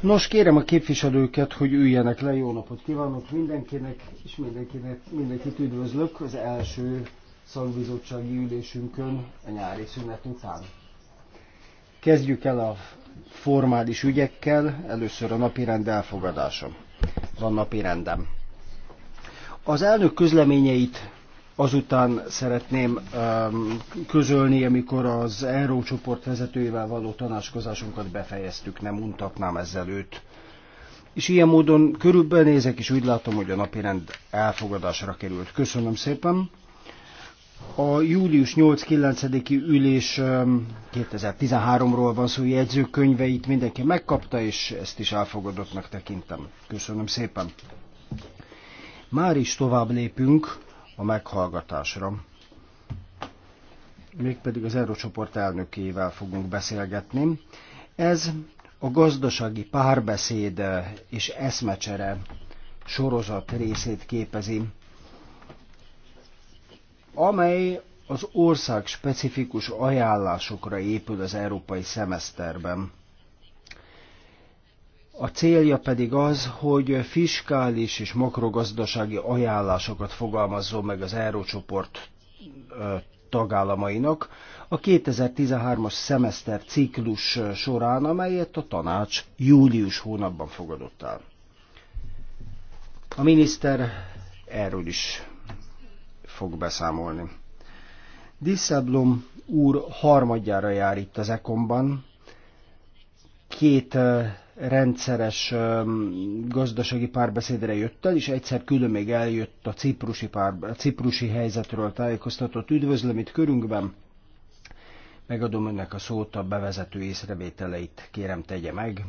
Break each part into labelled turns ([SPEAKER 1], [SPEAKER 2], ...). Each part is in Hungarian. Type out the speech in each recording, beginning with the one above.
[SPEAKER 1] Nos, kérem a képviselőket, hogy üljenek le. Jó napot kívánok mindenkinek, és mindenkinek, mindenkit üdvözlök az első szakbizottsági ülésünkön a nyári szünet után. Kezdjük el a formális ügyekkel, először a napirend elfogadása. Van napirendem. Az elnök közleményeit Azután szeretném um, közölni, amikor az EEU-csoport vezetőjével való tanácskozásunkat befejeztük, nem untatnám ezzel őt. És ilyen módon nézek, és úgy látom, hogy a napirend elfogadásra került. Köszönöm szépen! A július 8-9-i ülés 2013-ról um, van szó jegyzőkönyveit mindenki megkapta, és ezt is elfogadottnak tekintem. Köszönöm szépen. Már is tovább lépünk a meghallgatásra. Mégpedig az Eurócsoport elnökével fogunk beszélgetni. Ez a gazdasági párbeszéd és eszmecsere sorozat részét képezi, amely az ország specifikus ajánlásokra épül az európai szemeszterben a célja pedig az, hogy fiskális és makrogazdasági ajánlásokat fogalmazzon meg az Eurócsoport tagállamainak a 2013-as szemeszter ciklus során, amelyet a tanács július hónapban fogadott el. A miniszter erről is fog beszámolni. Disseblom úr harmadjára jár itt az Ekomban. Két rendszeres gazdasági párbeszédre jött el, és egyszer külön még eljött a ciprusi, pár, a ciprusi helyzetről tájékoztatott. Üdvözlöm itt körünkben, megadom önnek a szót, a bevezető észrevételeit kérem tegye meg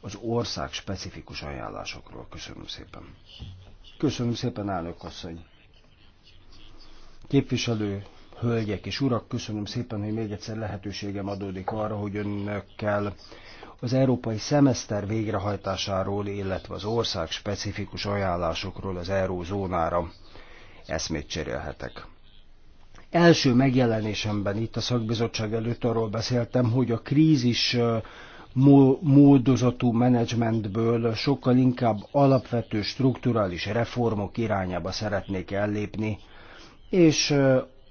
[SPEAKER 1] az ország specifikus ajánlásokról. Köszönöm szépen. Köszönöm szépen, elnök asszony. Képviselő, hölgyek és urak, köszönöm szépen, hogy még egyszer lehetőségem adódik arra, hogy önökkel az európai szemeszter végrehajtásáról, illetve az ország specifikus ajánlásokról az eurózónára eszmét cserélhetek. Első megjelenésemben itt a szakbizottság előtt arról beszéltem, hogy a krízis módozatú menedzsmentből sokkal inkább alapvető strukturális reformok irányába szeretnék ellépni, és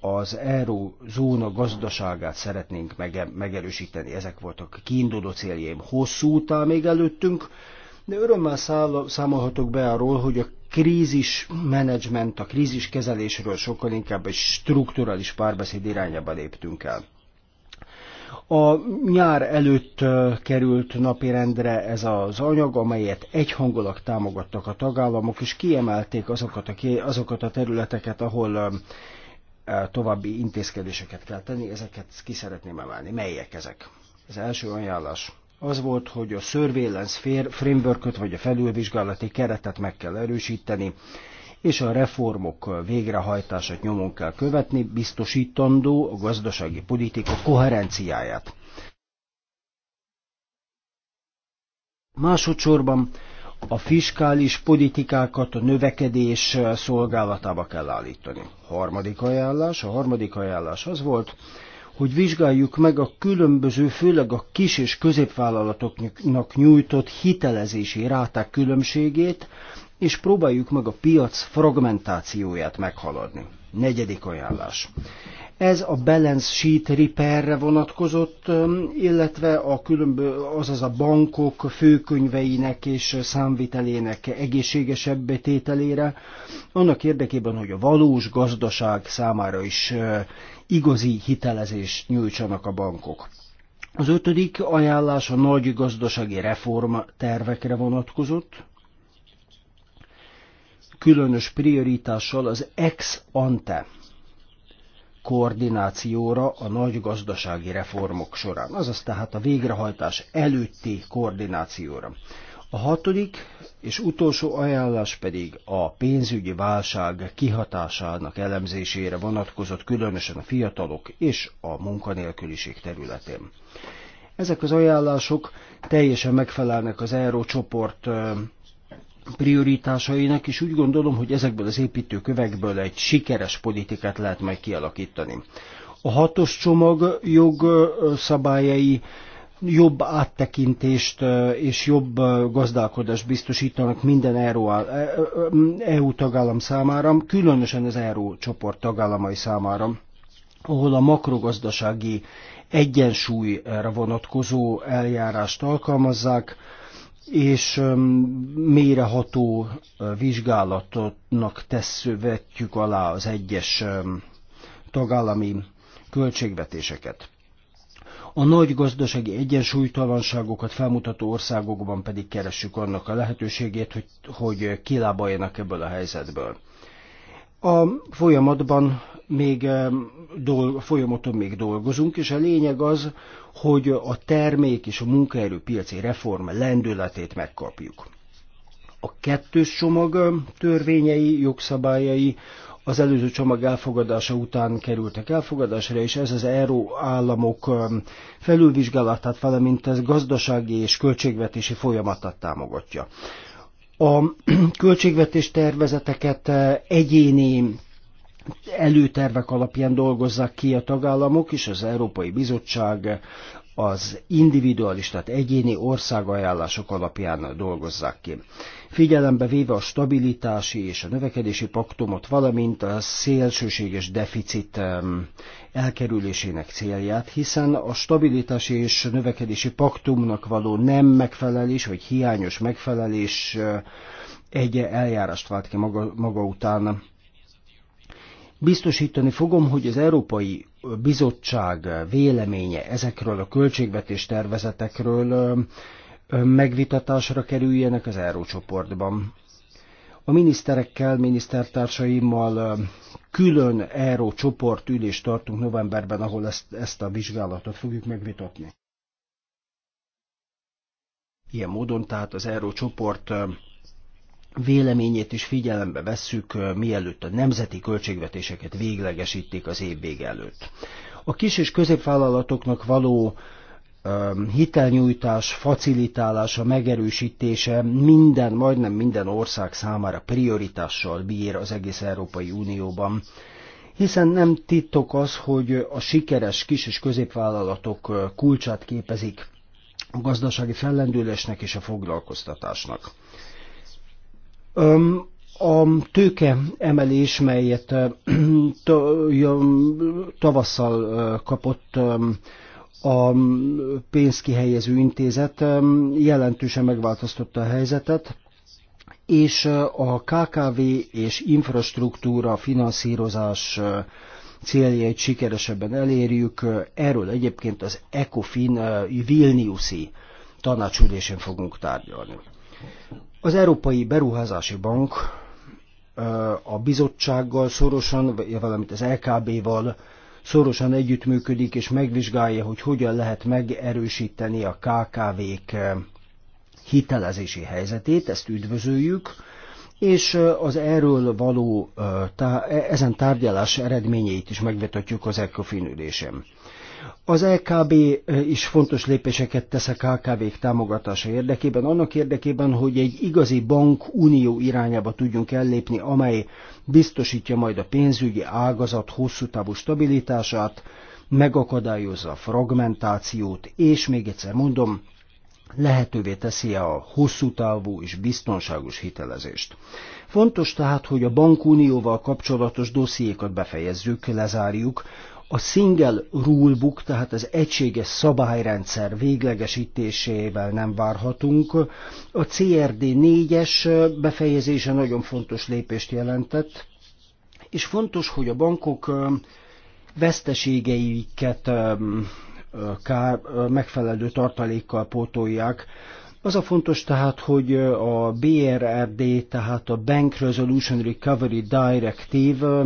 [SPEAKER 1] az eurozóna gazdaságát szeretnénk megerősíteni. Ezek voltak kiinduló céljaim. Hosszú után még előttünk, de örömmel száll, számolhatok be arról, hogy a krízis menedzsment, a krízis kezelésről sokkal inkább egy strukturális párbeszéd irányába léptünk el. A nyár előtt került napirendre ez az anyag, amelyet egyhangulag támogattak a tagállamok, és kiemelték azokat a, azokat a területeket, ahol további intézkedéseket kell tenni, ezeket ki szeretném emelni. Melyek ezek? Az első ajánlás az volt, hogy a surveillance framework vagy a felülvizsgálati keretet meg kell erősíteni, és a reformok végrehajtását nyomon kell követni, biztosítandó a gazdasági politika koherenciáját. Másodszorban a fiskális politikákat a növekedés szolgálatába kell állítani. Harmadik ajánlás, a harmadik ajánlás az volt, hogy vizsgáljuk meg a különböző, főleg a kis és középvállalatoknak nyújtott hitelezési ráták különbségét, és próbáljuk meg a piac fragmentációját meghaladni. Negyedik ajánlás. Ez a balance sheet repairre vonatkozott, illetve a különböző, azaz a bankok főkönyveinek és számvitelének egészségesebb tételére, annak érdekében, hogy a valós gazdaság számára is igazi hitelezést nyújtsanak a bankok. Az ötödik ajánlás a nagy gazdasági reform tervekre vonatkozott, különös prioritással az ex ante koordinációra a nagy gazdasági reformok során, azaz tehát a végrehajtás előtti koordinációra. A hatodik és utolsó ajánlás pedig a pénzügyi válság kihatásának elemzésére vonatkozott különösen a fiatalok és a munkanélküliség területén. Ezek az ajánlások teljesen megfelelnek az Eurócsoport prioritásainak, és úgy gondolom, hogy ezekből az építőkövekből egy sikeres politikát lehet majd kialakítani. A hatos csomag jogszabályai jobb áttekintést és jobb gazdálkodást biztosítanak minden EU, EU tagállam számára, különösen az EU csoport tagállamai számára, ahol a makrogazdasági egyensúlyra vonatkozó eljárást alkalmazzák, és méreható vizsgálatnak tesz, vetjük alá az egyes tagállami költségvetéseket. A nagy gazdasági egyensúlytalanságokat felmutató országokban pedig keressük annak a lehetőségét, hogy, hogy kilábaljanak ebből a helyzetből. A folyamatban még dol, folyamaton még dolgozunk, és a lényeg az, hogy a termék és a munkaerőpiaci reform lendületét megkapjuk. A kettős csomag törvényei, jogszabályai az előző csomag elfogadása után kerültek elfogadásra, és ez az ERO államok felülvizsgálatát, valamint ez gazdasági és költségvetési folyamatát támogatja. A költségvetés tervezeteket egyéni előtervek alapján dolgozzák ki a tagállamok, és az Európai Bizottság az individuális, tehát egyéni országajánlások alapján dolgozzák ki. Figyelembe véve a stabilitási és a növekedési paktumot, valamint a szélsőséges deficit elkerülésének célját, hiszen a stabilitási és növekedési paktumnak való nem megfelelés, vagy hiányos megfelelés egy eljárást vált ki maga, maga után Biztosítani fogom, hogy az Európai Bizottság véleménye ezekről a költségvetés tervezetekről megvitatásra kerüljenek az Eurócsoportban. A miniszterekkel, minisztertársaimmal külön Eurócsoport ülést tartunk novemberben, ahol ezt, ezt a vizsgálatot fogjuk megvitatni. Ilyen módon tehát az Eurócsoport véleményét is figyelembe vesszük, mielőtt a nemzeti költségvetéseket véglegesítik az év vége előtt. A kis és középvállalatoknak való hitelnyújtás, facilitálása, megerősítése minden, majdnem minden ország számára prioritással bír az egész Európai Unióban, hiszen nem titok az, hogy a sikeres kis és középvállalatok kulcsát képezik a gazdasági fellendülésnek és a foglalkoztatásnak. A tőke emelés, melyet tavasszal kapott a pénzkihelyező intézet, jelentősen megváltoztatta a helyzetet, és a KKV és infrastruktúra finanszírozás céljait sikeresebben elérjük. Erről egyébként az ECOFIN Vilniuszi tanácsülésén fogunk tárgyalni. Az Európai Beruházási Bank a bizottsággal szorosan, valamint az LKB-val szorosan együttműködik, és megvizsgálja, hogy hogyan lehet megerősíteni a KKV-k hitelezési helyzetét, ezt üdvözöljük, és az erről való, ezen tárgyalás eredményeit is megvetetjük az ECOFIN ülésem. Az LKB e is fontos lépéseket tesz a KKV-k támogatása érdekében, annak érdekében, hogy egy igazi bankunió irányába tudjunk ellépni, amely biztosítja majd a pénzügyi ágazat hosszú távú stabilitását, megakadályozza a fragmentációt, és még egyszer mondom, lehetővé teszi a hosszú távú és biztonságos hitelezést. Fontos tehát, hogy a bankunióval kapcsolatos dossziékat befejezzük, lezárjuk, a single rulebook, tehát az egységes szabályrendszer véglegesítésével nem várhatunk. A CRD 4-es befejezése nagyon fontos lépést jelentett, és fontos, hogy a bankok veszteségeiket megfelelő tartalékkal pótolják. Az a fontos tehát, hogy a BRRD, tehát a Bank Resolution Recovery Directive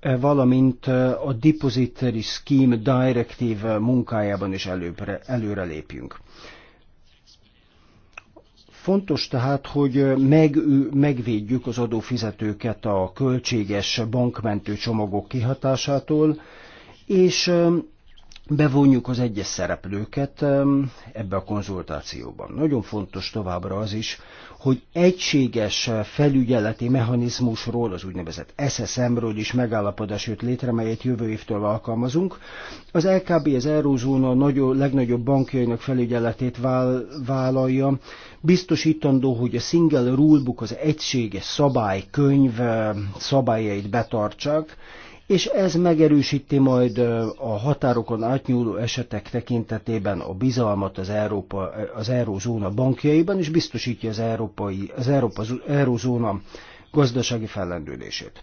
[SPEAKER 1] E, valamint e, a Depository Scheme Directive munkájában is előbbre, előre lépjünk. Fontos tehát, hogy meg, megvédjük az adófizetőket a költséges bankmentő csomagok kihatásától, és e, bevonjuk az egyes szereplőket ebbe a konzultációban. Nagyon fontos továbbra az is, hogy egységes felügyeleti mechanizmusról, az úgynevezett SSM-ről is megállapodás jött létre, melyet jövő évtől alkalmazunk. Az LKB az Eurózóna nagyobb, legnagyobb bankjainak felügyeletét vállalja, biztosítandó, hogy a single rulebook, az egységes szabálykönyv eh, szabályait betartsák, és ez megerősíti majd a határokon átnyúló esetek tekintetében a bizalmat az, Európa, az Eurózóna bankjaiban, és biztosítja az, európai, az Európa, az Eurózóna gazdasági fellendülését.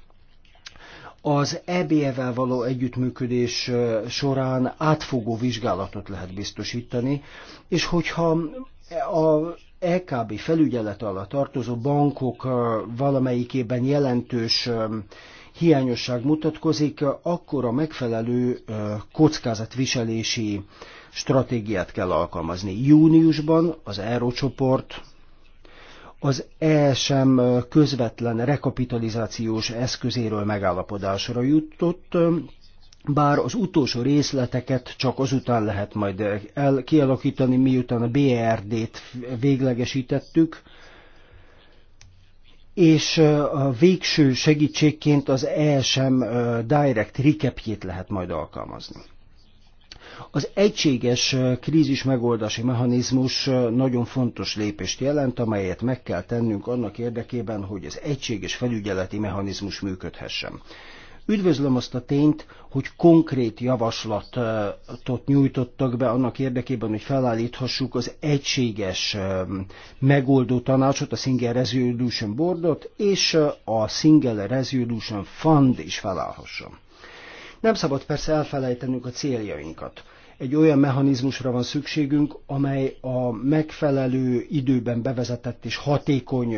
[SPEAKER 1] Az EBE-vel való együttműködés során átfogó vizsgálatot lehet biztosítani, és hogyha a EKB felügyelet alatt tartozó bankok valamelyikében jelentős hiányosság mutatkozik, akkor a megfelelő kockázatviselési stratégiát kell alkalmazni. Júniusban az Eurocsoport az ESM közvetlen rekapitalizációs eszközéről megállapodásra jutott, bár az utolsó részleteket csak azután lehet majd el kialakítani, miután a BRD-t véglegesítettük, és a végső segítségként az ESM Direct Recapjét lehet majd alkalmazni. Az egységes krízis megoldási mechanizmus nagyon fontos lépést jelent, amelyet meg kell tennünk annak érdekében, hogy az egységes felügyeleti mechanizmus működhessen. Üdvözlöm azt a tényt, hogy konkrét javaslatot nyújtottak be annak érdekében, hogy felállíthassuk az egységes megoldó tanácsot, a Single Resolution Boardot, és a Single Resolution Fund is felállhasson. Nem szabad persze elfelejtenünk a céljainkat egy olyan mechanizmusra van szükségünk, amely a megfelelő időben bevezetett és hatékony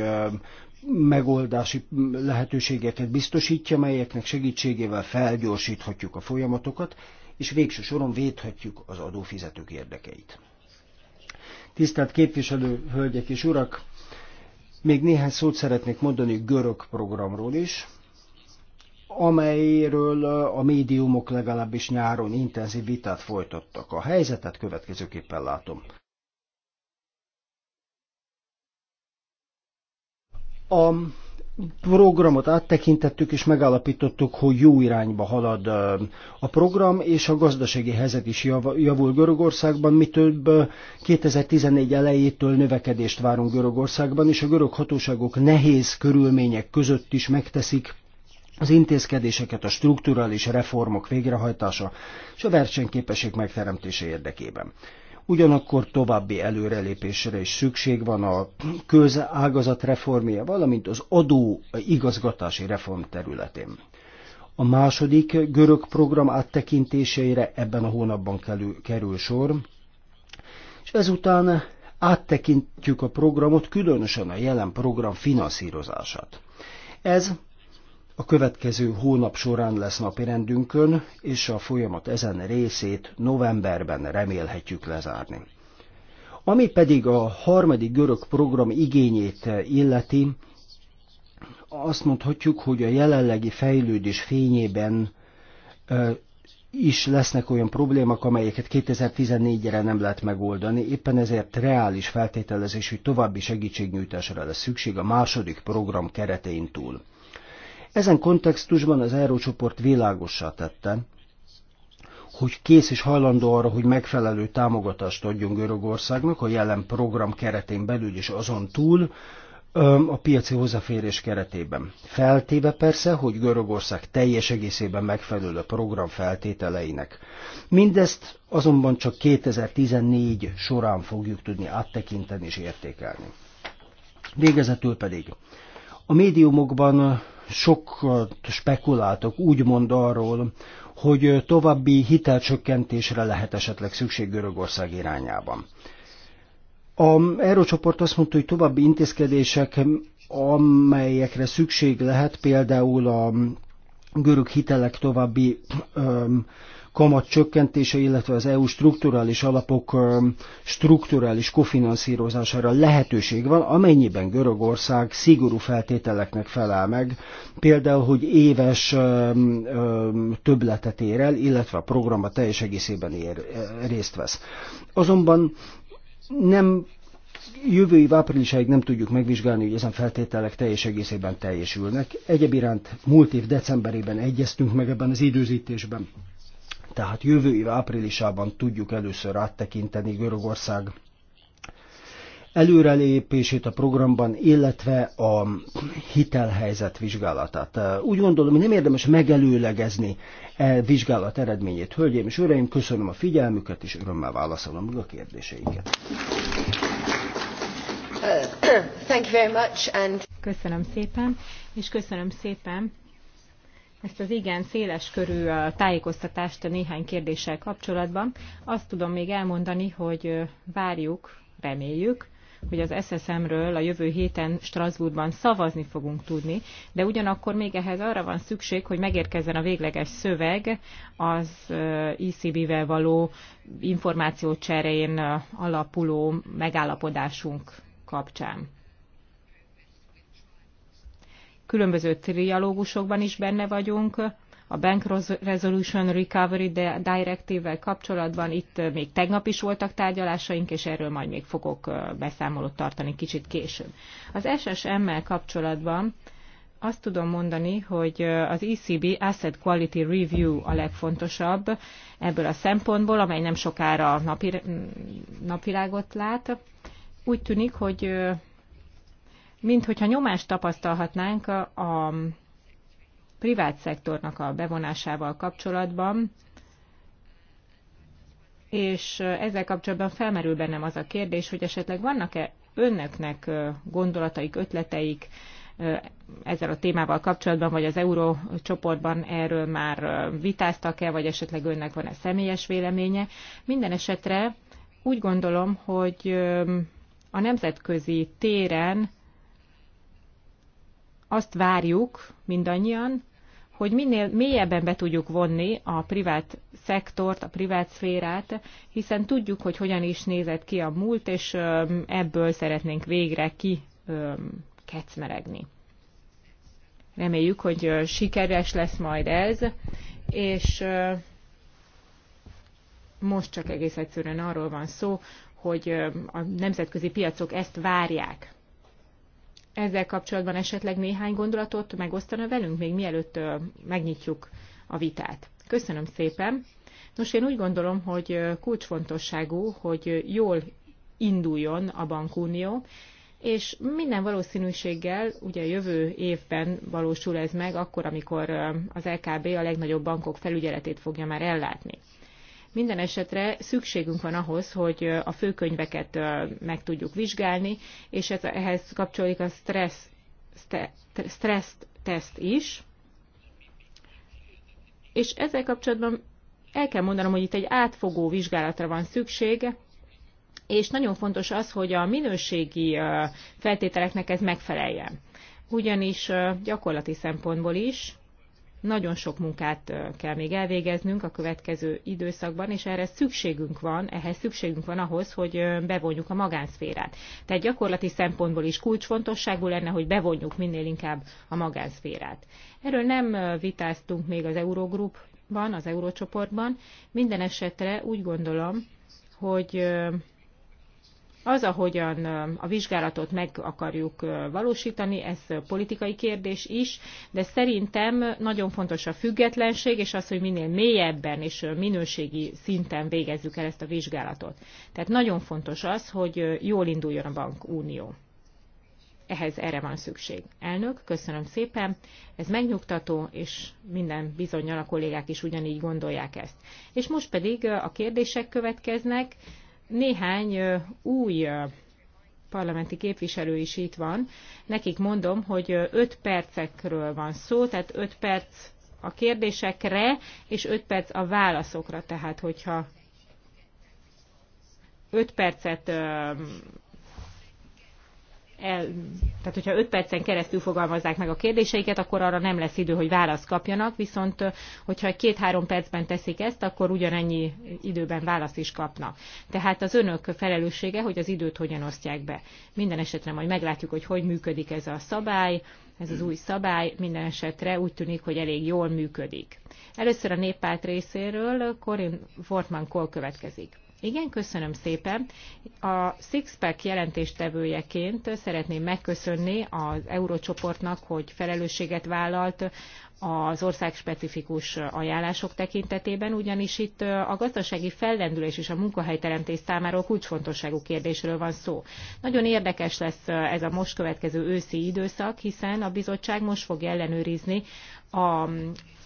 [SPEAKER 1] megoldási lehetőségeket biztosítja, melyeknek segítségével felgyorsíthatjuk a folyamatokat, és végső soron védhetjük az adófizetők érdekeit. Tisztelt képviselő, hölgyek és urak! Még néhány szót szeretnék mondani görög programról is, amelyről a médiumok legalábbis nyáron intenzív vitát folytattak. A helyzetet következőképpen látom. A programot áttekintettük, és megállapítottuk, hogy jó irányba halad a program, és a gazdasági helyzet is javul Görögországban, mi több 2014 elejétől növekedést várunk Görögországban, és a görög hatóságok nehéz körülmények között is megteszik az intézkedéseket a strukturális reformok végrehajtása és a versenyképesség megteremtése érdekében. Ugyanakkor további előrelépésre is szükség van a közágazat reformja, valamint az adó igazgatási reform területén. A második görög program áttekintéseire ebben a hónapban kerül sor, és ezután áttekintjük a programot, különösen a jelen program finanszírozását. Ez a következő hónap során lesz napirendünkön, és a folyamat ezen részét novemberben remélhetjük lezárni. Ami pedig a harmadik görög program igényét illeti, azt mondhatjuk, hogy a jelenlegi fejlődés fényében is lesznek olyan problémák, amelyeket 2014-re nem lehet megoldani, éppen ezért reális feltételezés, hogy további segítségnyújtásra lesz szükség a második program keretein túl. Ezen kontextusban az Eurócsoport világossá tette, hogy kész és hajlandó arra, hogy megfelelő támogatást adjon Görögországnak a jelen program keretén belül és azon túl, a piaci hozzáférés keretében. Feltéve persze, hogy Görögország teljes egészében megfelel a program feltételeinek. Mindezt azonban csak 2014 során fogjuk tudni áttekinteni és értékelni. Végezetül pedig. A médiumokban sokat spekuláltak úgymond arról, hogy további hitelcsökkentésre lehet esetleg szükség Görögország irányában. A Eurócsoport azt mondta, hogy további intézkedések, amelyekre szükség lehet, például a görög hitelek további öm, kamat csökkentése, illetve az EU strukturális alapok strukturális kofinanszírozására lehetőség van, amennyiben Görögország szigorú feltételeknek felel meg, például, hogy éves többletet ér el, illetve a program a teljes egészében ér, részt vesz. Azonban nem jövő év áprilisáig nem tudjuk megvizsgálni, hogy ezen feltételek teljes egészében teljesülnek. Egyéb iránt múlt év decemberében egyeztünk meg ebben az időzítésben tehát jövő év áprilisában tudjuk először áttekinteni Görögország előrelépését a programban, illetve a hitelhelyzet vizsgálatát. Úgy gondolom, hogy nem érdemes megelőlegezni e vizsgálat eredményét. Hölgyeim és uraim, köszönöm a figyelmüket, és örömmel válaszolom meg a kérdéseinket.
[SPEAKER 2] Köszönöm szépen, és köszönöm szépen ezt az igen széles körű tájékoztatást a néhány kérdéssel kapcsolatban. Azt tudom még elmondani, hogy várjuk, reméljük, hogy az SSM-ről a jövő héten Strasbourgban szavazni fogunk tudni, de ugyanakkor még ehhez arra van szükség, hogy megérkezzen a végleges szöveg az ECB-vel való információcserén alapuló megállapodásunk kapcsán különböző trialógusokban is benne vagyunk, a Bank Resolution Recovery Directive-vel kapcsolatban itt még tegnap is voltak tárgyalásaink, és erről majd még fogok beszámolót tartani kicsit később. Az SSM-mel kapcsolatban azt tudom mondani, hogy az ECB Asset Quality Review a legfontosabb ebből a szempontból, amely nem sokára napi, napvilágot lát. Úgy tűnik, hogy mint hogyha nyomást tapasztalhatnánk a, a privát szektornak a bevonásával kapcsolatban, és ezzel kapcsolatban felmerül bennem az a kérdés, hogy esetleg vannak-e önöknek gondolataik, ötleteik ezzel a témával kapcsolatban, vagy az eurócsoportban erről már vitáztak-e, vagy esetleg önnek van-e személyes véleménye. Minden esetre úgy gondolom, hogy a nemzetközi téren azt várjuk mindannyian, hogy minél mélyebben be tudjuk vonni a privát szektort, a privát szférát, hiszen tudjuk, hogy hogyan is nézett ki a múlt, és ebből szeretnénk végre ki kecmeregni. Reméljük, hogy sikeres lesz majd ez, és most csak egész egyszerűen arról van szó, hogy a nemzetközi piacok ezt várják ezzel kapcsolatban esetleg néhány gondolatot megosztana velünk, még mielőtt megnyitjuk a vitát. Köszönöm szépen. Nos, én úgy gondolom, hogy kulcsfontosságú, hogy jól induljon a bankunió, és minden valószínűséggel, ugye jövő évben valósul ez meg, akkor, amikor az LKB a legnagyobb bankok felügyeletét fogja már ellátni. Minden esetre szükségünk van ahhoz, hogy a főkönyveket meg tudjuk vizsgálni, és ez, ehhez kapcsolódik a stressz, teszt is. És ezzel kapcsolatban el kell mondanom, hogy itt egy átfogó vizsgálatra van szükség, és nagyon fontos az, hogy a minőségi feltételeknek ez megfeleljen. Ugyanis gyakorlati szempontból is nagyon sok munkát kell még elvégeznünk a következő időszakban, és erre szükségünk van, ehhez szükségünk van ahhoz, hogy bevonjuk a magánszférát. Tehát gyakorlati szempontból is kulcsfontosságú lenne, hogy bevonjuk minél inkább a magánszférát. Erről nem vitáztunk még az Eurogroupban, az eurócsoportban. Minden esetre úgy gondolom, hogy az, ahogyan a vizsgálatot meg akarjuk valósítani, ez politikai kérdés is, de szerintem nagyon fontos a függetlenség, és az, hogy minél mélyebben és minőségi szinten végezzük el ezt a vizsgálatot. Tehát nagyon fontos az, hogy jól induljon a bankunió. Ehhez erre van szükség. Elnök, köszönöm szépen, ez megnyugtató, és minden bizonyal a kollégák is ugyanígy gondolják ezt. És most pedig a kérdések következnek. Néhány új parlamenti képviselő is itt van. Nekik mondom, hogy 5 percekről van szó, tehát 5 perc a kérdésekre, és 5 perc a válaszokra. Tehát, hogyha 5 percet el, tehát hogyha 5 percen keresztül fogalmazzák meg a kérdéseiket, akkor arra nem lesz idő, hogy választ kapjanak, viszont hogyha 2-3 percben teszik ezt, akkor ugyanennyi időben választ is kapnak. Tehát az önök felelőssége, hogy az időt hogyan osztják be. Minden esetre majd meglátjuk, hogy hogy működik ez a szabály, ez az új szabály minden esetre úgy tűnik, hogy elég jól működik. Először a néppárt részéről Corinne Fortman Kohl következik. Igen, köszönöm szépen. A Sixpack jelentéstevőjeként szeretném megköszönni az Eurócsoportnak, hogy felelősséget vállalt az ország specifikus ajánlások tekintetében, ugyanis itt a gazdasági fellendülés és a munkahelyteremtés számára kulcsfontosságú kérdésről van szó. Nagyon érdekes lesz ez a most következő őszi időszak, hiszen a bizottság most fog ellenőrizni a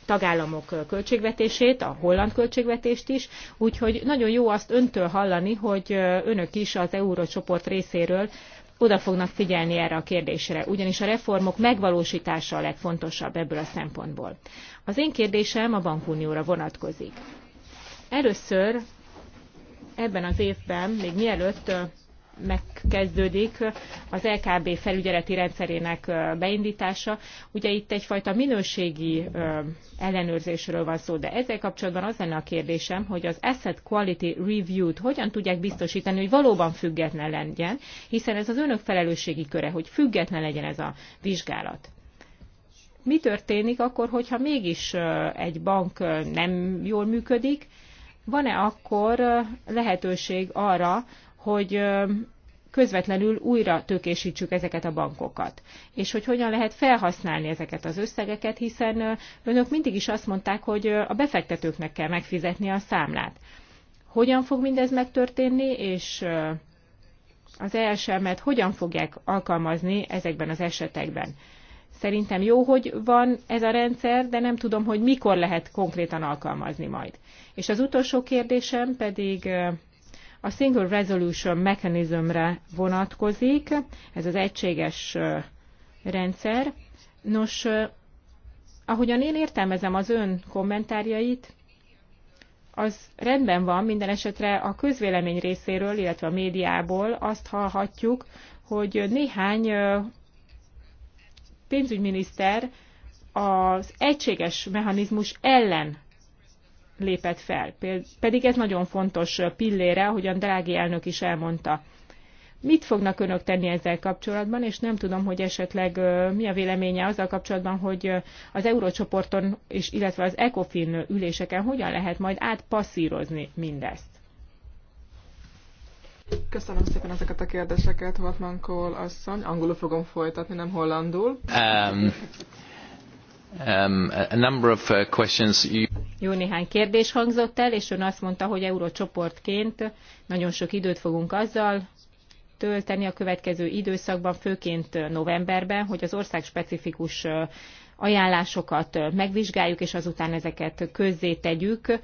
[SPEAKER 2] tagállamok költségvetését, a holland költségvetést is, úgyhogy nagyon jó azt öntől hallani, hogy önök is az eurócsoport részéről oda fognak figyelni erre a kérdésre, ugyanis a reformok megvalósítása a legfontosabb ebből a szempontból. Az én kérdésem a bankunióra vonatkozik. Először ebben az évben, még mielőtt megkezdődik az LKB felügyeleti rendszerének beindítása. Ugye itt egyfajta minőségi ellenőrzésről van szó, de ezzel kapcsolatban az lenne a kérdésem, hogy az Asset Quality Review-t hogyan tudják biztosítani, hogy valóban független legyen, hiszen ez az önök felelősségi köre, hogy független legyen ez a vizsgálat mi történik akkor, hogyha mégis egy bank nem jól működik, van-e akkor lehetőség arra, hogy közvetlenül újra tökésítsük ezeket a bankokat. És hogy hogyan lehet felhasználni ezeket az összegeket, hiszen önök mindig is azt mondták, hogy a befektetőknek kell megfizetni a számlát. Hogyan fog mindez megtörténni, és az ESM-et hogyan fogják alkalmazni ezekben az esetekben? Szerintem jó, hogy van ez a rendszer, de nem tudom, hogy mikor lehet konkrétan alkalmazni majd. És az utolsó kérdésem pedig a Single Resolution Mechanismre vonatkozik, ez az egységes rendszer. Nos, ahogyan én értelmezem az ön kommentárjait, az rendben van, minden esetre a közvélemény részéről, illetve a médiából azt hallhatjuk, hogy néhány pénzügyminiszter az egységes mechanizmus ellen lépett fel. Pedig ez nagyon fontos pillére, ahogyan Drági elnök is elmondta. Mit fognak önök tenni ezzel kapcsolatban, és nem tudom, hogy esetleg mi a véleménye azzal kapcsolatban, hogy az eurócsoporton, és illetve az ECOFIN üléseken hogyan lehet majd átpasszírozni mindezt? Köszönöm szépen ezeket a kérdéseket, Hartmann Kohl asszony. Angolul fogom folytatni, nem hollandul.
[SPEAKER 1] Um,
[SPEAKER 2] Um, uh, Jó néhány kérdés hangzott el, és ön azt mondta, hogy eurócsoportként nagyon sok időt fogunk azzal tölteni a következő időszakban, főként uh, novemberben, hogy az ország specifikus uh, ajánlásokat megvizsgáljuk, és azután ezeket közzé tegyük,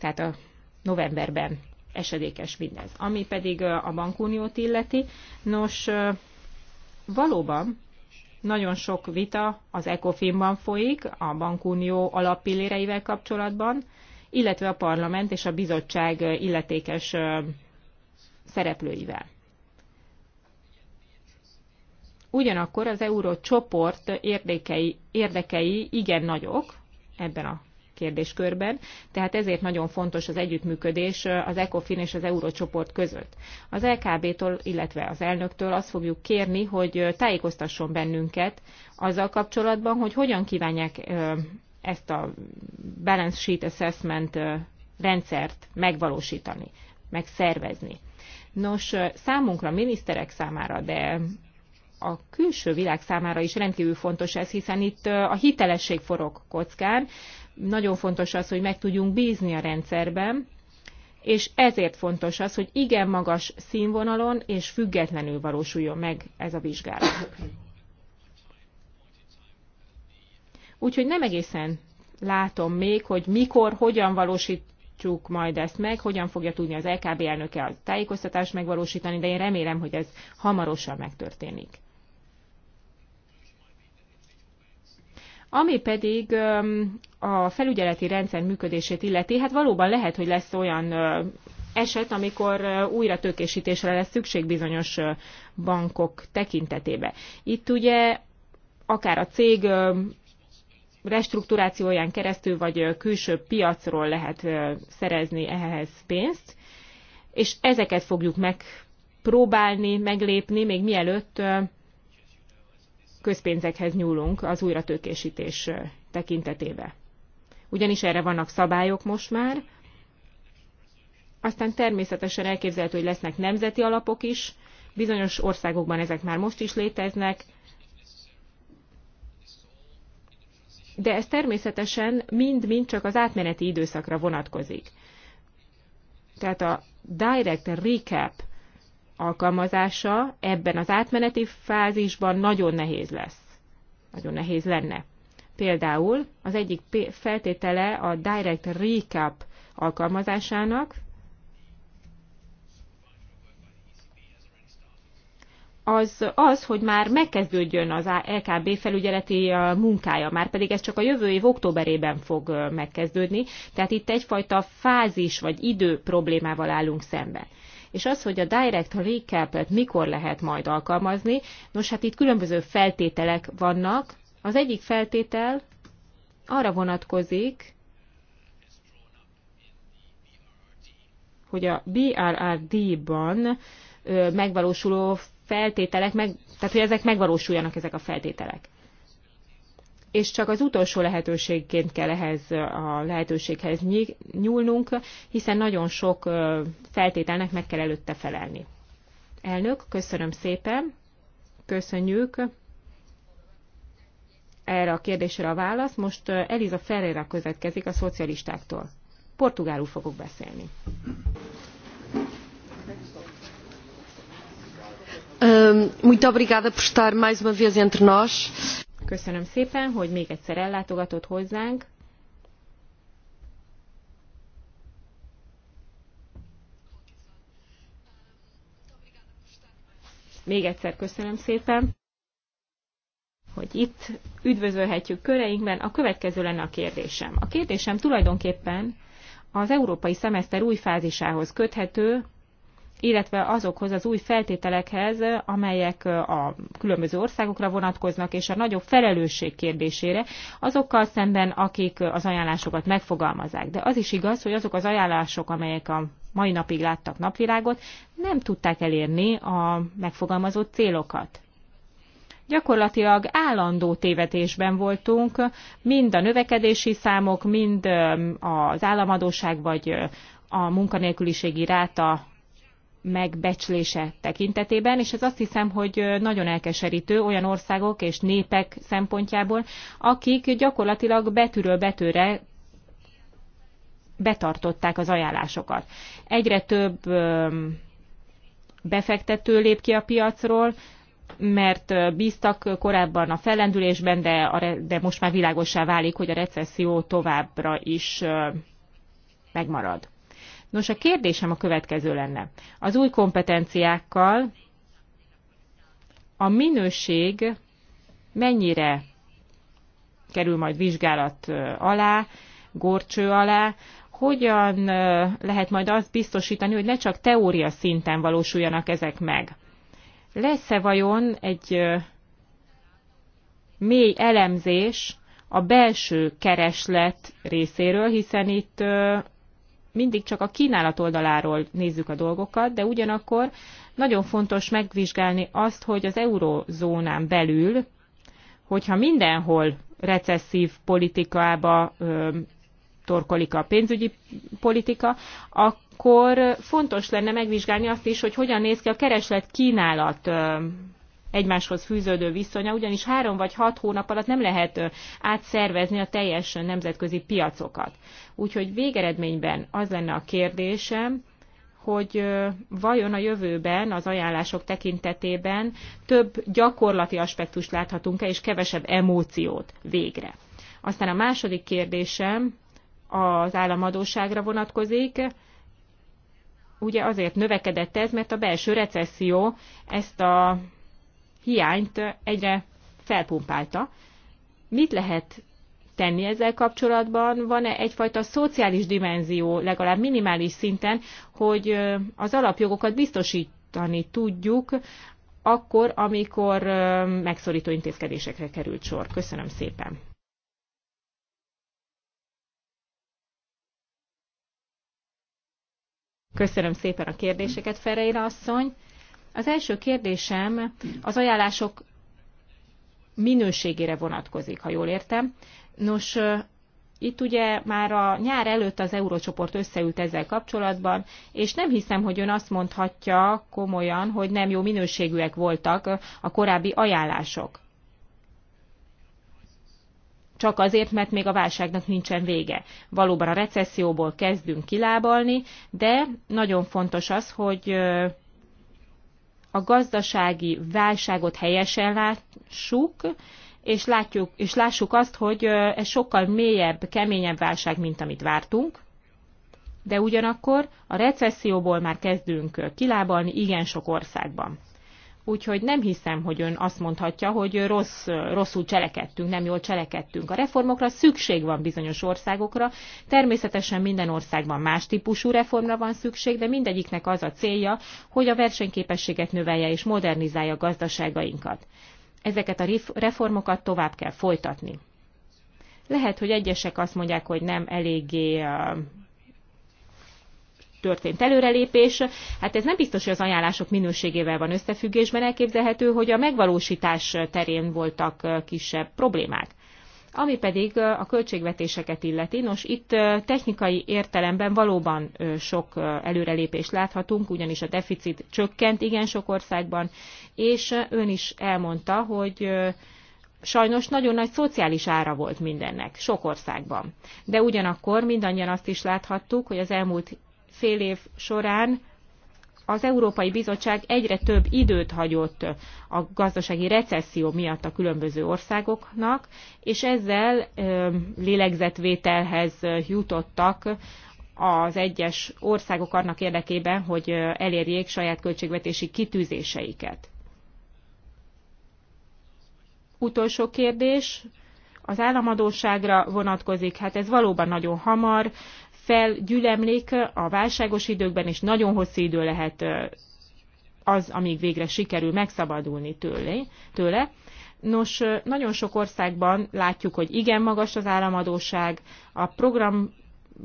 [SPEAKER 2] tehát a novemberben esedékes mindez. Ami pedig a bankuniót illeti, nos, valóban nagyon sok vita az ECOFIN-ban folyik, a bankunió alappilléreivel kapcsolatban, illetve a parlament és a bizottság illetékes szereplőivel. Ugyanakkor az eurócsoport érdekei, érdekei igen nagyok ebben a kérdéskörben, tehát ezért nagyon fontos az együttműködés az ECOFIN és az Eurócsoport között. Az LKB-tól, illetve az elnöktől azt fogjuk kérni, hogy tájékoztasson bennünket azzal kapcsolatban, hogy hogyan kívánják ezt a balance sheet assessment rendszert megvalósítani, megszervezni. Nos, számunkra, miniszterek számára, de a külső világ számára is rendkívül fontos ez, hiszen itt a hitelesség forog kockán, nagyon fontos az, hogy meg tudjunk bízni a rendszerben, és ezért fontos az, hogy igen magas színvonalon és függetlenül valósuljon meg ez a vizsgálat. Úgyhogy nem egészen látom még, hogy mikor, hogyan valósítjuk majd ezt meg, hogyan fogja tudni az LKB elnöke a tájékoztatást megvalósítani, de én remélem, hogy ez hamarosan megtörténik. Ami pedig a felügyeleti rendszer működését illeti, hát valóban lehet, hogy lesz olyan eset, amikor újra tökésítésre lesz szükség bizonyos bankok tekintetébe. Itt ugye akár a cég restruktúrációján keresztül, vagy külső piacról lehet szerezni ehhez pénzt, és ezeket fogjuk megpróbálni, meglépni, még mielőtt közpénzekhez nyúlunk az újratőkésítés tekintetébe. Ugyanis erre vannak szabályok most már, aztán természetesen elképzelhető, hogy lesznek nemzeti alapok is, bizonyos országokban ezek már most is léteznek, de ez természetesen mind-mind csak az átmeneti időszakra vonatkozik. Tehát a direct recap alkalmazása ebben az átmeneti fázisban nagyon nehéz lesz. Nagyon nehéz lenne. Például az egyik feltétele a Direct Recap alkalmazásának, az az, hogy már megkezdődjön az LKB felügyeleti munkája, már pedig ez csak a jövő év októberében fog megkezdődni, tehát itt egyfajta fázis vagy idő problémával állunk szemben és az, hogy a direct recap-et mikor lehet majd alkalmazni, nos hát itt különböző feltételek vannak. Az egyik feltétel arra vonatkozik, hogy a BRRD-ban megvalósuló feltételek, meg, tehát hogy ezek megvalósuljanak ezek a feltételek és csak az utolsó lehetőségként kell ehhez a lehetőséghez nyúlnunk, hiszen nagyon sok feltételnek meg kell előtte felelni. Elnök, köszönöm szépen, köszönjük erre a kérdésre a válasz. Most Eliza Ferreira következik a szocialistáktól. Portugálul fogok beszélni. Muito obrigada por estar mais uma vez entre nós. Köszönöm szépen, hogy még egyszer ellátogatott hozzánk. Még egyszer köszönöm szépen, hogy itt üdvözölhetjük köreinkben. A következő lenne a kérdésem. A kérdésem tulajdonképpen az európai szemeszter új fázisához köthető, illetve azokhoz az új feltételekhez, amelyek a különböző országokra vonatkoznak, és a nagyobb felelősség kérdésére azokkal szemben, akik az ajánlásokat megfogalmazzák. De az is igaz, hogy azok az ajánlások, amelyek a mai napig láttak napvilágot, nem tudták elérni a megfogalmazott célokat gyakorlatilag állandó tévetésben voltunk, mind a növekedési számok, mind az államadóság vagy a munkanélküliségi ráta megbecslése tekintetében, és ez azt hiszem, hogy nagyon elkeserítő olyan országok és népek szempontjából, akik gyakorlatilag betűről betűre betartották az ajánlásokat. Egyre több befektető lép ki a piacról, mert bíztak korábban a fellendülésben, de, a, de most már világosá válik, hogy a recesszió továbbra is megmarad. Nos, a kérdésem a következő lenne. Az új kompetenciákkal a minőség mennyire kerül majd vizsgálat alá, gorcső alá, hogyan lehet majd azt biztosítani, hogy ne csak teória szinten valósuljanak ezek meg. Lesz-e vajon egy mély elemzés a belső kereslet részéről, hiszen itt mindig csak a kínálat oldaláról nézzük a dolgokat, de ugyanakkor nagyon fontos megvizsgálni azt, hogy az eurozónán belül, hogyha mindenhol recesszív politikába ö, torkolik a pénzügyi politika, akkor fontos lenne megvizsgálni azt is, hogy hogyan néz ki a kereslet kínálat egymáshoz fűződő viszonya, ugyanis három vagy hat hónap alatt nem lehet átszervezni a teljes nemzetközi piacokat. Úgyhogy végeredményben az lenne a kérdésem, hogy vajon a jövőben az ajánlások tekintetében több gyakorlati aspektust láthatunk-e, és kevesebb emóciót végre. Aztán a második kérdésem az államadóságra vonatkozik. Ugye azért növekedett ez, mert a belső recesszió ezt a hiányt egyre felpumpálta. Mit lehet tenni ezzel kapcsolatban? Van-e egyfajta szociális dimenzió, legalább minimális szinten, hogy az alapjogokat biztosítani tudjuk akkor, amikor megszorító intézkedésekre került sor? Köszönöm szépen! Köszönöm szépen a kérdéseket, Ferreira asszony. Az első kérdésem az ajánlások minőségére vonatkozik, ha jól értem. Nos, itt ugye már a nyár előtt az eurócsoport összeült ezzel kapcsolatban, és nem hiszem, hogy ön azt mondhatja komolyan, hogy nem jó minőségűek voltak a korábbi ajánlások. Csak azért, mert még a válságnak nincsen vége. Valóban a recesszióból kezdünk kilábalni, de nagyon fontos az, hogy a gazdasági válságot helyesen lássuk, és, látjuk, és lássuk azt, hogy ez sokkal mélyebb, keményebb válság, mint amit vártunk, de ugyanakkor a recesszióból már kezdünk kilábalni igen sok országban. Úgyhogy nem hiszem, hogy ön azt mondhatja, hogy rossz, rosszul cselekedtünk, nem jól cselekedtünk. A reformokra szükség van bizonyos országokra. Természetesen minden országban más típusú reformra van szükség, de mindegyiknek az a célja, hogy a versenyképességet növelje és modernizálja a gazdaságainkat. Ezeket a reformokat tovább kell folytatni. Lehet, hogy egyesek azt mondják, hogy nem eléggé történt előrelépés. Hát ez nem biztos, hogy az ajánlások minőségével van összefüggésben elképzelhető, hogy a megvalósítás terén voltak kisebb problémák. Ami pedig a költségvetéseket illeti, nos itt technikai értelemben valóban sok előrelépést láthatunk, ugyanis a deficit csökkent igen sok országban, és ön is elmondta, hogy sajnos nagyon nagy szociális ára volt mindennek, sok országban. De ugyanakkor mindannyian azt is láthattuk, hogy az elmúlt fél év során az Európai Bizottság egyre több időt hagyott a gazdasági recesszió miatt a különböző országoknak, és ezzel lélegzetvételhez jutottak az egyes országok annak érdekében, hogy elérjék saját költségvetési kitűzéseiket. Utolsó kérdés az államadóságra vonatkozik. Hát ez valóban nagyon hamar felgyülemlik a válságos időkben, és nagyon hosszú idő lehet az, amíg végre sikerül megszabadulni tőle. tőle. Nos, nagyon sok országban látjuk, hogy igen magas az államadóság, a program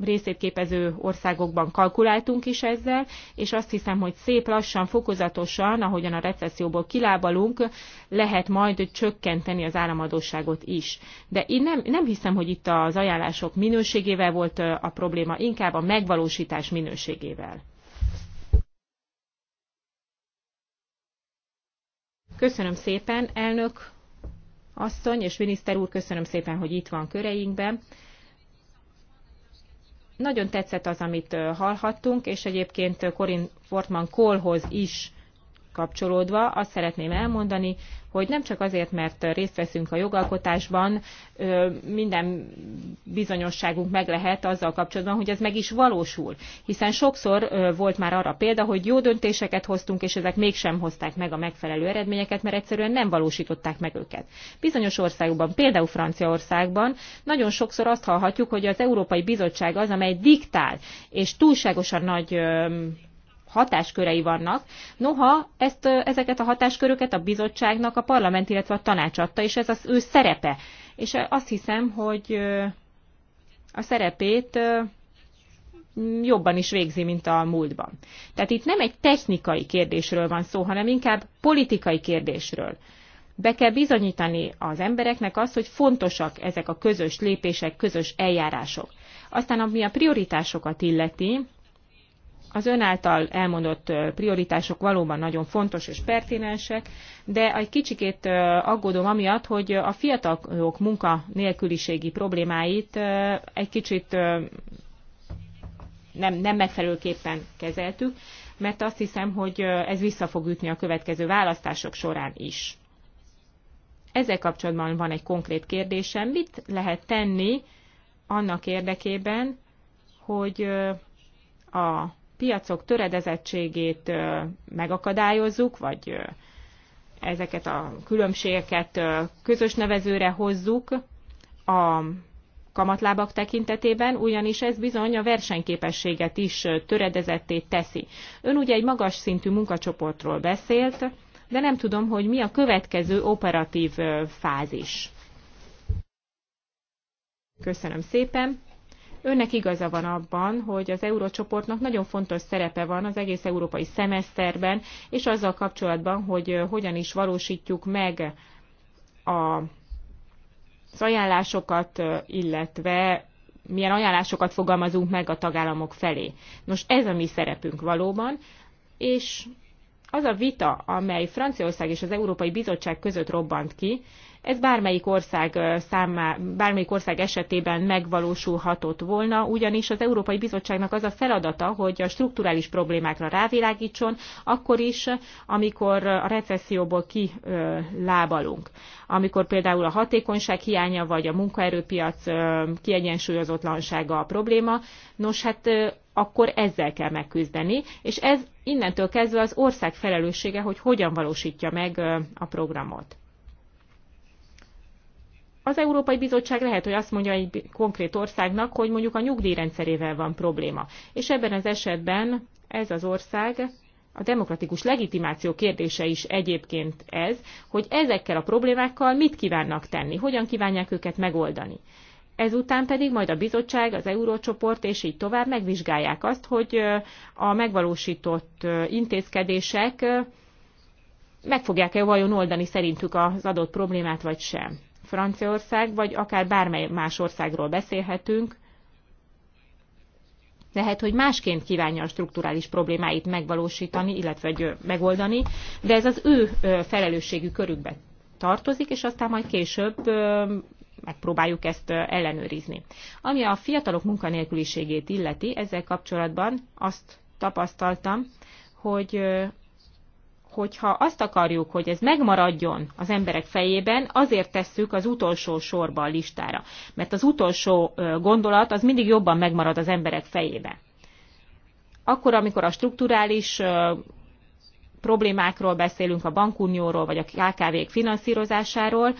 [SPEAKER 2] részét képező országokban kalkuláltunk is ezzel, és azt hiszem, hogy szép lassan, fokozatosan, ahogyan a recesszióból kilábalunk, lehet majd csökkenteni az államadóságot is. De én nem, nem hiszem, hogy itt az ajánlások minőségével volt a probléma, inkább a megvalósítás minőségével. Köszönöm szépen, elnök asszony és miniszter úr, köszönöm szépen, hogy itt van köreinkben. Nagyon tetszett az, amit hallhattunk, és egyébként Corin Fortman Kohlhoz is kapcsolódva azt szeretném elmondani, hogy nem csak azért, mert részt veszünk a jogalkotásban, minden bizonyosságunk meg lehet azzal kapcsolatban, hogy ez meg is valósul. Hiszen sokszor volt már arra példa, hogy jó döntéseket hoztunk, és ezek mégsem hozták meg a megfelelő eredményeket, mert egyszerűen nem valósították meg őket. Bizonyos országokban, például Franciaországban nagyon sokszor azt hallhatjuk, hogy az Európai Bizottság az, amely diktál, és túlságosan nagy hatáskörei vannak, noha ezt, ezeket a hatásköröket a bizottságnak a parlament, illetve a tanács adta, és ez az ő szerepe. És azt hiszem, hogy a szerepét jobban is végzi, mint a múltban. Tehát itt nem egy technikai kérdésről van szó, hanem inkább politikai kérdésről. Be kell bizonyítani az embereknek azt, hogy fontosak ezek a közös lépések, közös eljárások. Aztán ami a prioritásokat illeti, az ön által elmondott prioritások valóban nagyon fontos és pertinensek, de egy kicsikét aggódom amiatt, hogy a fiatalok munka nélküliségi problémáit egy kicsit nem, nem megfelelőképpen kezeltük, mert azt hiszem, hogy ez vissza fog ütni a következő választások során is. Ezzel kapcsolatban van egy konkrét kérdésem. Mit lehet tenni annak érdekében, hogy a piacok töredezettségét megakadályozzuk, vagy ezeket a különbségeket közös nevezőre hozzuk a kamatlábak tekintetében, ugyanis ez bizony a versenyképességet is töredezetté teszi. Ön ugye egy magas szintű munkacsoportról beszélt, de nem tudom, hogy mi a következő operatív fázis. Köszönöm szépen! Önnek igaza van abban, hogy az eurócsoportnak nagyon fontos szerepe van az egész európai szemeszterben, és azzal kapcsolatban, hogy hogyan is valósítjuk meg a az ajánlásokat, illetve milyen ajánlásokat fogalmazunk meg a tagállamok felé. Nos, ez a mi szerepünk valóban, és az a vita, amely Franciaország és az Európai Bizottság között robbant ki, ez bármelyik ország, számá, bármelyik ország esetében megvalósulhatott volna, ugyanis az Európai Bizottságnak az a feladata, hogy a strukturális problémákra rávilágítson, akkor is, amikor a recesszióból kilábalunk. Amikor például a hatékonyság hiánya vagy a munkaerőpiac kiegyensúlyozatlansága a probléma, nos hát akkor ezzel kell megküzdeni, és ez innentől kezdve az ország felelőssége, hogy hogyan valósítja meg a programot az Európai Bizottság lehet, hogy azt mondja egy konkrét országnak, hogy mondjuk a nyugdíjrendszerével van probléma. És ebben az esetben ez az ország, a demokratikus legitimáció kérdése is egyébként ez, hogy ezekkel a problémákkal mit kívánnak tenni, hogyan kívánják őket megoldani. Ezután pedig majd a bizottság, az eurócsoport és így tovább megvizsgálják azt, hogy a megvalósított intézkedések meg fogják-e vajon oldani szerintük az adott problémát, vagy sem. Franciaország, vagy akár bármely más országról beszélhetünk, lehet, hogy másként kívánja a strukturális problémáit megvalósítani, illetve megoldani, de ez az ő felelősségű körükbe tartozik, és aztán majd később megpróbáljuk ezt ellenőrizni. Ami a fiatalok munkanélküliségét illeti, ezzel kapcsolatban azt tapasztaltam, hogy hogyha azt akarjuk, hogy ez megmaradjon az emberek fejében, azért tesszük az utolsó sorba a listára. Mert az utolsó gondolat az mindig jobban megmarad az emberek fejében. Akkor, amikor a strukturális problémákról beszélünk, a bankunióról vagy a KKV-k finanszírozásáról,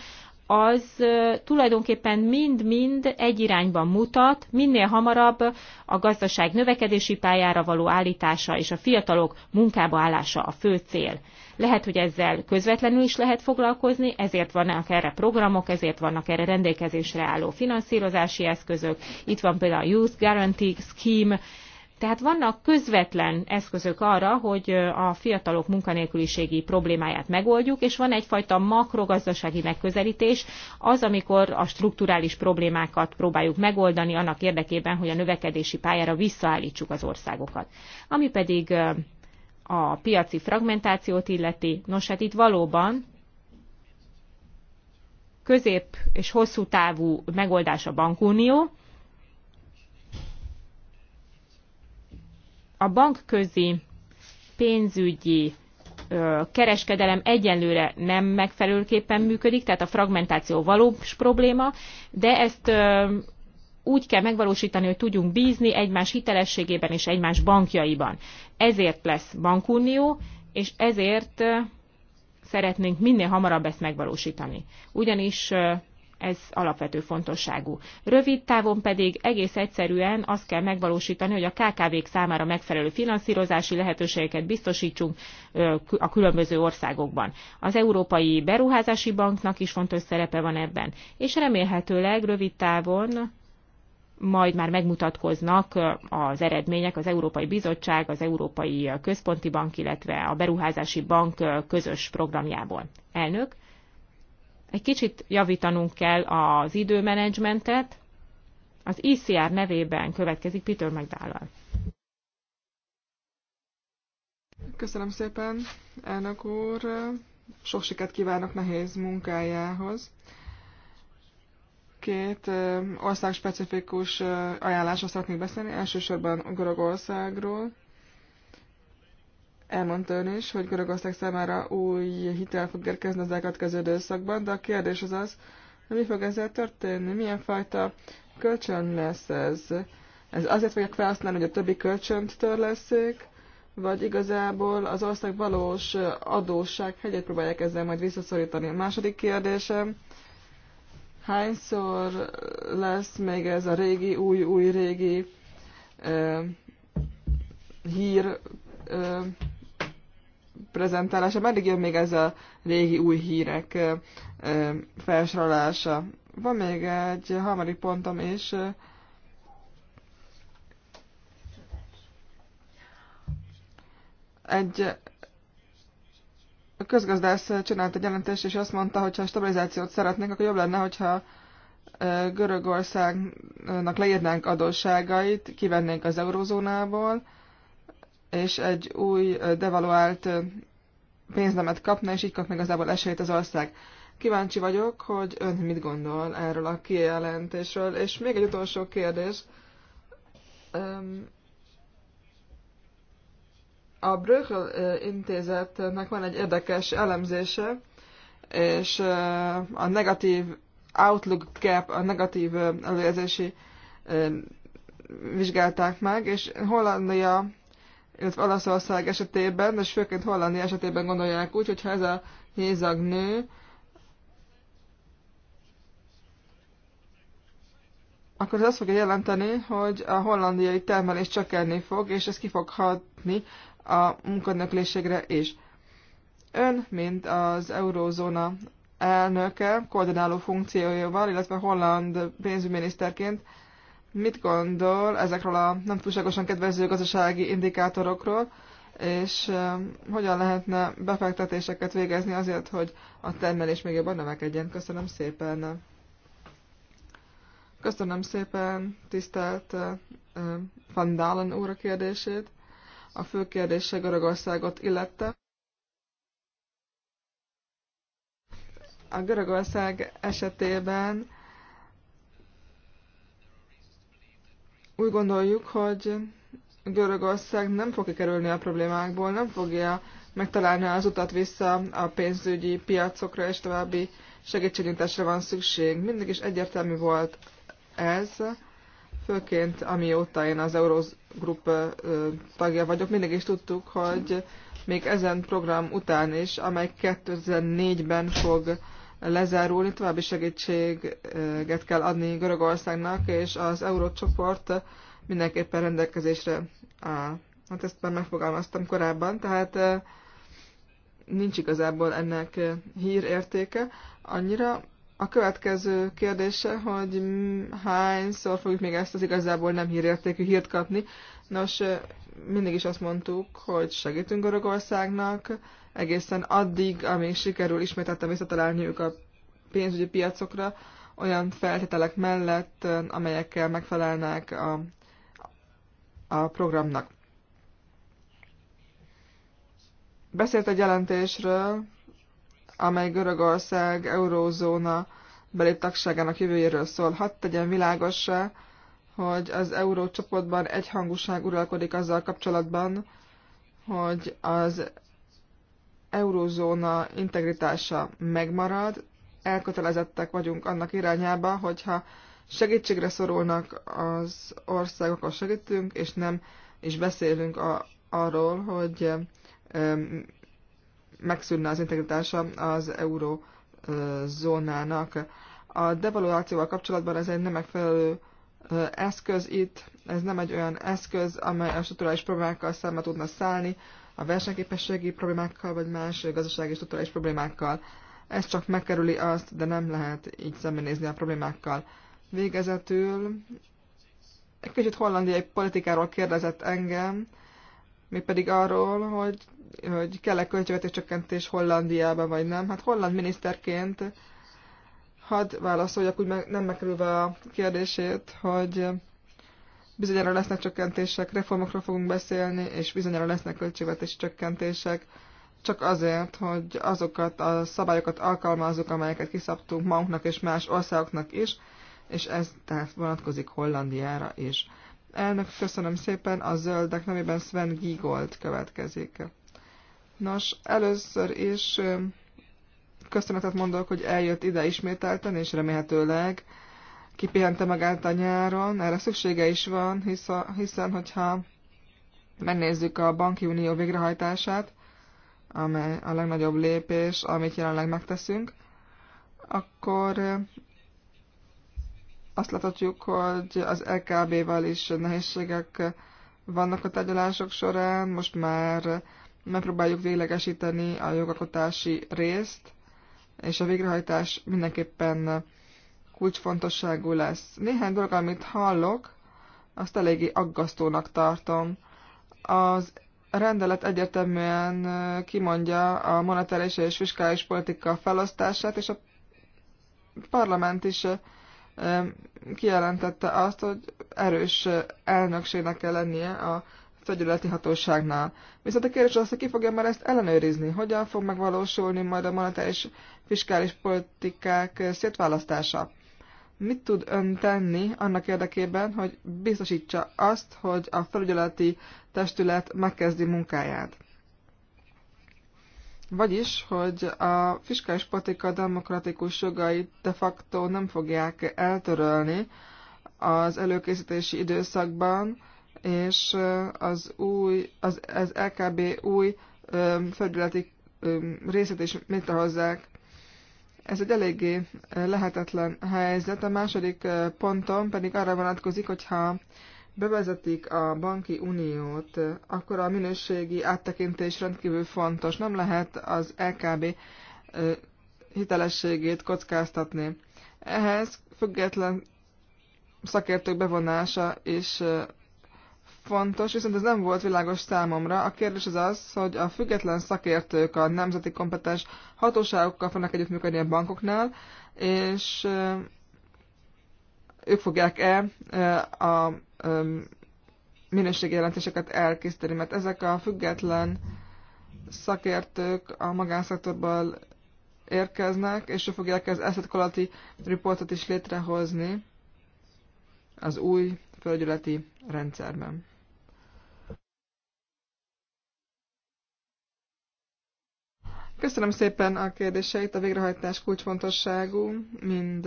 [SPEAKER 2] az tulajdonképpen mind-mind egy irányban mutat, minél hamarabb a gazdaság növekedési pályára való állítása és a fiatalok munkába állása a fő cél. Lehet, hogy ezzel közvetlenül is lehet foglalkozni, ezért vannak erre programok, ezért vannak erre rendelkezésre álló finanszírozási eszközök. Itt van például a Youth Guarantee Scheme, tehát vannak közvetlen eszközök arra, hogy a fiatalok munkanélküliségi problémáját megoldjuk, és van egyfajta makrogazdasági megközelítés, az, amikor a strukturális problémákat próbáljuk megoldani annak érdekében, hogy a növekedési pályára visszaállítsuk az országokat. Ami pedig a piaci fragmentációt illeti, nos hát itt valóban közép és hosszú távú megoldás a bankunió, a bankközi pénzügyi kereskedelem egyenlőre nem megfelelőképpen működik, tehát a fragmentáció valós probléma, de ezt úgy kell megvalósítani, hogy tudjunk bízni egymás hitelességében és egymás bankjaiban. Ezért lesz bankunió, és ezért szeretnénk minél hamarabb ezt megvalósítani. Ugyanis ez alapvető fontosságú. Rövid távon pedig egész egyszerűen azt kell megvalósítani, hogy a KKV-k számára megfelelő finanszírozási lehetőségeket biztosítsunk a különböző országokban. Az Európai Beruházási Banknak is fontos szerepe van ebben, és remélhetőleg rövid távon majd már megmutatkoznak az eredmények az Európai Bizottság, az Európai Központi Bank, illetve a Beruházási Bank közös programjából. Elnök, egy kicsit javítanunk kell az időmenedzsmentet. Az ICR e nevében következik Peter McDowell.
[SPEAKER 3] Köszönöm szépen, elnök úr. Sok sikert kívánok nehéz munkájához. Két országspecifikus ajánlásra szeretnék beszélni, elsősorban Görögországról. Elmondta ön is, hogy Görögország számára új hitel fog érkezni az elkövetkező időszakban, de a kérdés az az, hogy mi fog ezzel történni, milyen fajta kölcsön lesz ez. Ez azért fogják felhasználni, hogy a többi kölcsönt törleszék, vagy igazából az ország valós adósság hegyet próbálják ezzel majd visszaszorítani. A második kérdésem, hányszor lesz még ez a régi, új, új, régi uh, hír uh, prezentálása, meddig jön még ez a régi új hírek felsorolása. Van még egy harmadik pontom is. Egy közgazdász csinált egy jelentést, és azt mondta, hogy ha stabilizációt szeretnénk, akkor jobb lenne, hogyha Görögországnak leírnánk adósságait, kivennénk az eurózónából és egy új devaluált pénznemet kapna, és így kap még igazából esélyt az ország. Kíváncsi vagyok, hogy ön mit gondol erről a kijelentésről, és még egy utolsó kérdés. A Bröchel intézetnek van egy érdekes elemzése, és a negatív outlook gap, a negatív előjelzési vizsgálták meg, és Hollandia illetve Olaszország esetében, és főként hollandi esetében gondolják úgy, hogyha ez a hézag nő, akkor ez azt fogja jelenteni, hogy a hollandiai termelés csökkenni fog, és ez ki fog hatni a munkanökléségre is. Ön, mint az eurózóna elnöke, koordináló funkciójával, illetve holland pénzügyminiszterként mit gondol ezekről a nem túlságosan kedvező gazdasági indikátorokról, és um, hogyan lehetne befektetéseket végezni azért, hogy a termelés még jobban növekedjen. Köszönöm szépen! Köszönöm szépen tisztelt uh, um, Van Dalen úr a kérdését. A fő kérdése Görögországot illette. A Görögország esetében Úgy gondoljuk, hogy Görögország nem fog kikerülni a problémákból, nem fogja megtalálni az utat vissza a pénzügyi piacokra, és további segítségnyújtásra van szükség. Mindig is egyértelmű volt ez, főként amióta én az Eurogroup tagja vagyok, mindig is tudtuk, hogy még ezen program után is, amely 2004-ben fog lezárulni, további segítséget kell adni Görögországnak, és az eurócsoport mindenképpen rendelkezésre áll. Hát ezt már megfogalmaztam korábban, tehát eh, nincs igazából ennek eh, hírértéke. Annyira a következő kérdése, hogy hányszor fogjuk még ezt az igazából nem hírértékű hírt kapni. Nos, eh, mindig is azt mondtuk, hogy segítünk Görögországnak, egészen addig, amíg sikerül ismételten visszatalálniuk a pénzügyi piacokra, olyan feltételek mellett, amelyekkel megfelelnek a, a programnak. Beszélt egy jelentésről, amely Görögország eurózóna beléptagságának jövőjéről szól. Hadd tegyen világossá, hogy az eurócsoportban egyhangúság uralkodik azzal kapcsolatban, hogy az eurózóna integritása megmarad, elkötelezettek vagyunk annak irányába, hogyha segítségre szorulnak az országok, akkor segítünk, és nem is beszélünk a, arról, hogy um, megszűnne az integritása az eurózónának. A devaluációval kapcsolatban ez egy nem megfelelő eszköz itt, ez nem egy olyan eszköz, amely a struktúrális problémákkal szembe tudna szállni, a versenyképességi problémákkal, vagy más gazdasági struktúrális problémákkal. Ez csak megkerüli azt, de nem lehet így szembenézni a problémákkal. Végezetül egy kicsit hollandiai politikáról kérdezett engem, mi pedig arról, hogy, hogy kell-e költségvetés csökkentés Hollandiában, vagy nem. Hát holland miniszterként Hadd válaszoljak, úgy meg, nem megkerülve a kérdését, hogy bizonyára lesznek csökkentések, reformokról fogunk beszélni, és bizonyára lesznek költségvetési csökkentések, csak azért, hogy azokat a szabályokat alkalmazzuk, amelyeket kiszabtunk magunknak és más országoknak is, és ez tehát vonatkozik Hollandiára is. Elnök, köszönöm szépen, a zöldek nevében Sven Giegold következik. Nos, először is köszönetet mondok, hogy eljött ide ismételten, és remélhetőleg kipihente magát a nyáron. Erre szüksége is van, hiszen hogyha megnézzük a banki unió végrehajtását, amely a legnagyobb lépés, amit jelenleg megteszünk, akkor eh, azt láthatjuk, hogy az LKB-val is nehézségek vannak a tárgyalások során, most már megpróbáljuk véglegesíteni a jogalkotási részt, és a végrehajtás mindenképpen kulcsfontosságú lesz. Néhány dolog, amit hallok, azt eléggé aggasztónak tartom. Az rendelet egyértelműen kimondja a monetáris és fiskális politika felosztását, és a parlament is kijelentette azt, hogy erős elnökségnek kell lennie a fegyületi hatóságnál. Viszont a kérdés az, hogy ki fogja már ezt ellenőrizni, hogyan fog megvalósulni majd a monetáris fiskális politikák szétválasztása. Mit tud ön tenni annak érdekében, hogy biztosítsa azt, hogy a felügyeleti testület megkezdi munkáját? Vagyis, hogy a fiskális politika demokratikus jogai de facto nem fogják eltörölni az előkészítési időszakban, és az új, az, az LKB új felületi részét is hozzák. Ez egy eléggé lehetetlen helyzet. A második pontom pedig arra vonatkozik, hogyha bevezetik a banki uniót, akkor a minőségi áttekintés rendkívül fontos. Nem lehet az LKB hitelességét kockáztatni. Ehhez független szakértők bevonása is fontos, viszont ez nem volt világos számomra. A kérdés az az, hogy a független szakértők a nemzeti kompetens hatóságokkal fognak együttműködni a bankoknál, és eh, ők fogják-e eh, a eh, minőségi jelentéseket elkészíteni, mert ezek a független szakértők a magánszektorból érkeznek, és ő fogják az asset quality reportot is létrehozni az új földgyűlöleti rendszerben. Köszönöm szépen a kérdéseit. A végrehajtás kulcsfontosságú, mind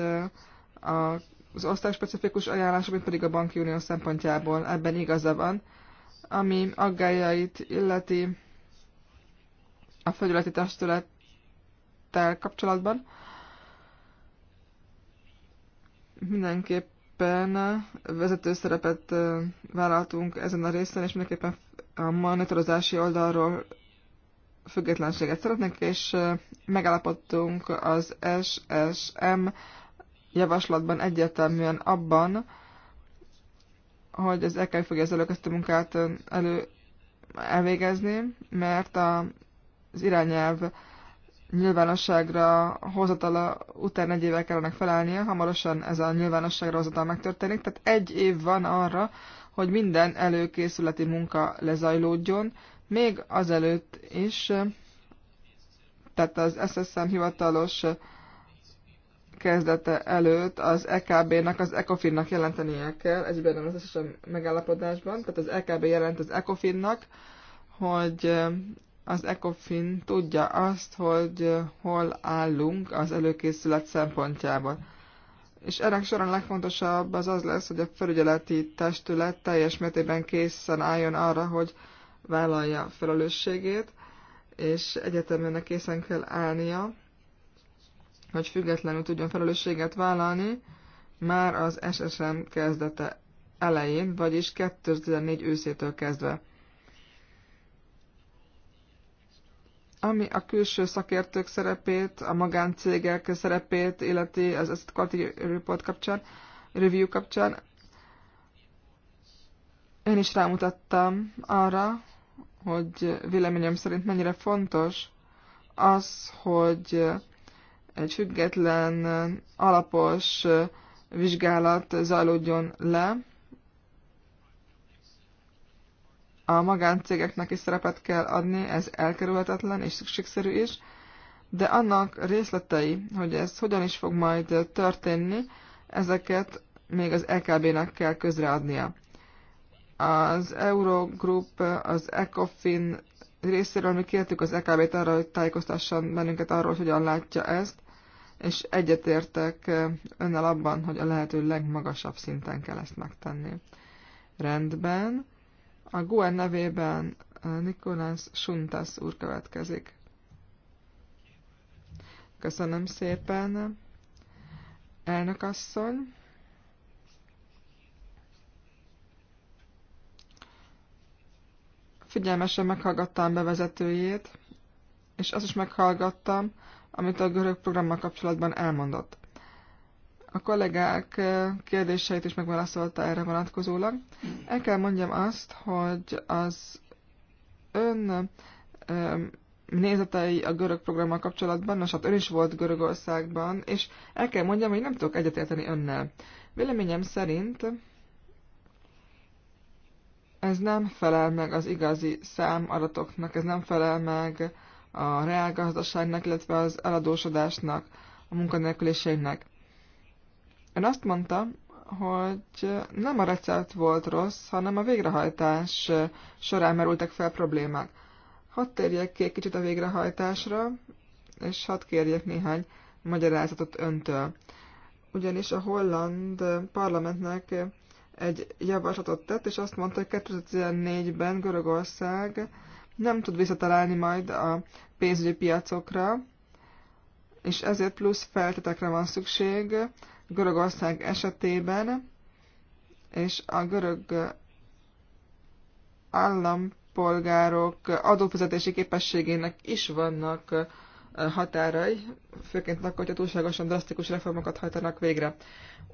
[SPEAKER 3] az osztályspecifikus ajánlás, mint pedig a banki unió szempontjából. Ebben igaza van. Ami aggájait illeti a felületi testülettel kapcsolatban, mindenképpen vezető szerepet vállaltunk ezen a részen, és mindenképpen a monitorozási oldalról függetlenséget szeretnék, és megállapodtunk az SSM javaslatban egyértelműen abban, hogy az EKI e fogja az előkezdő munkát elő elvégezni, mert a, az irányelv nyilvánosságra hozatala után egy évvel kellene felállnia, hamarosan ez a nyilvánosságra hozatal megtörténik, tehát egy év van arra, hogy minden előkészületi munka lezajlódjon, még azelőtt is, tehát az SSM hivatalos kezdete előtt az EKB-nak, az ECOFIN-nak jelentenie kell, ez benne az SSM megállapodásban, tehát az EKB jelent az ECOFIN-nak, hogy az ECOFIN tudja azt, hogy hol állunk az előkészület szempontjából. És ennek során legfontosabb az az lesz, hogy a felügyeleti testület teljes mértékben készen álljon arra, hogy vállalja felelősségét, és egyetemben készen kell állnia, hogy függetlenül tudjon felelősséget vállalni, már az SSM kezdete elején, vagyis 2014 őszétől kezdve. Ami a külső szakértők szerepét, a magáncégek szerepét illeti az ezt Quality Report kapcsán, review kapcsán, én is rámutattam arra, hogy véleményem szerint mennyire fontos az, hogy egy független, alapos vizsgálat zajlódjon le. A magáncégeknek is szerepet kell adni, ez elkerülhetetlen és szükségszerű is, de annak részletei, hogy ez hogyan is fog majd történni, ezeket még az lkb nek kell közreadnia. Az Eurogroup, az ECOFIN részéről mi kértük az EKB-t arra, hogy tájékoztasson bennünket arról, hogy hogyan látja ezt, és egyetértek eh, önnel abban, hogy a lehető legmagasabb szinten kell ezt megtenni. Rendben. A Guen nevében eh, Nikolás Suntas úr következik. Köszönöm szépen, elnök asszony. Figyelmesen meghallgattam bevezetőjét, és azt is meghallgattam, amit a görög programmal kapcsolatban elmondott. A kollégák eh, kérdéseit is megválaszolta erre vonatkozólag. El kell mondjam azt, hogy az ön eh, nézetei a görög programmal kapcsolatban, nos hát ön is volt Görögországban, és el kell mondjam, hogy nem tudok egyetérteni önnel. Véleményem szerint ez nem felel meg az igazi számadatoknak, ez nem felel meg a reálgazdaságnak, illetve az eladósodásnak, a munkanélküliségnek. Ön azt mondta, hogy nem a recept volt rossz, hanem a végrehajtás során merültek fel problémák. Hadd térjek ki egy kicsit a végrehajtásra, és hadd kérjek néhány magyarázatot öntől. Ugyanis a holland parlamentnek egy javaslatot tett, és azt mondta, hogy 2014-ben Görögország nem tud visszatalálni majd a pénzügyi piacokra, és ezért plusz feltetekre van szükség Görögország esetében, és a görög állampolgárok adófizetési képességének is vannak határai, főként akkor, hogyha túlságosan drasztikus reformokat hajtanak végre.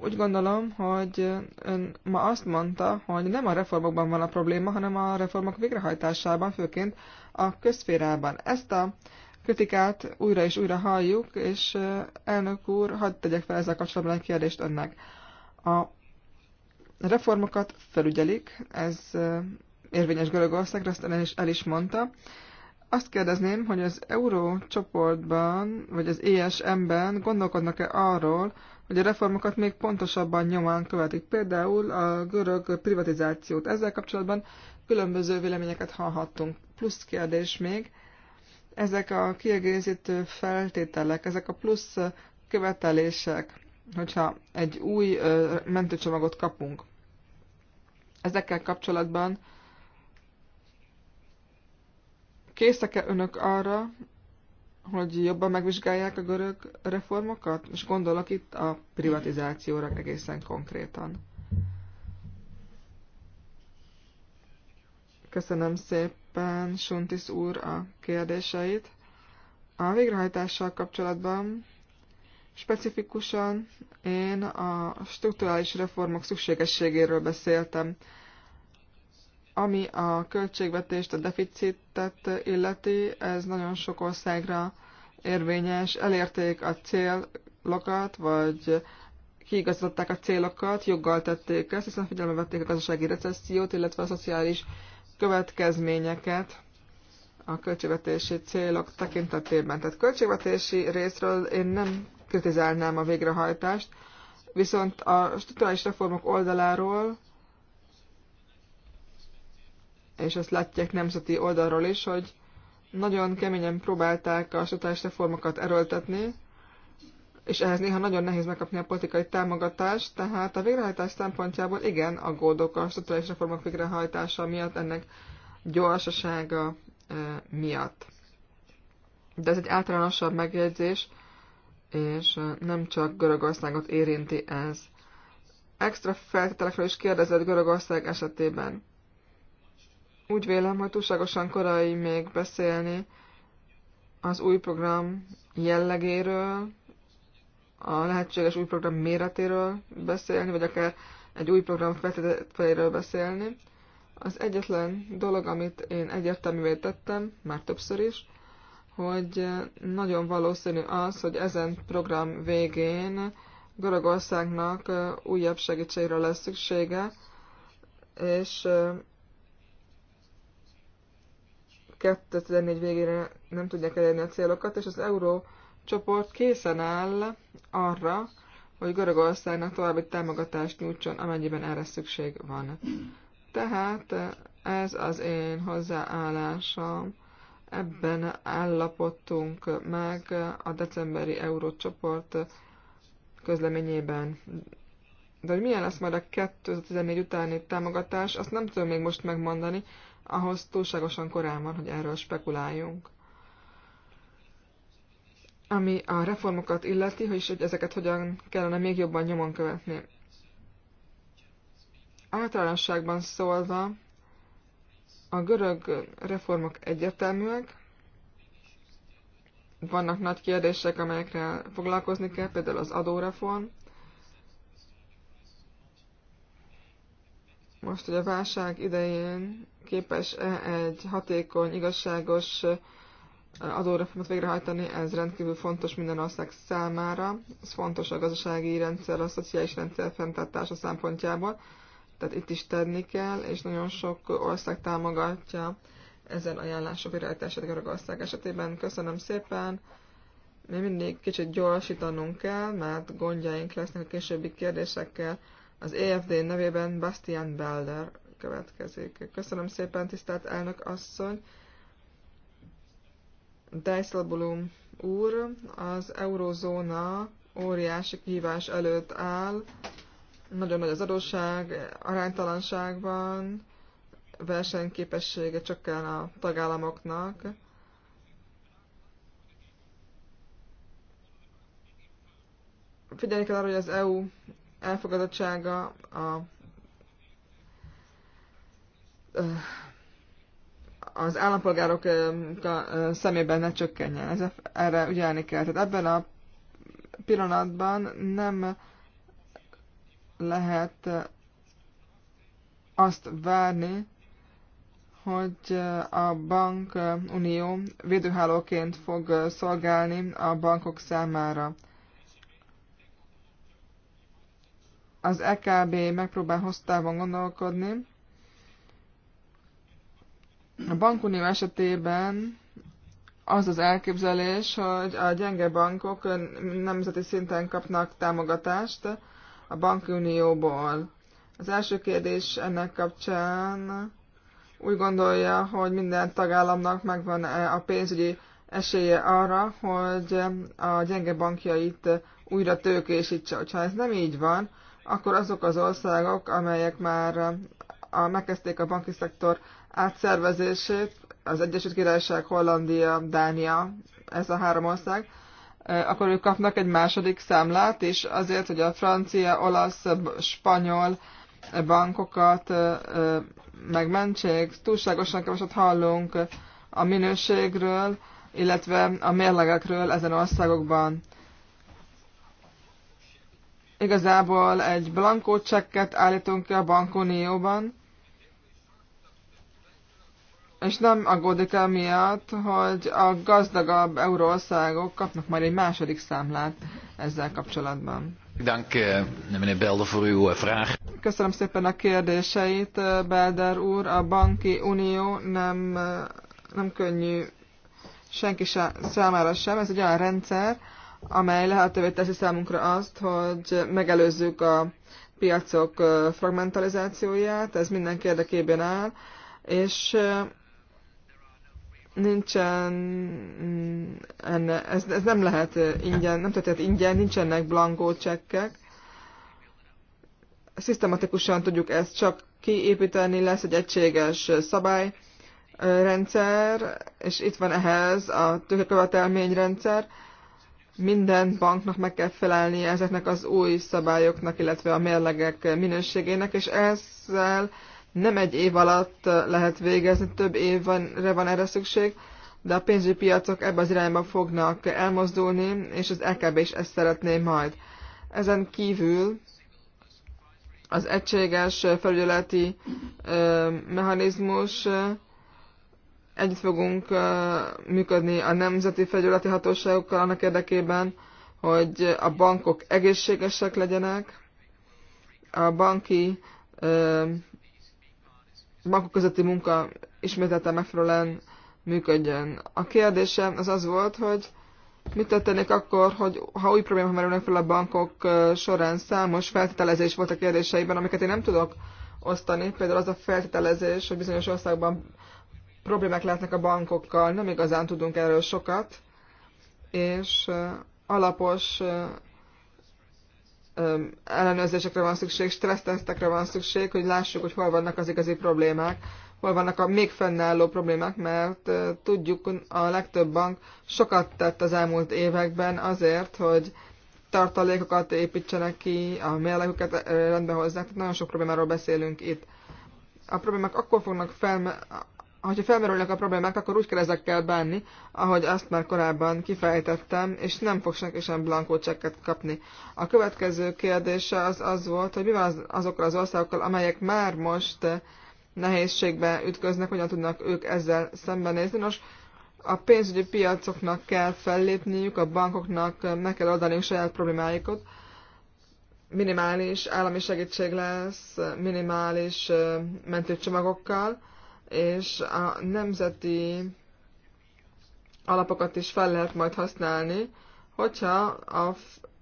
[SPEAKER 3] Úgy gondolom, hogy ön ma azt mondta, hogy nem a reformokban van a probléma, hanem a reformok végrehajtásában, főként a közférában. Ezt a kritikát újra és újra halljuk, és elnök úr, hadd tegyek fel ezzel kapcsolatban egy kérdést önnek. A reformokat felügyelik, ez érvényes Görögországra, ezt el is, el is mondta, azt kérdezném, hogy az euró csoportban, vagy az ESM-ben gondolkodnak-e arról, hogy a reformokat még pontosabban nyomán követik. Például a görög privatizációt. Ezzel kapcsolatban különböző véleményeket hallhattunk. Plusz kérdés még, ezek a kiegészítő feltételek, ezek a plusz követelések, hogyha egy új mentőcsomagot kapunk, ezekkel kapcsolatban Készek-e önök arra, hogy jobban megvizsgálják a görög reformokat? És gondolok itt a privatizációra egészen konkrétan. Köszönöm szépen Suntis úr a kérdéseit. A végrehajtással kapcsolatban specifikusan én a strukturális reformok szükségességéről beszéltem. Ami a költségvetést, a deficitet illeti, ez nagyon sok országra érvényes. Elérték a célokat, vagy kiigazították a célokat, joggal tették ezt, hiszen figyelme vették a gazdasági recessziót, illetve a szociális következményeket a költségvetési célok tekintetében. Tehát költségvetési részről én nem kritizálnám a végrehajtást, viszont a struktúrális reformok oldaláról és ezt látják nemzeti oldalról is, hogy nagyon keményen próbálták a struktúrális reformokat erőltetni, és ehhez néha nagyon nehéz megkapni a politikai támogatást, tehát a végrehajtás szempontjából igen, aggódok a struktúrális reformok végrehajtása miatt, ennek gyorsasága e, miatt. De ez egy általánosabb megjegyzés, és e, nem csak Görögországot érinti ez. Extra feltételekről is kérdezett Görögország esetében. Úgy vélem, hogy túlságosan korai még beszélni az új program jellegéről, a lehetséges új program méretéről beszélni, vagy akár egy új program feltételeiről beszélni. Az egyetlen dolog, amit én egyértelművé tettem, már többször is, hogy nagyon valószínű az, hogy ezen program végén Görögországnak újabb segítségre lesz szüksége, és 2014 végére nem tudják elérni a célokat, és az euró csoport készen áll arra, hogy Görögországnak további támogatást nyújtson, amennyiben erre szükség van. Tehát ez az én hozzáállásom. Ebben állapodtunk meg a decemberi eurócsoport közleményében. De hogy milyen lesz majd a 2014 utáni támogatás, azt nem tudom még most megmondani, ahhoz túlságosan korán van, hogy erről spekuláljunk. Ami a reformokat illeti, és hogy ezeket hogyan kellene még jobban nyomon követni. Általánosságban szólva, a görög reformok egyeteműek, vannak nagy kérdések, amelyekre foglalkozni kell, például az adóreform, most, hogy a válság idején képes -e egy hatékony, igazságos adóreformot végrehajtani, ez rendkívül fontos minden ország számára. Ez fontos a gazdasági rendszer, a szociális rendszer fenntartása szempontjából, tehát itt is tenni kell, és nagyon sok ország támogatja ezen ajánlások irányítását Görögország esetében. Köszönöm szépen! Mi mindig kicsit gyorsítanunk kell, mert gondjaink lesznek a későbbi kérdésekkel, az EFD nevében Bastian Belder következik. Köszönöm szépen, tisztelt elnök asszony! Dijsselbloom úr, az eurozóna óriási kihívás előtt áll, nagyon nagy az adósság, aránytalanság van, versenyképessége csökken a tagállamoknak. Figyelni kell arra, hogy az EU elfogadottsága a az állampolgárok szemében ne csökkenjen. Ez, erre ügyelni kell. Tehát ebben a pillanatban nem lehet azt várni, hogy a bankunió védőhálóként fog szolgálni a bankok számára. az EKB megpróbál hosszú gondolkodni. A bankunió esetében az az elképzelés, hogy a gyenge bankok nemzeti szinten kapnak támogatást a bankunióból. Az első kérdés ennek kapcsán úgy gondolja, hogy minden tagállamnak megvan -e a pénzügyi esélye arra, hogy a gyenge bankjait újra tőkésítse. Ha ez nem így van, akkor azok az országok, amelyek már a, megkezdték a banki szektor átszervezését, az Egyesült Királyság, Hollandia, Dánia, ez a három ország, akkor ők kapnak egy második számlát is, azért, hogy a francia, olasz, spanyol bankokat megmentsék. Túlságosan keveset hallunk a minőségről, illetve a mérlegekről ezen országokban. Igazából egy blankó csekket állítunk ki a bankunióban, és nem aggódik el miatt, hogy a gazdagabb euróországok kapnak majd egy második számlát ezzel kapcsolatban.
[SPEAKER 1] Eh, eh,
[SPEAKER 3] Köszönöm szépen a kérdéseit, eh, Belder úr. A banki unió nem, nem könnyű senki számára sem. Ez egy olyan rendszer, amely lehetővé teszi számunkra azt, hogy megelőzzük a piacok fragmentalizációját, ez mindenki érdekében áll, és nincsen, mm, enne, ez, ez nem lehet ingyen, nem történhet ingyen, nincsenek blankó csekkek. Szisztematikusan tudjuk ezt csak kiépíteni, lesz egy egységes szabályrendszer, és itt van ehhez a tőkekövetelményrendszer, rendszer, minden banknak meg kell felelni ezeknek az új szabályoknak, illetve a mérlegek minőségének, és ezzel nem egy év alatt lehet végezni, több évre van erre szükség, de a pénzügyi piacok ebbe az irányba fognak elmozdulni, és az LKB is ezt szeretné majd. Ezen kívül az egységes felügyeleti mechanizmus Együtt fogunk működni a nemzeti fegyületi hatóságokkal annak érdekében, hogy a bankok egészségesek legyenek, a banki bankok közötti munka ismételten megfelelően működjön. A kérdésem az az volt, hogy mit tettenék akkor, hogy ha új problémák merülnek fel a bankok során, számos feltételezés volt a kérdéseiben, amiket én nem tudok osztani, például az a feltételezés, hogy bizonyos országban problémák lehetnek a bankokkal, nem igazán tudunk erről sokat, és alapos ellenőrzésekre van szükség, stressztesztekre van szükség, hogy lássuk, hogy hol vannak az igazi problémák, hol vannak a még fennálló problémák, mert tudjuk, a legtöbb bank sokat tett az elmúlt években azért, hogy tartalékokat építsenek ki, a mérlegüket rendbe hozzák, tehát nagyon sok problémáról beszélünk itt. A problémák akkor fognak fel, hogyha felmerülnek a problémák, akkor úgy kell ezekkel bánni, ahogy azt már korábban kifejtettem, és nem fog senki sem blankó csekket kapni. A következő kérdése az az volt, hogy mi van az, azokkal az országokkal, amelyek már most nehézségbe ütköznek, hogyan tudnak ők ezzel szembenézni. Nos, a pénzügyi piacoknak kell fellépniük, a bankoknak meg kell oldaniuk saját problémáikat. Minimális állami segítség lesz, minimális mentőcsomagokkal, és a nemzeti alapokat is fel lehet majd használni, hogyha a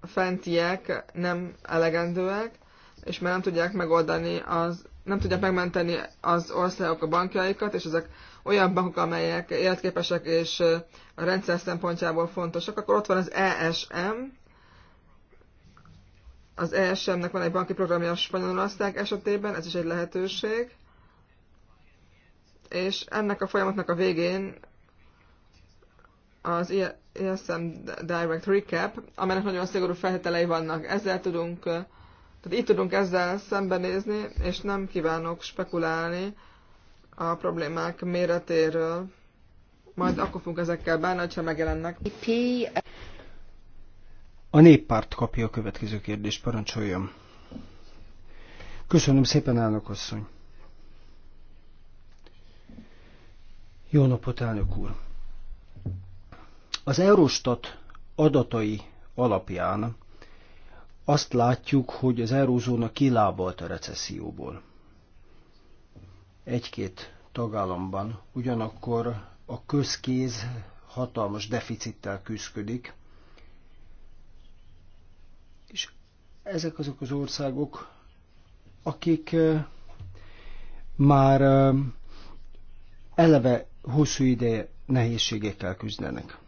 [SPEAKER 3] fentiek nem elegendőek, és már nem tudják megoldani az, nem tudják megmenteni az országok a bankjaikat, és ezek olyan bankok, amelyek életképesek és a rendszer szempontjából fontosak, akkor ott van az ESM, az ESM-nek van egy banki programja a spanyolország esetében, ez is egy lehetőség és ennek a folyamatnak a végén az ESM Direct Recap, amelynek nagyon szigorú feltételei vannak. Ezzel tudunk, tehát így tudunk ezzel szembenézni, és nem kívánok spekulálni a problémák méretéről. Majd akkor fogunk ezekkel bánni, ha megjelennek.
[SPEAKER 1] A néppárt kapja a következő kérdést, parancsoljam. Köszönöm szépen, elnök asszony. Jó napot, elnök úr! Az Eurostat adatai alapján azt látjuk, hogy az eurózóna kilábalt a recesszióból. Egy-két tagállamban ugyanakkor a közkéz hatalmas deficittel küzdik, és ezek azok az országok, akik eh, már eh, eleve hosszú ideje nehézségekkel küzdenek.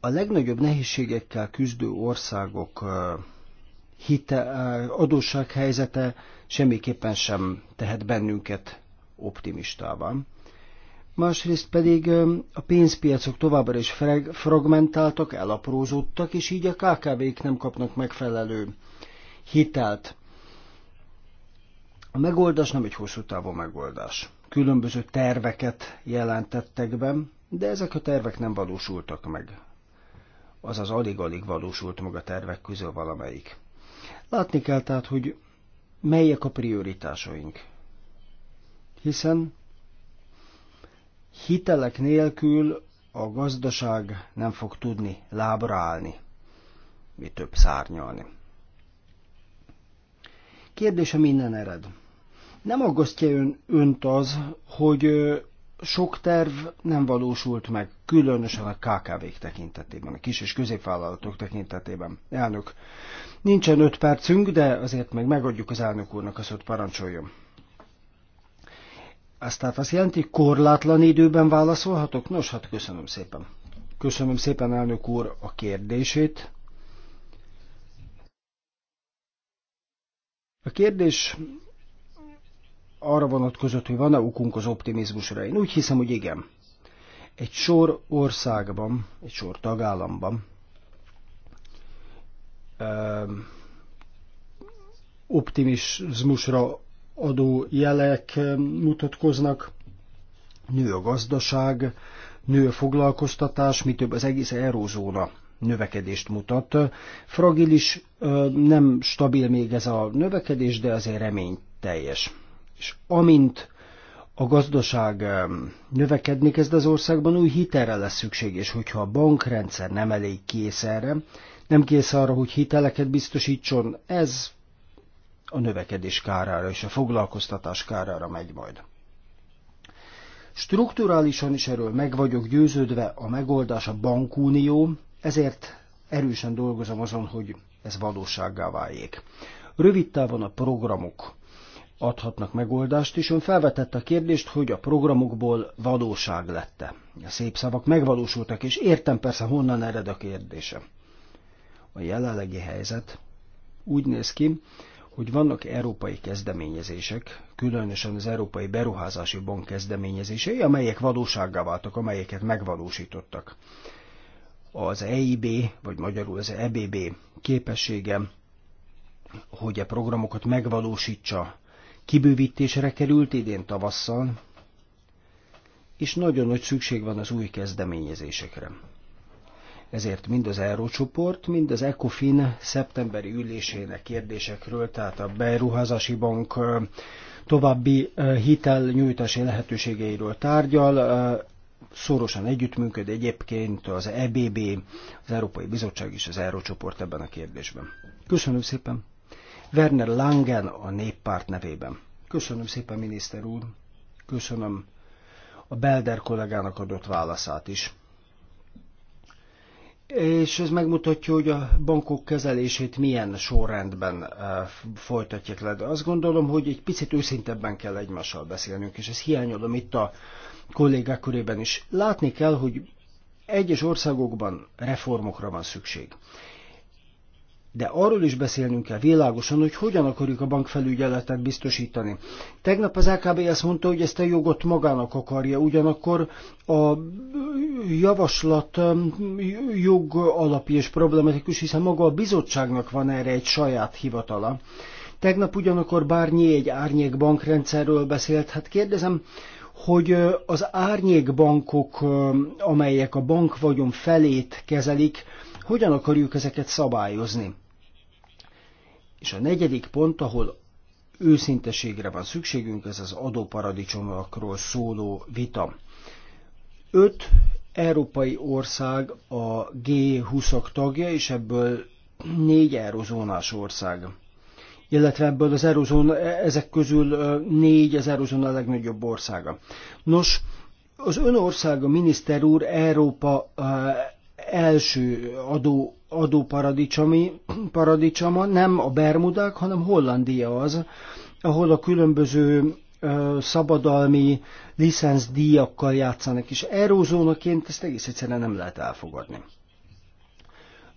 [SPEAKER 1] A legnagyobb nehézségekkel küzdő országok hite, helyzete semmiképpen sem tehet bennünket optimistává. Másrészt pedig a pénzpiacok továbbra is fragmentáltak, elaprózódtak, és így a KKV-k nem kapnak megfelelő hitelt. A megoldás nem egy hosszú távú megoldás. Különböző terveket jelentettek be, de ezek a tervek nem valósultak meg. Azaz alig-alig valósult meg a tervek közül valamelyik. Látni kell tehát, hogy melyek a prioritásaink. Hiszen hitelek nélkül a gazdaság nem fog tudni lábra állni, mi több szárnyalni kérdése minden ered. Nem aggasztja ön, önt az, hogy sok terv nem valósult meg, különösen a KKV-k tekintetében, a kis és középvállalatok tekintetében. Elnök, nincsen öt percünk, de azért meg megadjuk az elnök úrnak azt, hogy parancsoljon. Azt tehát azt jelenti, korlátlan időben válaszolhatok? Nos, hát köszönöm szépen. Köszönöm szépen, elnök úr, a kérdését. A kérdés arra vonatkozott, hogy van-e okunk az optimizmusra. Én úgy hiszem, hogy igen. Egy sor országban, egy sor tagállamban optimizmusra adó jelek mutatkoznak. Nő a gazdaság, nő a foglalkoztatás, mi több az egész eurózóna növekedést mutat. Fragilis, nem stabil még ez a növekedés, de azért reményteljes. És amint a gazdaság növekedni kezd az országban, új hitelre lesz szükség, és hogyha a bankrendszer nem elég kész erre, nem kész arra, hogy hiteleket biztosítson, ez a növekedés kárára és a foglalkoztatás kárára megy majd. Strukturálisan is erről meg vagyok győződve, a megoldás a bankunió, ezért erősen dolgozom azon, hogy ez valósággá váljék. Rövid távon a programok adhatnak megoldást, és ön felvetette a kérdést, hogy a programokból valóság lette. A szép szavak megvalósultak, és értem persze, honnan ered a kérdése. A jelenlegi helyzet úgy néz ki, hogy vannak európai kezdeményezések, különösen az Európai Beruházási Bank kezdeményezései, amelyek valósággá váltak, amelyeket megvalósítottak az EIB, vagy magyarul az EBB képessége, hogy a programokat megvalósítsa. Kibővítésre került idén tavasszal, és nagyon nagy szükség van az új kezdeményezésekre. Ezért mind az Eurócsoport, mind az ECOFIN szeptemberi ülésének kérdésekről, tehát a Beruházási Bank további nyújtási lehetőségeiről tárgyal, szorosan együttműköd egyébként az EBB, az Európai Bizottság és az Eurócsoport ebben a kérdésben. Köszönöm szépen. Werner Langen a néppárt nevében. Köszönöm szépen, miniszter úr. Köszönöm a Belder kollégának adott válaszát is. És ez megmutatja, hogy a bankok kezelését milyen sorrendben eh, folytatják le. De azt gondolom, hogy egy picit őszintebben kell egymással beszélnünk, és ez hiányolom itt a kollégák körében is. Látni kell, hogy egyes országokban reformokra van szükség. De arról is beszélnünk kell világosan, hogy hogyan akarjuk a bankfelügyeletet biztosítani. Tegnap az AKB azt mondta, hogy ezt a jogot magának akarja, ugyanakkor a javaslat um, jog alapi és problematikus, hiszen maga a bizottságnak van erre egy saját hivatala. Tegnap ugyanakkor Bárnyi egy árnyék bankrendszerről beszélt, hát kérdezem, hogy az árnyékbankok, amelyek a bankvagyon felét kezelik, hogyan akarjuk ezeket szabályozni. És a negyedik pont, ahol őszinteségre van szükségünk, ez az adóparadicsomokról szóló vita. Öt európai ország a G20-ak tagja, és ebből négy eurozónás ország illetve ebből az Eurozón, ezek közül négy az Eurozón a legnagyobb országa. Nos, az ön országa, miniszter úr, Európa első adó, adóparadicsomi paradicsoma, nem a Bermudák, hanem Hollandia az, ahol a különböző szabadalmi díjakkal játszanak, és eurózónaként ezt egész egyszerűen nem lehet elfogadni.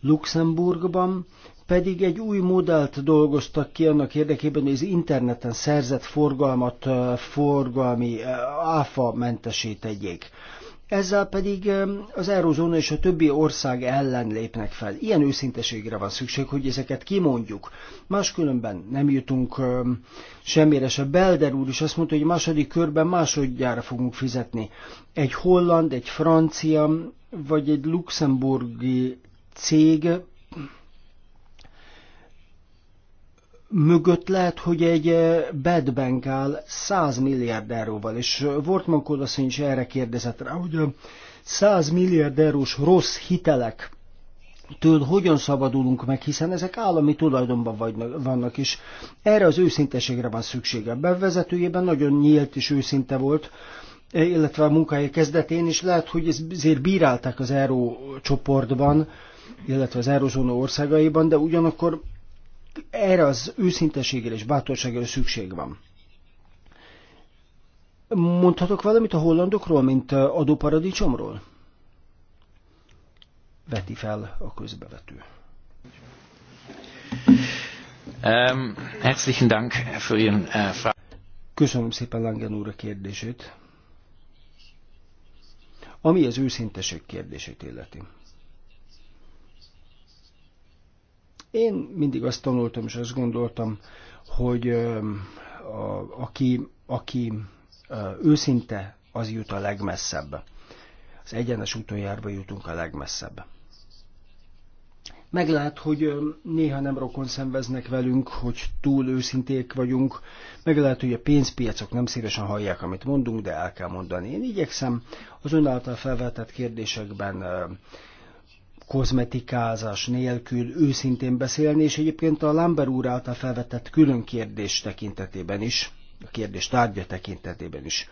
[SPEAKER 1] Luxemburgban pedig egy új modellt dolgoztak ki annak érdekében, hogy az interneten szerzett forgalmat forgalmi áfa mentesé Ezzel pedig az Eurózóna és a többi ország ellen lépnek fel. Ilyen őszinteségre van szükség, hogy ezeket kimondjuk. Máskülönben nem jutunk semmire se. Belder úr is azt mondta, hogy második körben másodjára fogunk fizetni. Egy holland, egy francia, vagy egy luxemburgi cég mögött lehet, hogy egy eh, bad bank áll 100 milliárd euróval, és eh, Wortmann Kodasszony is erre kérdezett rá, hogy a eh, 100 milliárd eurós rossz hitelek től hogyan szabadulunk meg, hiszen ezek állami tulajdonban vagynak, vannak is. Erre az őszinteségre van szüksége. Bevezetőjében nagyon nyílt és őszinte volt, illetve a munkája kezdetén is lehet, hogy ezért bírálták az Euró csoportban, illetve az Eurózóna országaiban, de ugyanakkor erre az őszinteségre és bátorságra szükség van. Mondhatok valamit a hollandokról, mint adóparadicsomról? Veti fel a közbevető. Um, herzlichen Dank für Ihren uh, Köszönöm szépen Langen úr a kérdését. Ami az őszinteség kérdését illeti. Én mindig azt tanultam és azt gondoltam, hogy a, aki, aki őszinte, az jut a legmesszebb. Az egyenes úton járva jutunk a legmesszebb. Meglát, hogy néha nem rokon szenveznek velünk, hogy túl őszinték vagyunk. Meglát, hogy a pénzpiacok nem szívesen hallják, amit mondunk, de el kell mondani. Én igyekszem az ön által felvetett kérdésekben kozmetikázás nélkül őszintén beszélni, és egyébként a Lamber úr által felvetett külön kérdés tekintetében is, a kérdés tárgya tekintetében is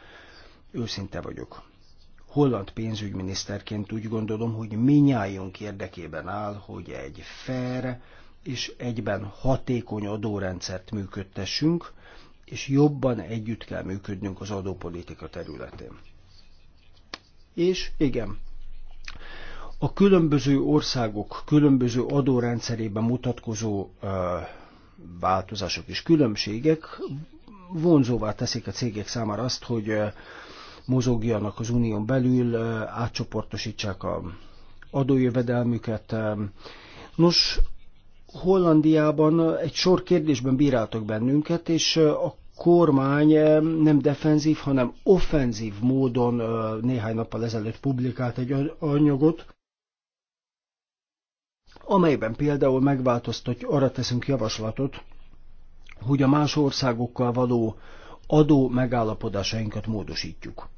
[SPEAKER 1] őszinte vagyok. Holland pénzügyminiszterként úgy gondolom, hogy minnyájunk érdekében áll, hogy egy fair és egyben hatékony adórendszert működtessünk, és jobban együtt kell működnünk az adópolitika területén. És igen, a különböző országok különböző adórendszerében mutatkozó változások és különbségek vonzóvá teszik a cégek számára azt, hogy mozogjanak az unión belül, átcsoportosítsák a adójövedelmüket. Nos, Hollandiában egy sor kérdésben bíráltak bennünket, és a kormány nem defenzív, hanem offenzív módon néhány nappal ezelőtt publikált egy anyagot, amelyben például megváltoztatjuk, arra teszünk javaslatot, hogy a más országokkal való adó megállapodásainkat módosítjuk.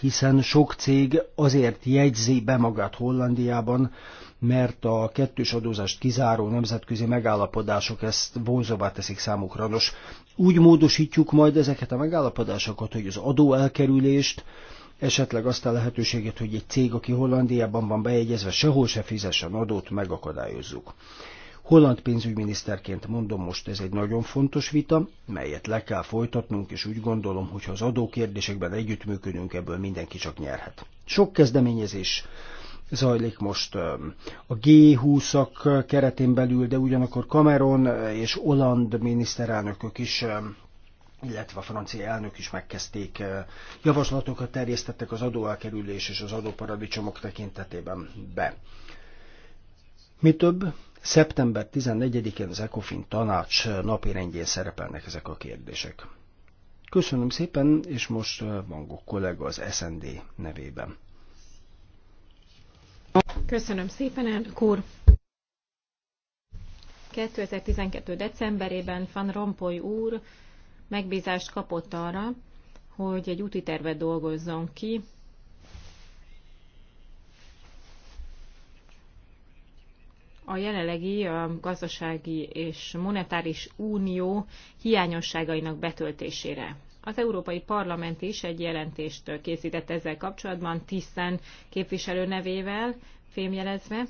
[SPEAKER 1] Hiszen sok cég azért jegyzi be magát Hollandiában, mert a kettős adózást kizáró nemzetközi megállapodások ezt vonzóvá teszik számukra. Nos, úgy módosítjuk majd ezeket a megállapodásokat, hogy az adó elkerülést, esetleg azt a lehetőséget, hogy egy cég, aki Hollandiában van bejegyezve, sehol se fizessen adót, megakadályozzuk. Holland pénzügyminiszterként mondom most, ez egy nagyon fontos vita, melyet le kell folytatnunk, és úgy gondolom, hogy ha az adókérdésekben együttműködünk, ebből mindenki csak nyerhet. Sok kezdeményezés zajlik most a G20-ak keretén belül, de ugyanakkor Cameron és Holland miniszterelnökök is illetve a francia elnök is megkezdték, eh, javaslatokat terjesztettek az adóelkerülés és az adóparadicsomok tekintetében be. Mi több, szeptember 14-én az ECOFIN tanács napirendjén szerepelnek ezek a kérdések. Köszönöm szépen, és most eh, Mangó kollega az SND nevében.
[SPEAKER 2] Köszönöm szépen, elnök úr! 2012. decemberében Van Rompuy úr megbízást kapott arra, hogy egy úti tervet dolgozzon ki, a jelenlegi gazdasági és monetáris unió hiányosságainak betöltésére. Az Európai Parlament is egy jelentést készített ezzel kapcsolatban, Tiszen képviselő nevével fémjelezve,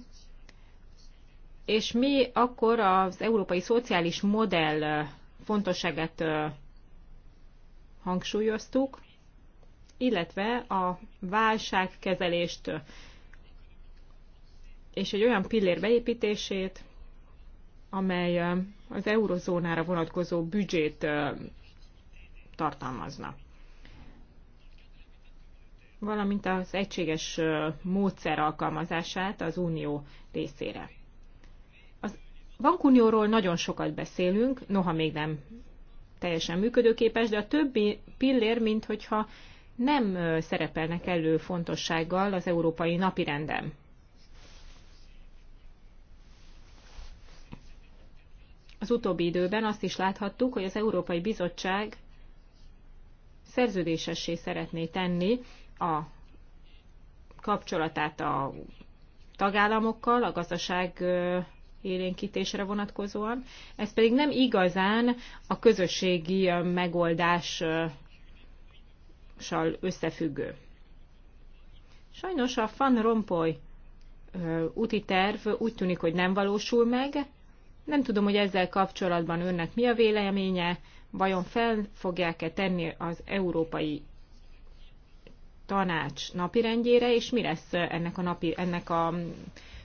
[SPEAKER 2] és mi akkor az európai szociális modell fontosságát hangsúlyoztuk, illetve a válságkezelést és egy olyan pillér beépítését, amely az eurozónára vonatkozó büdzsét tartalmazna. Valamint az egységes módszer alkalmazását az unió részére. Az bankunióról nagyon sokat beszélünk, noha még nem teljesen működőképes, de a többi pillér, mint hogyha nem szerepelnek elő fontossággal az európai napirenden. Az utóbbi időben azt is láthattuk, hogy az Európai Bizottság szerződésessé szeretné tenni a kapcsolatát a tagállamokkal, a gazdaság élénkítésre vonatkozóan. Ez pedig nem igazán a közösségi megoldással összefüggő. Sajnos a Fan Rompoy úti terv úgy tűnik, hogy nem valósul meg. Nem tudom, hogy ezzel kapcsolatban önnek mi a véleménye, vajon fel fogják-e tenni az európai tanács napirendjére, és mi lesz ennek a, napi, ennek a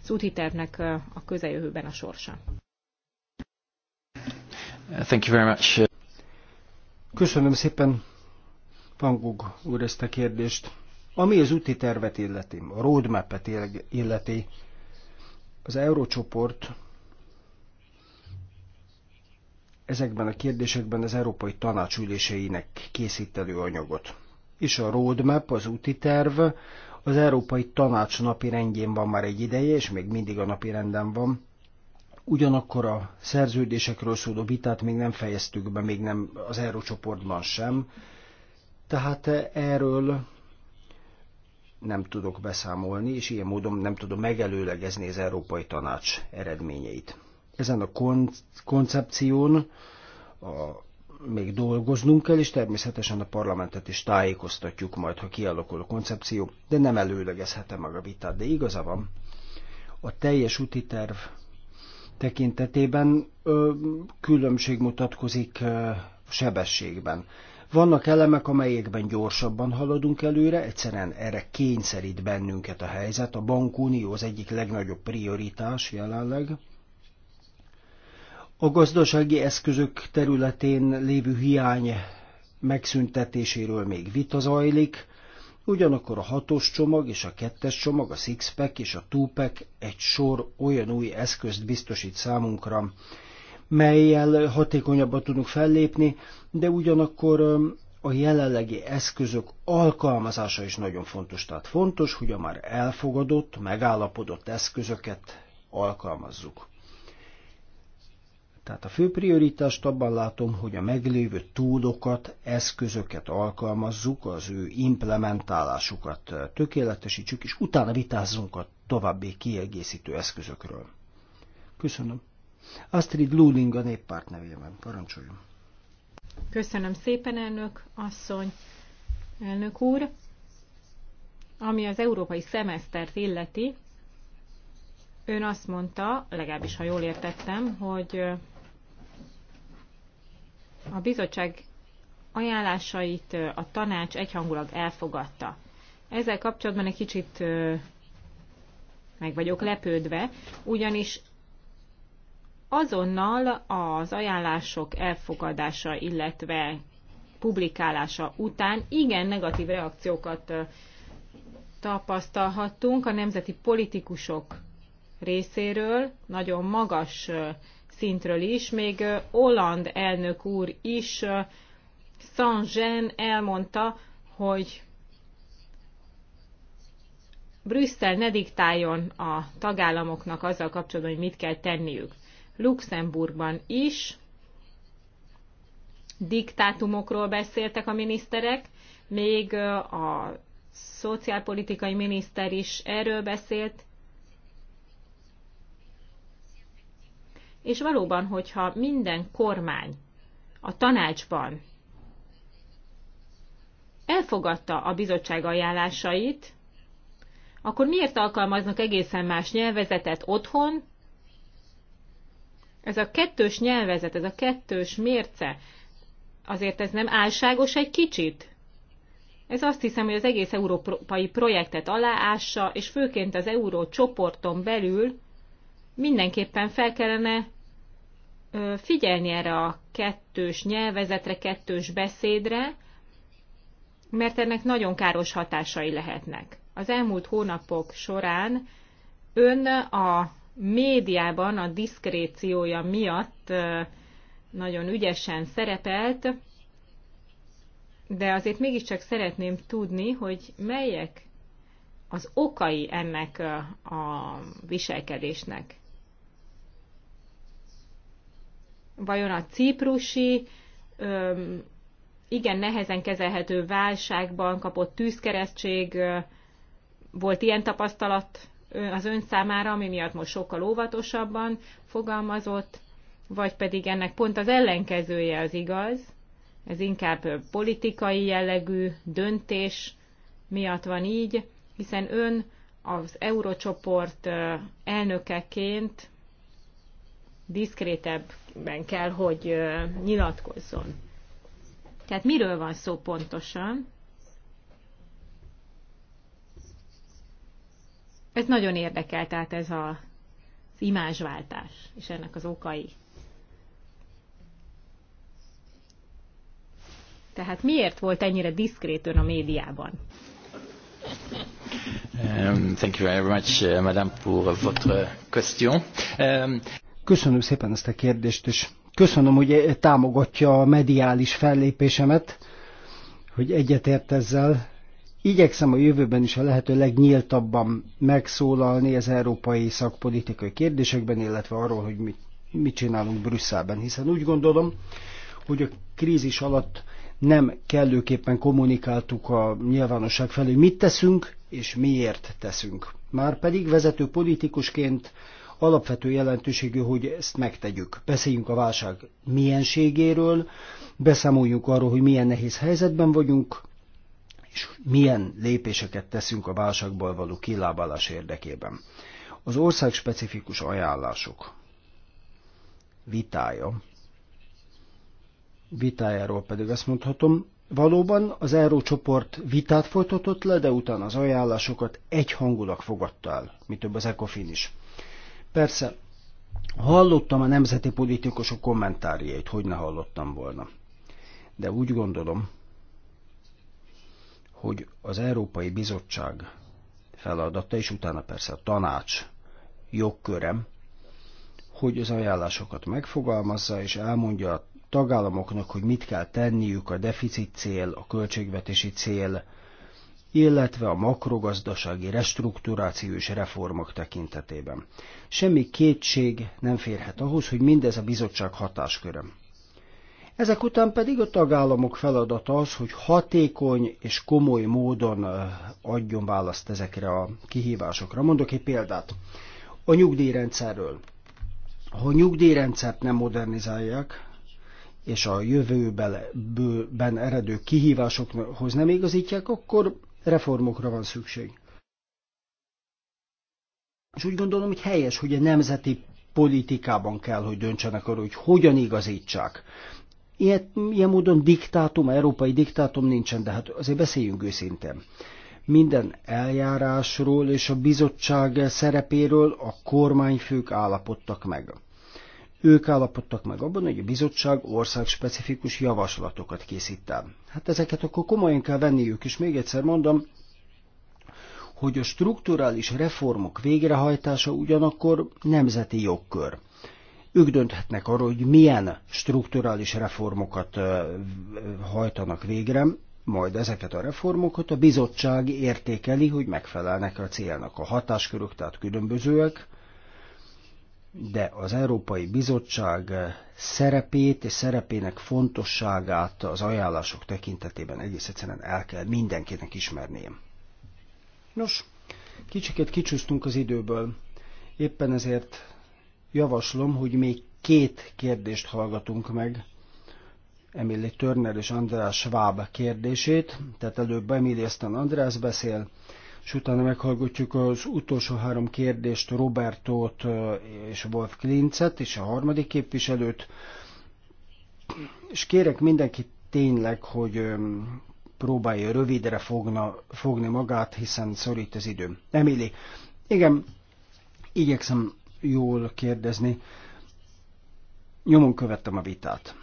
[SPEAKER 2] az úti tervnek a közeljövőben a sorsa.
[SPEAKER 1] Thank you very much. Köszönöm szépen, Pangog úr, ezt a kérdést. Ami az úti tervet illeti, a roadmap-et illeti, az Eurócsoport ezekben a kérdésekben az Európai Tanács üléseinek készít elő anyagot. És a roadmap, az úti terv az Európai Tanács napi rendjén van már egy ideje, és még mindig a napi renden van. Ugyanakkor a szerződésekről szóló vitát még nem fejeztük be, még nem az Eurócsoportban sem. Tehát erről nem tudok beszámolni, és ilyen módon nem tudom megelőlegezni az Európai Tanács eredményeit. Ezen a koncepción a még dolgoznunk kell, és természetesen a parlamentet is tájékoztatjuk majd, ha kialakul a koncepció, de nem előlegezhetem meg a vitát, de igaza van. A teljes úti terv tekintetében ö, különbség mutatkozik ö, sebességben. Vannak elemek, amelyekben gyorsabban haladunk előre, egyszerűen erre kényszerít bennünket a helyzet. A bankunió az egyik legnagyobb prioritás jelenleg, a gazdasági eszközök területén lévő hiány megszüntetéséről még vita zajlik, ugyanakkor a hatos csomag és a kettes csomag, a sixpack és a twopack egy sor olyan új eszközt biztosít számunkra, melyel hatékonyabban tudunk fellépni, de ugyanakkor a jelenlegi eszközök alkalmazása is nagyon fontos. Tehát fontos, hogy a már elfogadott, megállapodott eszközöket alkalmazzuk. Tehát a fő prioritást abban látom, hogy a meglévő túlokat, eszközöket alkalmazzuk, az ő implementálásukat tökéletesítsük, és utána vitázzunk a további kiegészítő eszközökről. Köszönöm. Astrid Luling a néppárt nevében. Parancsoljon.
[SPEAKER 2] Köszönöm szépen, elnök asszony, elnök úr. Ami az európai szemesztert illeti, ön azt mondta, legalábbis ha jól értettem, hogy a bizottság ajánlásait a tanács egyhangulag elfogadta. Ezzel kapcsolatban egy kicsit meg vagyok lepődve, ugyanis azonnal az ajánlások elfogadása, illetve publikálása után igen negatív reakciókat tapasztalhattunk a nemzeti politikusok részéről, nagyon magas szintről is. Még Holland elnök úr is, Saint-Jean elmondta, hogy Brüsszel ne diktáljon a tagállamoknak azzal kapcsolatban, hogy mit kell tenniük. Luxemburgban is diktátumokról beszéltek a miniszterek, még a szociálpolitikai miniszter is erről beszélt, És valóban, hogyha minden kormány a tanácsban elfogadta a bizottság ajánlásait, akkor miért alkalmaznak egészen más nyelvezetet otthon? Ez a kettős nyelvezet, ez a kettős mérce, azért ez nem álságos egy kicsit? Ez azt hiszem, hogy az egész európai projektet aláássa, és főként az euró csoporton belül mindenképpen fel kellene figyelni erre a kettős nyelvezetre, kettős beszédre, mert ennek nagyon káros hatásai lehetnek. Az elmúlt hónapok során ön a médiában a diszkréciója miatt nagyon ügyesen szerepelt, de azért mégiscsak szeretném tudni, hogy melyek az okai ennek a viselkedésnek. vajon a ciprusi igen nehezen kezelhető válságban kapott tűzkeresztség volt ilyen tapasztalat az ön számára, ami miatt most sokkal óvatosabban fogalmazott, vagy pedig ennek pont az ellenkezője az igaz, ez inkább politikai jellegű döntés miatt van így, hiszen ön az eurocsoport elnökeként diszkrétebb ben kell, hogy nyilatkozzon. Tehát miről van szó pontosan? Ez nagyon érdekel, tehát ez a, az imázsváltás és ennek az okai. Tehát miért volt ennyire diszkrét ön a médiában?
[SPEAKER 1] Um, thank you very much, uh, madame, pour votre question. Um, Köszönöm szépen ezt a kérdést, és köszönöm, hogy támogatja a mediális fellépésemet, hogy egyetért ezzel. Igyekszem a jövőben is a lehető legnyíltabban megszólalni az európai szakpolitikai kérdésekben, illetve arról, hogy mit, mit csinálunk Brüsszelben, hiszen úgy gondolom, hogy a krízis alatt nem kellőképpen kommunikáltuk a nyilvánosság felé, hogy mit teszünk és miért teszünk. Már pedig vezető politikusként Alapvető jelentőségű, hogy ezt megtegyük. Beszéljünk a válság mienségéről, beszámoljunk arról, hogy milyen nehéz helyzetben vagyunk, és milyen lépéseket teszünk a válságból való kilábalás érdekében. Az ország specifikus ajánlások vitája, vitájáról pedig azt mondhatom, valóban az euró csoport vitát folytatott le, de utána az ajánlásokat egyhangulag fogadta el, mint több az ECOFIN is. Persze, hallottam a nemzeti politikusok kommentárjait, hogy ne hallottam volna. De úgy gondolom, hogy az Európai Bizottság feladata, és utána persze a tanács jogkörem, hogy az ajánlásokat megfogalmazza, és elmondja a tagállamoknak, hogy mit kell tenniük a deficit cél, a költségvetési cél illetve a makrogazdasági restrukturáció és reformok tekintetében. Semmi kétség nem férhet ahhoz, hogy mindez a bizottság hatásköre. Ezek után pedig a tagállamok feladata az, hogy hatékony és komoly módon adjon választ ezekre a kihívásokra. Mondok egy példát. A nyugdíjrendszerről. Ha a nyugdíjrendszert nem modernizálják, és a jövőben eredő kihívásokhoz nem igazítják, akkor reformokra van szükség. És úgy gondolom, hogy helyes, hogy a nemzeti politikában kell, hogy döntsenek arról, hogy hogyan igazítsák. Ilyet, ilyen módon diktátum, európai diktátum nincsen, de hát azért beszéljünk őszintén. Minden eljárásról és a bizottság szerepéről a kormányfők állapodtak meg. Ők állapodtak meg abban, hogy a bizottság országspecifikus javaslatokat készít el. Hát ezeket akkor komolyan kell venniük, és még egyszer mondom, hogy a strukturális reformok végrehajtása ugyanakkor nemzeti jogkör. Ők dönthetnek arról, hogy milyen strukturális reformokat hajtanak végre, majd ezeket a reformokat a bizottság értékeli, hogy megfelelnek a célnak. A hatáskörök tehát különbözőek, de az Európai Bizottság szerepét és szerepének fontosságát az ajánlások tekintetében egész egyszerűen el kell mindenkinek ismernie. Nos, kicsiket kicsúsztunk az időből, éppen ezért javaslom, hogy még két kérdést hallgatunk meg, Emily Turner és András Schwab kérdését, tehát előbb Emily, aztán András beszél, és utána meghallgatjuk az utolsó három kérdést, Robertot és Wolf Klincet, és a harmadik képviselőt. És kérek mindenkit tényleg, hogy próbálja rövidre fogna, fogni magát, hiszen szorít az idő. Emili, igen, igyekszem jól kérdezni. Nyomon követtem a vitát.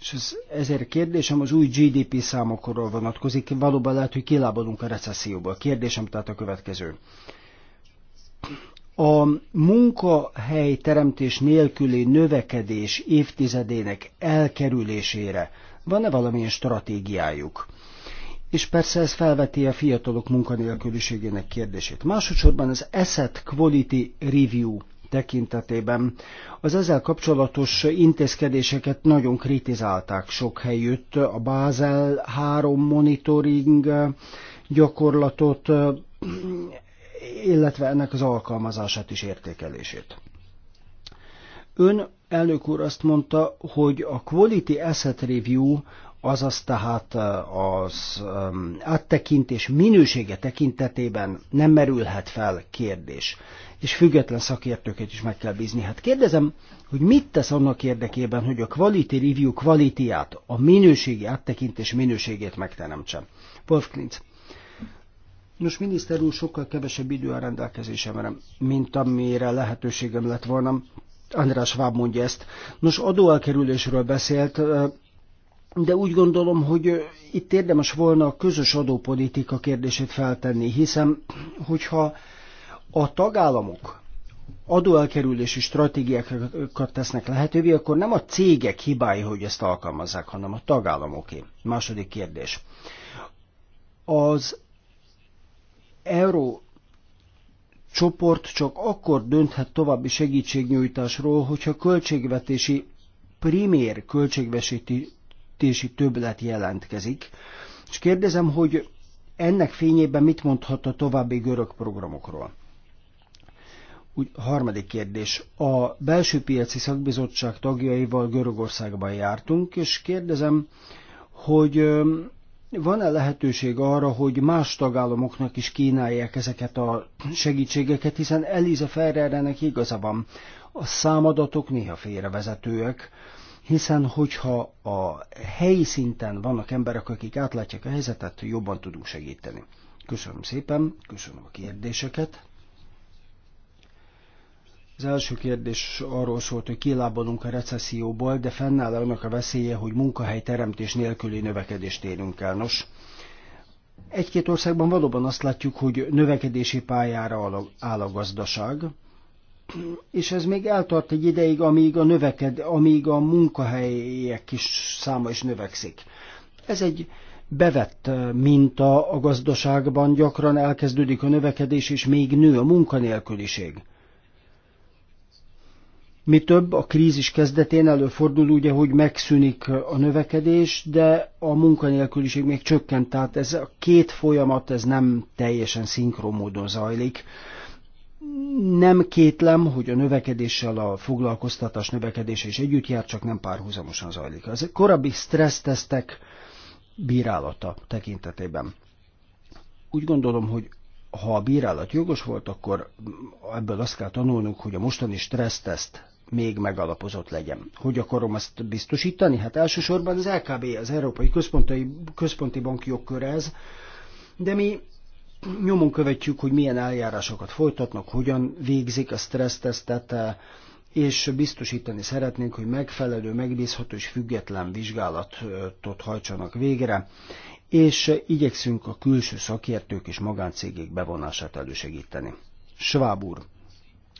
[SPEAKER 1] És ez, ezért a kérdésem az új GDP számokról vonatkozik. Valóban lehet, hogy kilábalunk a recesszióba. A kérdésem tehát a következő. A munkahely teremtés nélküli növekedés évtizedének elkerülésére van-e valamilyen stratégiájuk? És persze ez felveti a fiatalok munkanélküliségének kérdését. Másodszorban az Asset Quality Review tekintetében. Az ezzel kapcsolatos intézkedéseket nagyon kritizálták sok helyütt. A Bázel 3 monitoring gyakorlatot, illetve ennek az alkalmazását is értékelését. Ön elnök úr azt mondta, hogy a Quality Asset Review azaz tehát az áttekintés minősége tekintetében nem merülhet fel kérdés. És független szakértőket is meg kell bízni. Hát kérdezem, hogy mit tesz annak érdekében, hogy a quality review kvalitiát, a minőségi áttekintés minőségét megteremtsem. Wolf Klintz. Nos, miniszter úr, sokkal kevesebb idő a rendelkezésemre, mint amire lehetőségem lett volna. András Váb mondja ezt. Nos, adóelkerülésről beszélt, de úgy gondolom, hogy itt érdemes volna a közös adópolitika kérdését feltenni, hiszen hogyha a tagállamok adóelkerülési stratégiákat tesznek lehetővé, akkor nem a cégek hibái, hogy ezt alkalmazzák, hanem a tagállamoké. Második kérdés. Az euró csoport csak akkor dönthet további segítségnyújtásról, hogyha költségvetési primér költségvetési költségvetési többlet jelentkezik. És kérdezem, hogy ennek fényében mit mondhat a további görög programokról? Úgy, harmadik kérdés. A belső piaci szakbizottság tagjaival Görögországban jártunk, és kérdezem, hogy van-e lehetőség arra, hogy más tagállamoknak is kínálják ezeket a segítségeket, hiszen Eliza Ferrernek igaza van, a számadatok néha félrevezetőek, hiszen hogyha a helyi szinten vannak emberek, akik átlátják a helyzetet, jobban tudunk segíteni. Köszönöm szépen, köszönöm a kérdéseket. Az első kérdés arról szólt, hogy kilábalunk a recesszióból, de fennáll annak a veszélye, hogy munkahely teremtés nélküli növekedést érünk el. Nos, egy-két országban valóban azt látjuk, hogy növekedési pályára áll a gazdaság, és ez még eltart egy ideig, amíg a, növeked, amíg a munkahelyek is száma is növekszik. Ez egy bevett minta a gazdaságban, gyakran elkezdődik a növekedés, és még nő a munkanélküliség. Mi több, a krízis kezdetén előfordul ugye, hogy megszűnik a növekedés, de a munkanélküliség még csökkent, tehát ez a két folyamat ez nem teljesen szinkron módon zajlik nem kétlem, hogy a növekedéssel a foglalkoztatás növekedése is együtt jár, csak nem párhuzamosan zajlik. Az korábbi stressztesztek bírálata tekintetében. Úgy gondolom, hogy ha a bírálat jogos volt, akkor ebből azt kell tanulnunk, hogy a mostani stresszteszt még megalapozott legyen. Hogy akarom ezt biztosítani? Hát elsősorban az LKB, az Európai Központi, Központi Bank jogkör ez, de mi nyomon követjük, hogy milyen eljárásokat folytatnak, hogyan végzik a stressztesztet, eh, és biztosítani szeretnénk, hogy megfelelő, megbízható és független vizsgálatot hajtsanak végre, és igyekszünk a külső szakértők és magáncégek bevonását elősegíteni. Schwab úr,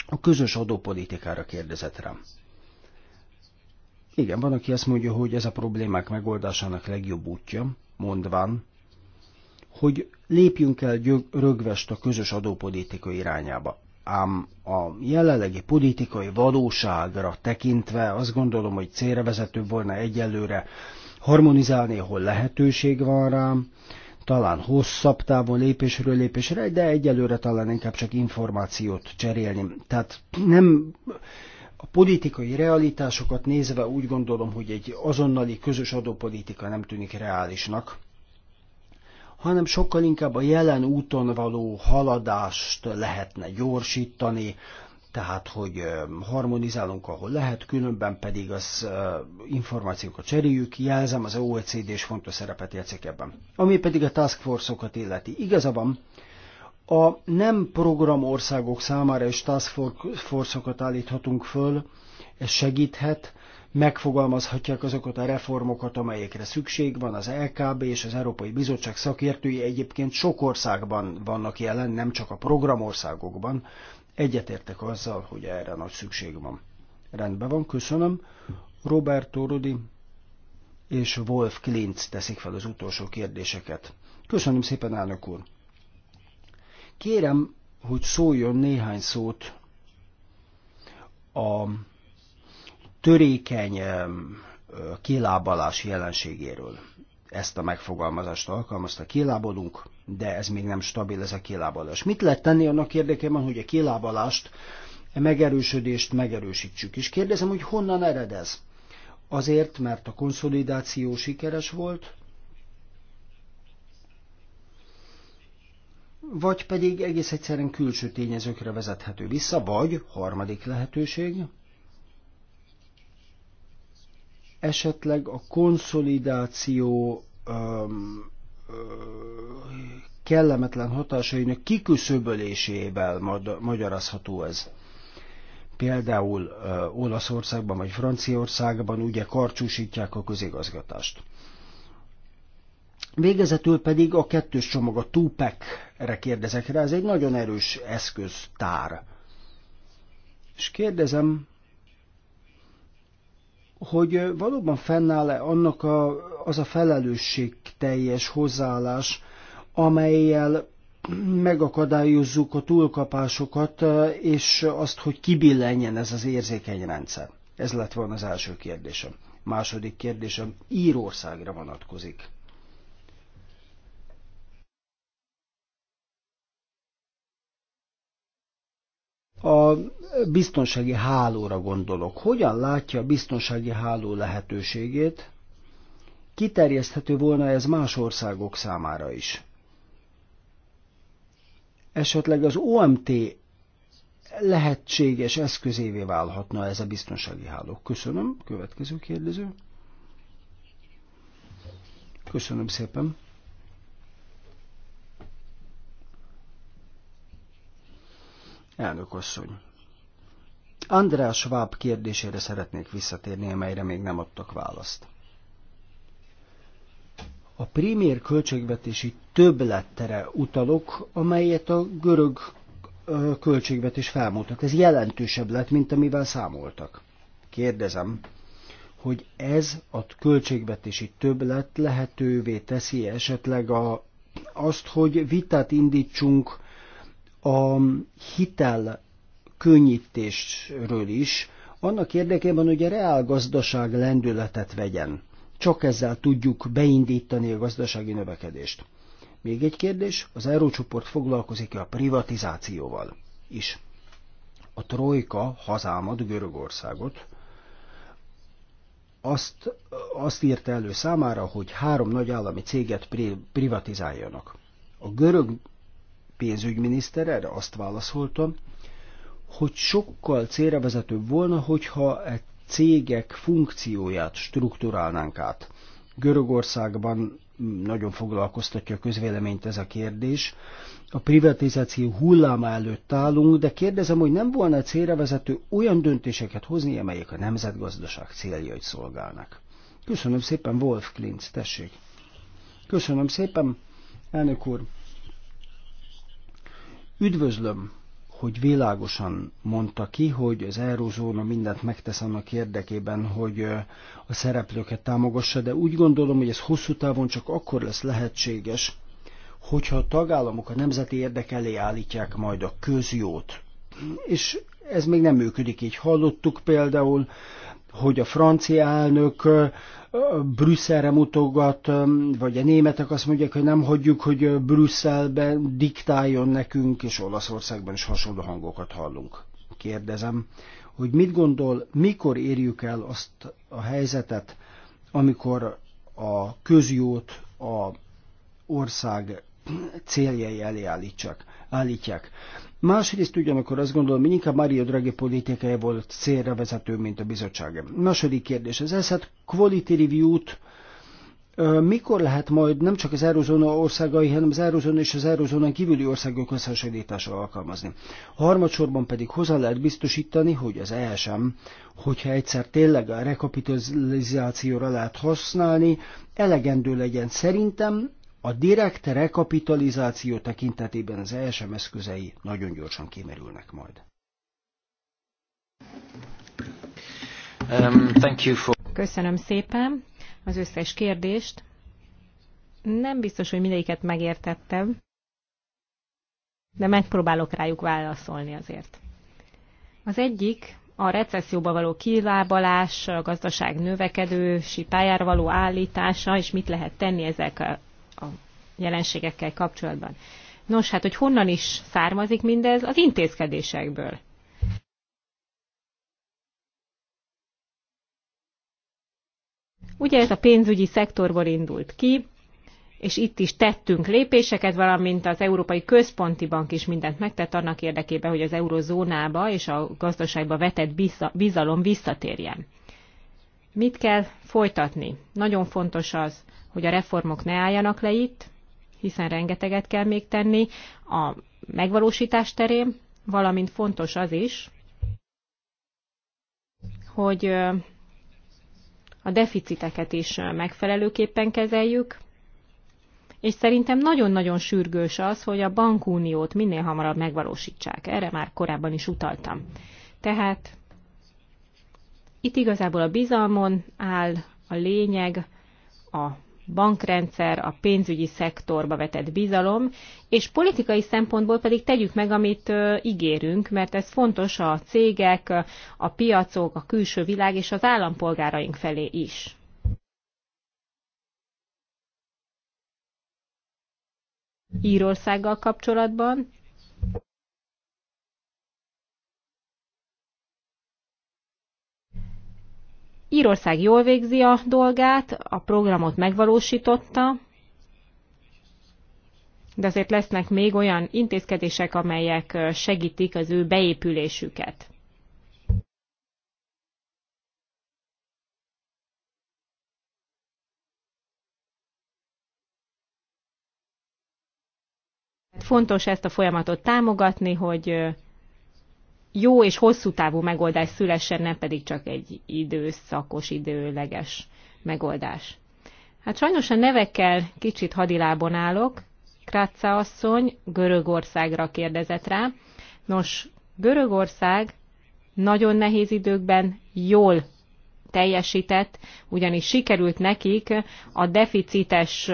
[SPEAKER 1] a közös adópolitikára kérdezett rám. Igen, van, aki azt mondja, hogy ez a problémák megoldásának legjobb útja, mondván, hogy lépjünk el rögvest a közös adópolitika irányába. Ám a jelenlegi politikai valóságra tekintve azt gondolom, hogy célra vezető volna egyelőre harmonizálni, ahol lehetőség van rám, talán hosszabb távon lépésről lépésre, de egyelőre talán inkább csak információt cserélni. Tehát nem a politikai realitásokat nézve úgy gondolom, hogy egy azonnali közös adópolitika nem tűnik reálisnak hanem sokkal inkább a jelen úton való haladást lehetne gyorsítani, tehát hogy harmonizálunk, ahol lehet, különben pedig az információkat cseréljük, jelzem, az OECD és fontos szerepet játszik ebben. Ami pedig a task force-okat illeti. Igazabban a nem program országok számára is task force-okat állíthatunk föl, ez segíthet, megfogalmazhatják azokat a reformokat, amelyekre szükség van. Az LKB és az Európai Bizottság szakértői egyébként sok országban vannak jelen, nem csak a programországokban. Egyetértek azzal, hogy erre nagy szükség van. Rendben van, köszönöm. Roberto Rudi és Wolf Klintz teszik fel az utolsó kérdéseket. Köszönöm szépen, elnök úr. Kérem, hogy szóljon néhány szót a törékeny kilábalás jelenségéről. Ezt a megfogalmazást alkalmazta, kilábalunk, de ez még nem stabil ez a kilábalás. Mit lehet tenni annak érdekében, hogy a kilábalást, a megerősödést megerősítsük? És kérdezem, hogy honnan ered ez? Azért, mert a konszolidáció sikeres volt, vagy pedig egész egyszerűen külső tényezőkre vezethető vissza, vagy harmadik lehetőség, esetleg a konszolidáció um, kellemetlen hatásainak kiküszöbölésével magyarázható ez. Például uh, Olaszországban vagy Franciaországban ugye karcsúsítják a közigazgatást. Végezetül pedig a kettős csomag, a Tupac-re kérdezek rá, ez egy nagyon erős eszköztár. És kérdezem, hogy valóban fennáll-e annak a, az a felelősség teljes hozzáállás, amelyel megakadályozzuk a túlkapásokat, és azt, hogy kibillenjen ez az érzékeny rendszer. Ez lett volna az első kérdésem. Második kérdésem Írországra vonatkozik. A biztonsági hálóra gondolok. Hogyan látja a biztonsági háló lehetőségét? Kiterjeszthető volna ez más országok számára is. Esetleg az OMT lehetséges eszközévé válhatna ez a biztonsági háló. Köszönöm. Következő kérdező. Köszönöm szépen. Elnök asszony. András Schwab kérdésére szeretnék visszatérni, amelyre még nem adtak választ. A primér költségvetési többlettere utalok, amelyet a görög költségvetés felmutat. Ez jelentősebb lett, mint amivel számoltak. Kérdezem, hogy ez a költségvetési többlet lehetővé teszi esetleg a, azt, hogy vitát indítsunk a hitel könnyítésről is, annak érdekében, hogy a reál gazdaság lendületet vegyen. Csak ezzel tudjuk beindítani a gazdasági növekedést. Még egy kérdés, az Eurócsoport foglalkozik -e a privatizációval is. A Trojka hazámat, Görögországot, azt, azt írta elő számára, hogy három nagy állami céget pri, privatizáljanak. A görög pénzügyminiszter, erre azt válaszoltam, hogy sokkal célrevezetőbb volna, hogyha a e cégek funkcióját strukturálnánk át. Görögországban nagyon foglalkoztatja a közvéleményt ez a kérdés. A privatizáció hulláma előtt állunk, de kérdezem, hogy nem volna célrevezető olyan döntéseket hozni, amelyek a nemzetgazdaság céljait szolgálnak. Köszönöm szépen, Wolf Klintz, tessék. Köszönöm szépen, elnök úr. Üdvözlöm, hogy világosan mondta ki, hogy az Eurózóna mindent megtesz annak érdekében, hogy a szereplőket támogassa, de úgy gondolom, hogy ez hosszú távon csak akkor lesz lehetséges, hogyha a tagállamok a nemzeti érdek elé állítják majd a közjót. És ez még nem működik, így hallottuk például, hogy a francia elnök Brüsszelre mutogat, vagy a németek azt mondják, hogy nem hagyjuk, hogy Brüsszelben diktáljon nekünk, és Olaszországban is hasonló hangokat hallunk. Kérdezem, hogy mit gondol, mikor érjük el azt a helyzetet, amikor a közjót a ország céljai elé állítják. Másrészt ugyanakkor azt gondolom, hogy inkább Mario Draghi politikája volt célra vezető, mint a bizottság. Második kérdés, az ESZET Quality Review-t mikor lehet majd nem csak az eurozóna országai, hanem az eurozóna és az eurozónán kívüli országok összehasonlítása alkalmazni? A harmadsorban pedig hozzá lehet biztosítani, hogy az ESM, hogyha egyszer tényleg a rekapitalizációra lehet használni, elegendő legyen szerintem, a direkt rekapitalizáció tekintetében az ESM eszközei nagyon gyorsan kimerülnek majd. Um, thank you for...
[SPEAKER 2] Köszönöm szépen az összes kérdést. Nem biztos, hogy mindegyiket megértettem, de megpróbálok rájuk válaszolni azért. Az egyik a recesszióba való kilábalás, a gazdaság növekedősi pályára való állítása, és mit lehet tenni ezek jelenségekkel kapcsolatban. Nos, hát hogy honnan is származik mindez? Az intézkedésekből. Ugye ez a pénzügyi szektorból indult ki, és itt is tettünk lépéseket, valamint az Európai Központi Bank is mindent megtett annak érdekében, hogy az eurozónába és a gazdaságba vetett bizalom visszatérjen. Mit kell folytatni? Nagyon fontos az, hogy a reformok ne álljanak le itt, hiszen rengeteget kell még tenni a megvalósítás terén, valamint fontos az is, hogy a deficiteket is megfelelőképpen kezeljük, és szerintem nagyon-nagyon sürgős az, hogy a bankuniót minél hamarabb megvalósítsák. Erre már korábban is utaltam. Tehát itt igazából a bizalmon áll a lényeg, a bankrendszer, a pénzügyi szektorba vetett bizalom, és politikai szempontból pedig tegyük meg, amit ígérünk, mert ez fontos a cégek, a piacok, a külső világ és az állampolgáraink felé is. Írországgal kapcsolatban Írország jól végzi a dolgát, a programot megvalósította, de azért lesznek még olyan intézkedések, amelyek segítik az ő beépülésüket. Fontos ezt a folyamatot támogatni, hogy jó és hosszú távú megoldás szülessen, nem pedig csak egy időszakos, időleges megoldás. Hát sajnos a nevekkel kicsit hadilábon állok. Kráca asszony Görögországra kérdezett rá. Nos, Görögország nagyon nehéz időkben jól teljesített, ugyanis sikerült nekik a deficites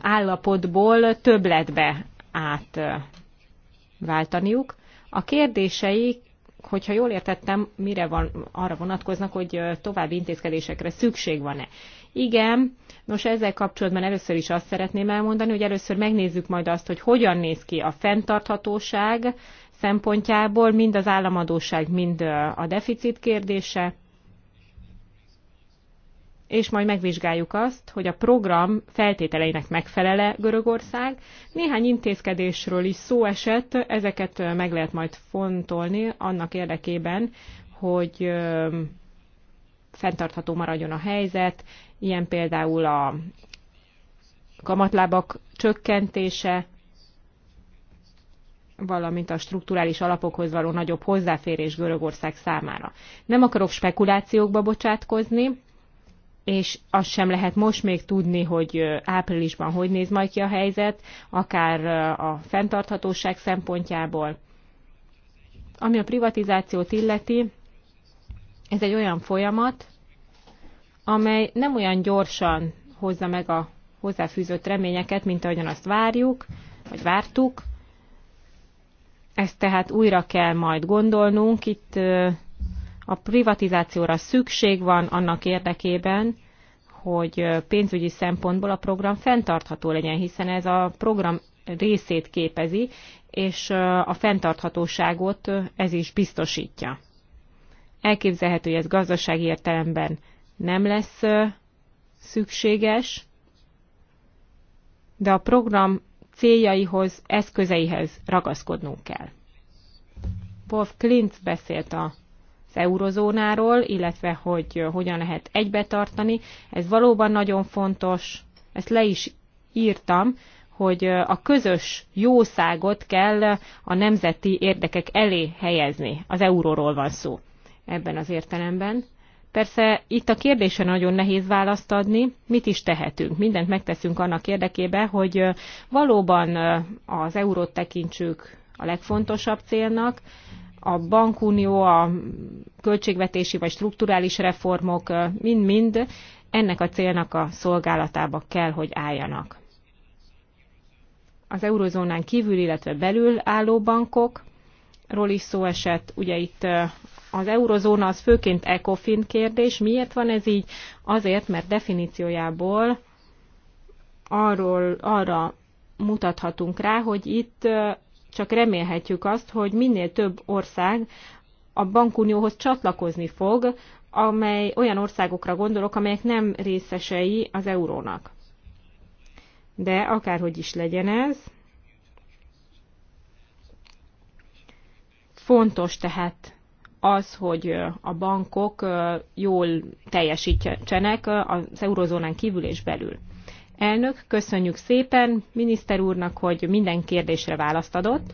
[SPEAKER 2] állapotból többletbe átváltaniuk. A kérdései, hogyha jól értettem, mire van, arra vonatkoznak, hogy további intézkedésekre szükség van-e. Igen, nos ezzel kapcsolatban először is azt szeretném elmondani, hogy először megnézzük majd azt, hogy hogyan néz ki a fenntarthatóság szempontjából, mind az államadóság, mind a deficit kérdése és majd megvizsgáljuk azt, hogy a program feltételeinek megfelele Görögország. Néhány intézkedésről is szó esett, ezeket meg lehet majd fontolni annak érdekében, hogy fenntartható maradjon a helyzet, ilyen például a kamatlábak csökkentése, valamint a strukturális alapokhoz való nagyobb hozzáférés Görögország számára. Nem akarok spekulációkba bocsátkozni, és azt sem lehet most még tudni, hogy áprilisban hogy néz majd ki a helyzet, akár a fenntarthatóság szempontjából. Ami a privatizációt illeti, ez egy olyan folyamat, amely nem olyan gyorsan hozza meg a hozzáfűzött reményeket, mint ahogyan azt várjuk, vagy vártuk. Ezt tehát újra kell majd gondolnunk. Itt a privatizációra szükség van annak érdekében, hogy pénzügyi szempontból a program fenntartható legyen, hiszen ez a program részét képezi, és a fenntarthatóságot ez is biztosítja. Elképzelhető, hogy ez gazdasági értelemben nem lesz szükséges, de a program céljaihoz, eszközeihez ragaszkodnunk kell. Wolf Klintz beszélt a eurozónáról, illetve hogy hogyan lehet egybetartani. Ez valóban nagyon fontos, ezt le is írtam, hogy a közös jószágot kell a nemzeti érdekek elé helyezni. Az euróról van szó ebben az értelemben. Persze itt a kérdése nagyon nehéz választ adni, mit is tehetünk. Mindent megteszünk annak érdekében, hogy valóban az eurót tekintsük a legfontosabb célnak, a bankunió, a költségvetési vagy strukturális reformok mind-mind ennek a célnak a szolgálatába kell, hogy álljanak. Az eurozónán kívül, illetve belül álló bankokról is szó esett, ugye itt az eurozóna az főként ECOFIN kérdés. Miért van ez így? Azért, mert definíciójából arról, arra mutathatunk rá, hogy itt csak remélhetjük azt, hogy minél több ország a bankunióhoz csatlakozni fog, amely olyan országokra gondolok, amelyek nem részesei az eurónak. De akárhogy is legyen ez, fontos tehát az, hogy a bankok jól teljesítsenek az eurozónán kívül és belül. Elnök, köszönjük szépen miniszter úrnak, hogy minden kérdésre választ adott.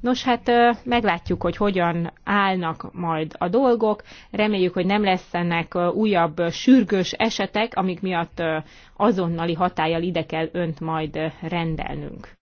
[SPEAKER 2] Nos, hát meglátjuk, hogy hogyan állnak majd a dolgok. Reméljük, hogy nem lesz ennek újabb sürgős esetek, amik miatt azonnali hatállyal ide kell önt majd rendelnünk.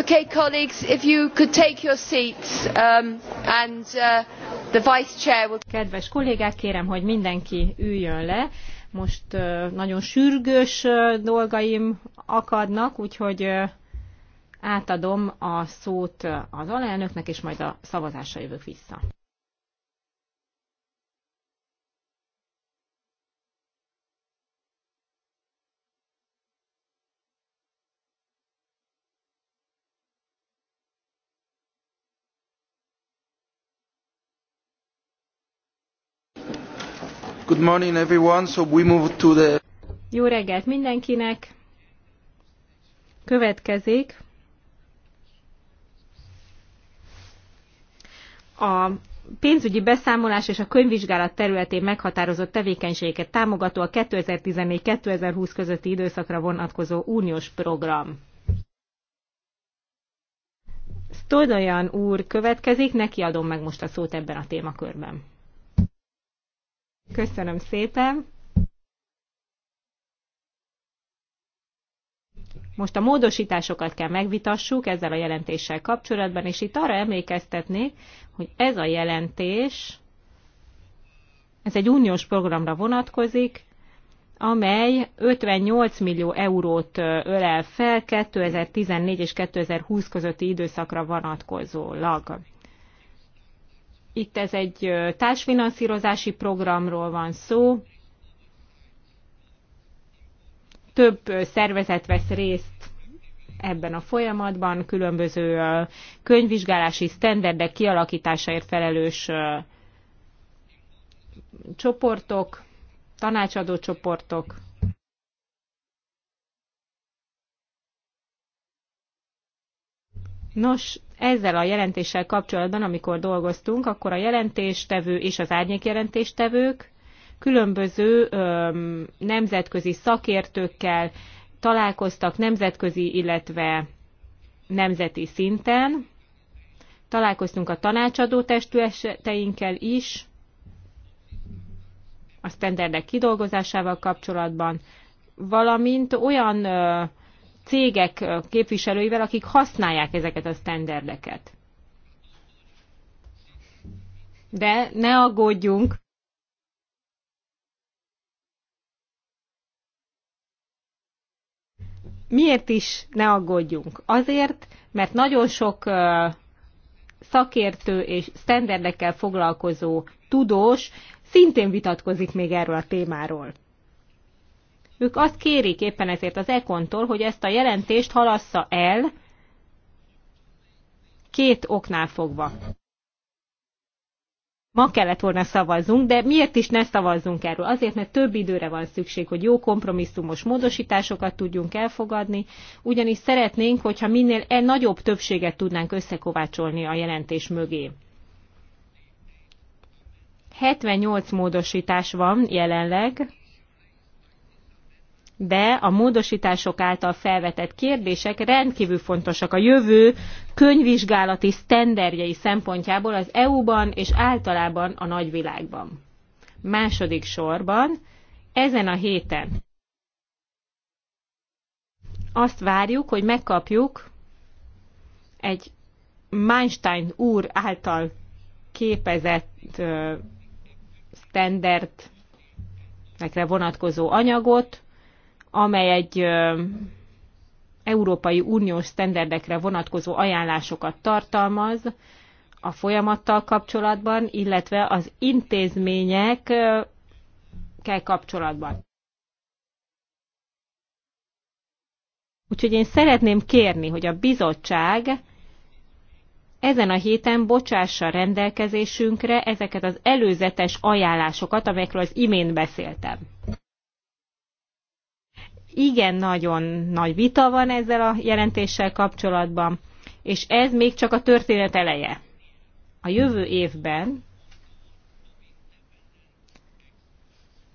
[SPEAKER 1] Okay, colleagues, if you could take your seats um, and
[SPEAKER 2] uh, the vice chair will... Kedves kollégák, kérem, hogy mindenki üljön le. Most uh, nagyon sürgős uh, dolgaim akadnak, úgyhogy uh, átadom a szót uh, az alelnöknek, és majd a szavazásra jövök vissza.
[SPEAKER 3] Good morning everyone, so we move to the...
[SPEAKER 2] Jó reggelt mindenkinek! Következik a pénzügyi beszámolás és a könyvvizsgálat területén meghatározott tevékenységeket támogató a 2014-2020 közötti időszakra vonatkozó uniós program. Stoldojan úr következik, neki adom meg most a szót ebben a témakörben. Köszönöm szépen. Most a módosításokat kell megvitassuk ezzel a jelentéssel kapcsolatban, és itt arra emlékeztetnék, hogy ez a jelentés, ez egy uniós programra vonatkozik, amely 58 millió eurót ölel fel 2014 és 2020 közötti időszakra vonatkozólag. Itt ez egy társfinanszírozási programról van szó. Több szervezet vesz részt ebben a folyamatban, különböző könyvvizsgálási sztenderdek kialakításáért felelős csoportok, tanácsadó csoportok, Nos, ezzel a jelentéssel kapcsolatban, amikor dolgoztunk, akkor a jelentéstevő és az árnyékjelentéstevők különböző öm, nemzetközi szakértőkkel találkoztak nemzetközi, illetve nemzeti szinten. Találkoztunk a tanácsadó testületeinkkel is, a sztenderdek kidolgozásával kapcsolatban, valamint olyan cégek képviselőivel, akik használják ezeket a standardeket. De ne aggódjunk! Miért is ne aggódjunk? Azért, mert nagyon sok szakértő és standardekkel foglalkozó tudós szintén vitatkozik még erről a témáról. Ők azt kérik éppen ezért az Ekontól, hogy ezt a jelentést halassza el két oknál fogva. Ma kellett volna szavazzunk, de miért is ne szavazzunk erről? Azért, mert több időre van szükség, hogy jó kompromisszumos módosításokat tudjunk elfogadni, ugyanis szeretnénk, hogyha minél e nagyobb többséget tudnánk összekovácsolni a jelentés mögé. 78 módosítás van jelenleg, de a módosítások által felvetett kérdések rendkívül fontosak a jövő könyvvizsgálati sztenderjei szempontjából az EU-ban és általában a nagyvilágban. Második sorban, ezen a héten azt várjuk, hogy megkapjuk egy Meinstein úr által képezett uh, standardekre vonatkozó anyagot, amely egy Európai Uniós sztenderdekre vonatkozó ajánlásokat tartalmaz a folyamattal kapcsolatban, illetve az intézményekkel kapcsolatban. Úgyhogy én szeretném kérni, hogy a bizottság ezen a héten bocsássa rendelkezésünkre ezeket az előzetes ajánlásokat, amelyekről az imént beszéltem igen nagyon nagy vita van ezzel a jelentéssel kapcsolatban, és ez még csak a történet eleje. A jövő évben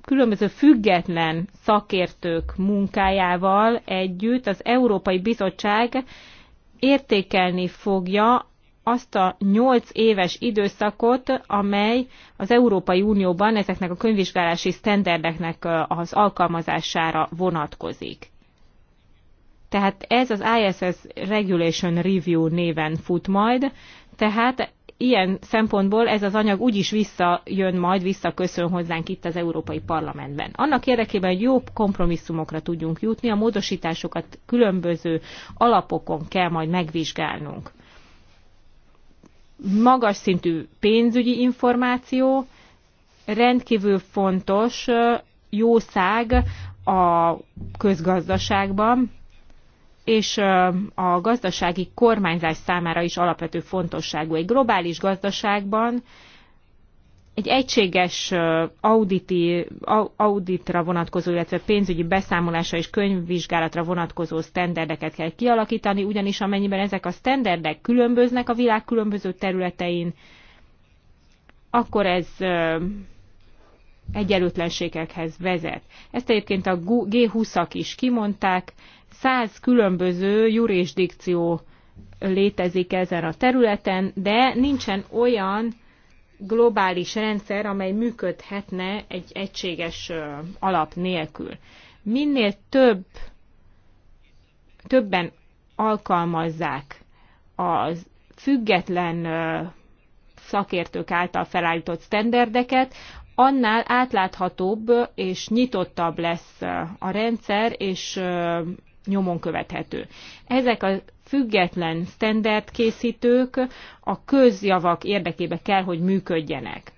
[SPEAKER 2] különböző független szakértők munkájával együtt az Európai Bizottság értékelni fogja azt a nyolc éves időszakot, amely az Európai Unióban ezeknek a könyvvizsgálási sztenderdeknek az alkalmazására vonatkozik. Tehát ez az ISS Regulation Review néven fut majd, tehát ilyen szempontból ez az anyag úgyis visszajön majd, visszaköszön hozzánk itt az Európai Parlamentben. Annak érdekében, hogy jobb kompromisszumokra tudjunk jutni, a módosításokat különböző alapokon kell majd megvizsgálnunk magas szintű pénzügyi információ rendkívül fontos jószág a közgazdaságban, és a gazdasági kormányzás számára is alapvető fontosságú. Egy globális gazdaságban egy egységes auditi, auditra vonatkozó, illetve pénzügyi beszámolása és könyvvizsgálatra vonatkozó sztenderdeket kell kialakítani, ugyanis amennyiben ezek a sztenderdek különböznek a világ különböző területein, akkor ez egyenlőtlenségekhez vezet. Ezt egyébként a G20-ak is kimondták, száz különböző jurisdikció létezik ezen a területen, de nincsen olyan globális rendszer, amely működhetne egy egységes alap nélkül. Minél több, többen alkalmazzák az független szakértők által felállított sztenderdeket, annál átláthatóbb és nyitottabb lesz a rendszer, és nyomon követhető. Ezek a független standardkészítők a közjavak érdekébe kell, hogy működjenek.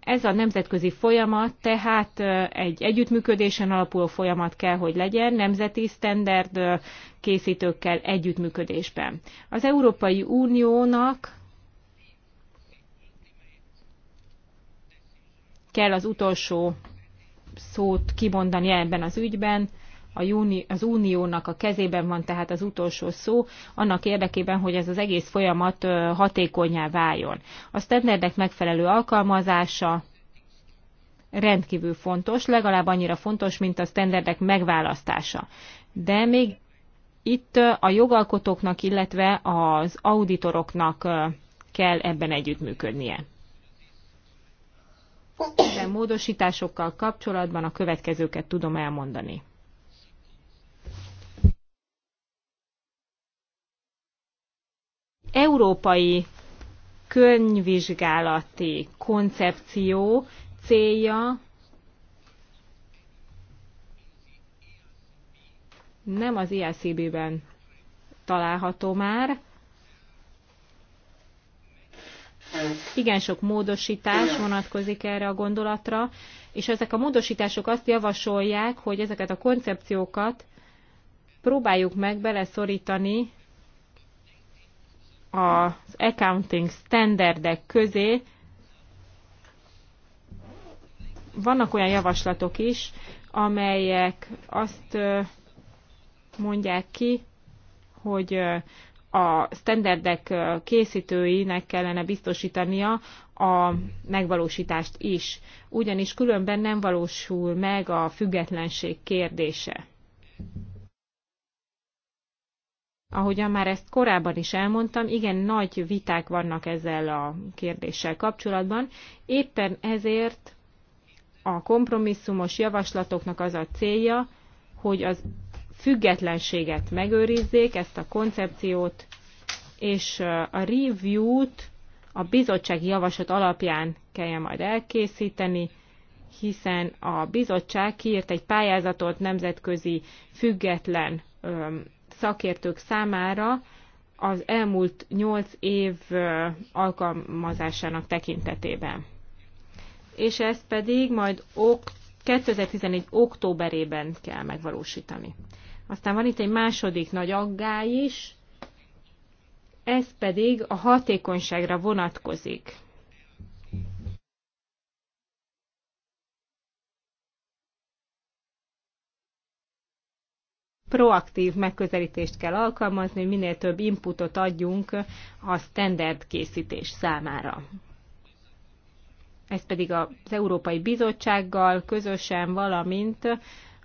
[SPEAKER 2] Ez a nemzetközi folyamat tehát egy együttműködésen alapuló folyamat kell, hogy legyen nemzeti standard készítőkkel együttműködésben. Az Európai Uniónak kell az utolsó szót kimondani ebben az ügyben, a júni, az uniónak a kezében van tehát az utolsó szó, annak érdekében, hogy ez az egész folyamat hatékonyá váljon. A standardek megfelelő alkalmazása rendkívül fontos, legalább annyira fontos, mint a standardek megválasztása. De még itt a jogalkotóknak, illetve az auditoroknak kell ebben együttműködnie. Ezen módosításokkal kapcsolatban a következőket tudom elmondani. európai könyvvizsgálati koncepció célja nem az iscb ben található már. Igen sok módosítás vonatkozik erre a gondolatra, és ezek a módosítások azt javasolják, hogy ezeket a koncepciókat próbáljuk meg beleszorítani az accounting standardek közé vannak olyan javaslatok is, amelyek azt mondják ki, hogy a standardek készítőinek kellene biztosítania a megvalósítást is, ugyanis különben nem valósul meg a függetlenség kérdése ahogyan már ezt korábban is elmondtam, igen nagy viták vannak ezzel a kérdéssel kapcsolatban. Éppen ezért a kompromisszumos javaslatoknak az a célja, hogy az függetlenséget megőrizzék, ezt a koncepciót, és a review-t a bizottsági javaslat alapján kelljen majd elkészíteni, hiszen a bizottság kiírt egy pályázatot nemzetközi független öm, szakértők számára az elmúlt nyolc év alkalmazásának tekintetében. És ezt pedig majd ok 2014. októberében kell megvalósítani. Aztán van itt egy második nagy aggály is, ez pedig a hatékonyságra vonatkozik. proaktív megközelítést kell alkalmazni, hogy minél több inputot adjunk a standard készítés számára. Ez pedig az Európai Bizottsággal közösen, valamint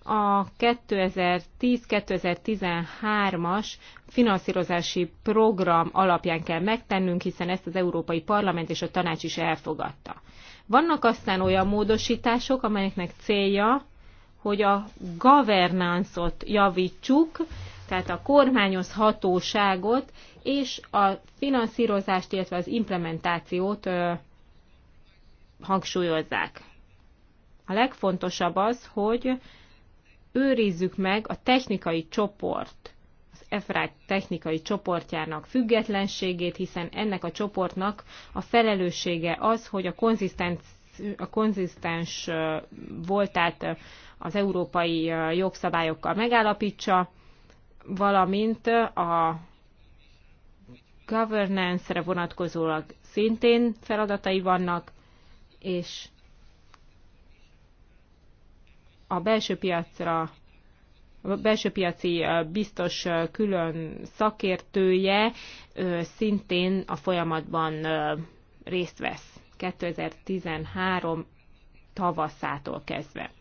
[SPEAKER 2] a 2010-2013-as finanszírozási program alapján kell megtennünk, hiszen ezt az Európai Parlament és a Tanács is elfogadta. Vannak aztán olyan módosítások, amelyeknek célja hogy a governance-ot javítsuk, tehát a kormányozhatóságot és a finanszírozást, illetve az implementációt ö, hangsúlyozzák. A legfontosabb az, hogy őrizzük meg a technikai csoport, az EFRÁG technikai csoportjának függetlenségét, hiszen ennek a csoportnak a felelőssége az, hogy a konzisztens, a konzisztens voltát az európai jogszabályokkal megállapítsa, valamint a governance-re vonatkozólag szintén feladatai vannak, és a belső piacra a belső piaci biztos külön szakértője szintén a folyamatban részt vesz 2013 tavaszától kezdve.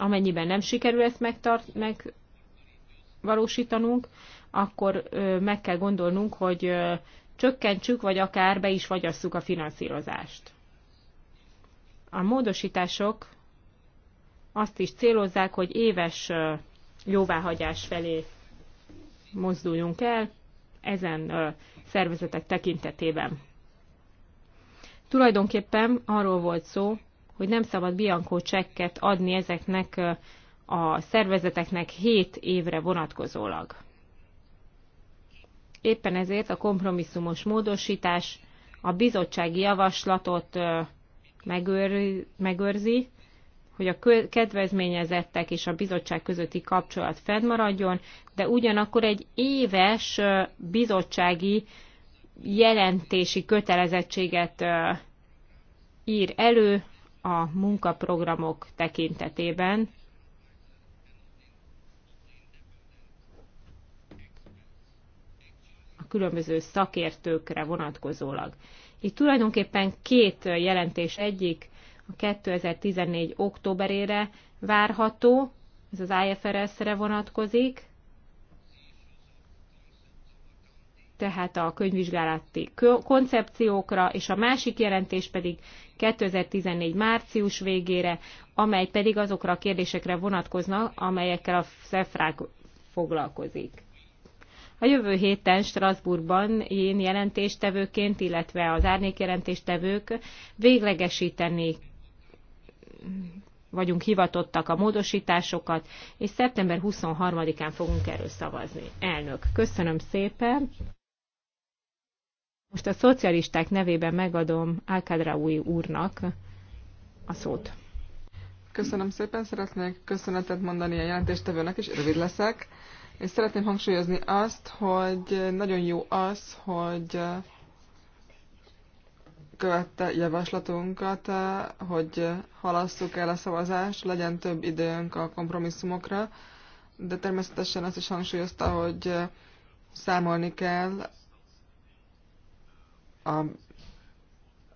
[SPEAKER 2] amennyiben nem sikerül ezt megtart, megvalósítanunk, akkor meg kell gondolnunk, hogy csökkentsük, vagy akár be is fagyasszuk a finanszírozást. A módosítások azt is célozzák, hogy éves jóváhagyás felé mozduljunk el ezen szervezetek tekintetében. Tulajdonképpen arról volt szó, hogy nem szabad biankó csekket adni ezeknek a szervezeteknek 7 évre vonatkozólag. Éppen ezért a kompromisszumos módosítás a bizottsági javaslatot megőrzi, hogy a kedvezményezettek és a bizottság közötti kapcsolat fennmaradjon, de ugyanakkor egy éves bizottsági jelentési kötelezettséget ír elő a munkaprogramok tekintetében. A különböző szakértőkre vonatkozólag. Itt tulajdonképpen két jelentés egyik a 2014. októberére várható, ez az IFRS-re vonatkozik, tehát a könyvvizsgálati koncepciókra, és a másik jelentés pedig 2014 március végére, amely pedig azokra a kérdésekre vonatkozna, amelyekkel a SZEFRÁK foglalkozik. A jövő héten Strasbourgban én jelentéstevőként, illetve az jelentéstevők véglegesíteni vagyunk hivatottak a módosításokat, és szeptember 23-án fogunk erről szavazni. Elnök, köszönöm szépen! Most a szocialisták nevében megadom Alkadraui úrnak a szót. Köszönöm
[SPEAKER 3] szépen, szeretnék köszönetet mondani a jelentéstevőnek, és rövid leszek. És szeretném hangsúlyozni azt, hogy nagyon jó az, hogy követte javaslatunkat, hogy halasszuk el a szavazást, legyen több időnk a kompromisszumokra, de természetesen azt is hangsúlyozta, hogy számolni kell a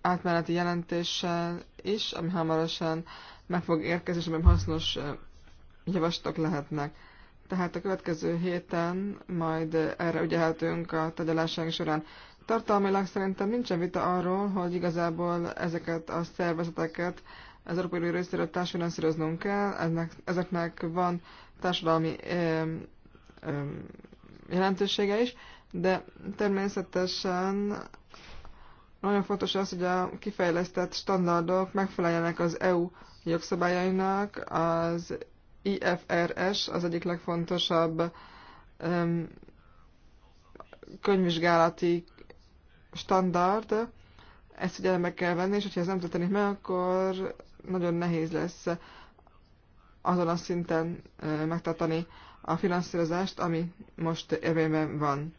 [SPEAKER 3] átmeneti jelentéssel is, ami hamarosan meg fog érkezni, és amiben hasznos javaslatok lehetnek. Tehát a következő héten majd erre ügyelhetünk a tagyalásaink során. Tartalmilag szerintem nincsen vita arról, hogy igazából ezeket a szervezeteket az Európai Unió részéről társfinanszíroznunk kell, eznek, ezeknek van társadalmi ö, ö, jelentősége is, de természetesen nagyon fontos az, hogy a kifejlesztett standardok megfeleljenek az EU jogszabályainak. Az IFRS az egyik legfontosabb um, könyvvizsgálati standard. Ezt figyelembe kell venni, és hogyha ez nem történik meg, akkor nagyon nehéz lesz azon a szinten megtartani a finanszírozást, ami most érvényben van.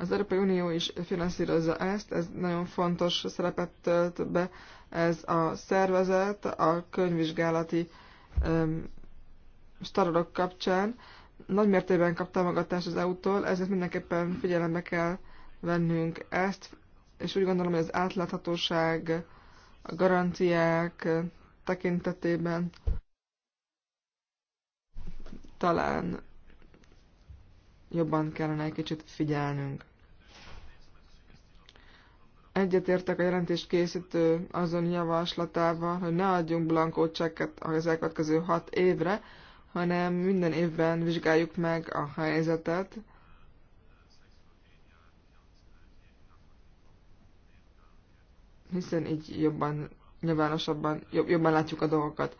[SPEAKER 3] Az Európai Unió is finanszírozza ezt, ez nagyon fontos szerepet tölt be ez a szervezet a könyvvizsgálati um, kapcsán. Nagy mértékben kap támogatást az EU-tól, ezért mindenképpen figyelembe kell vennünk ezt, és úgy gondolom, hogy az átláthatóság, a garanciák tekintetében talán jobban kellene egy kicsit figyelnünk. Egyetértek a jelentés készítő azon javaslatával, hogy ne adjunk blankó csekket az elkövetkező hat évre, hanem minden évben vizsgáljuk meg a helyzetet, hiszen így jobban, nyilvánosabban, jobb, jobban látjuk a dolgokat.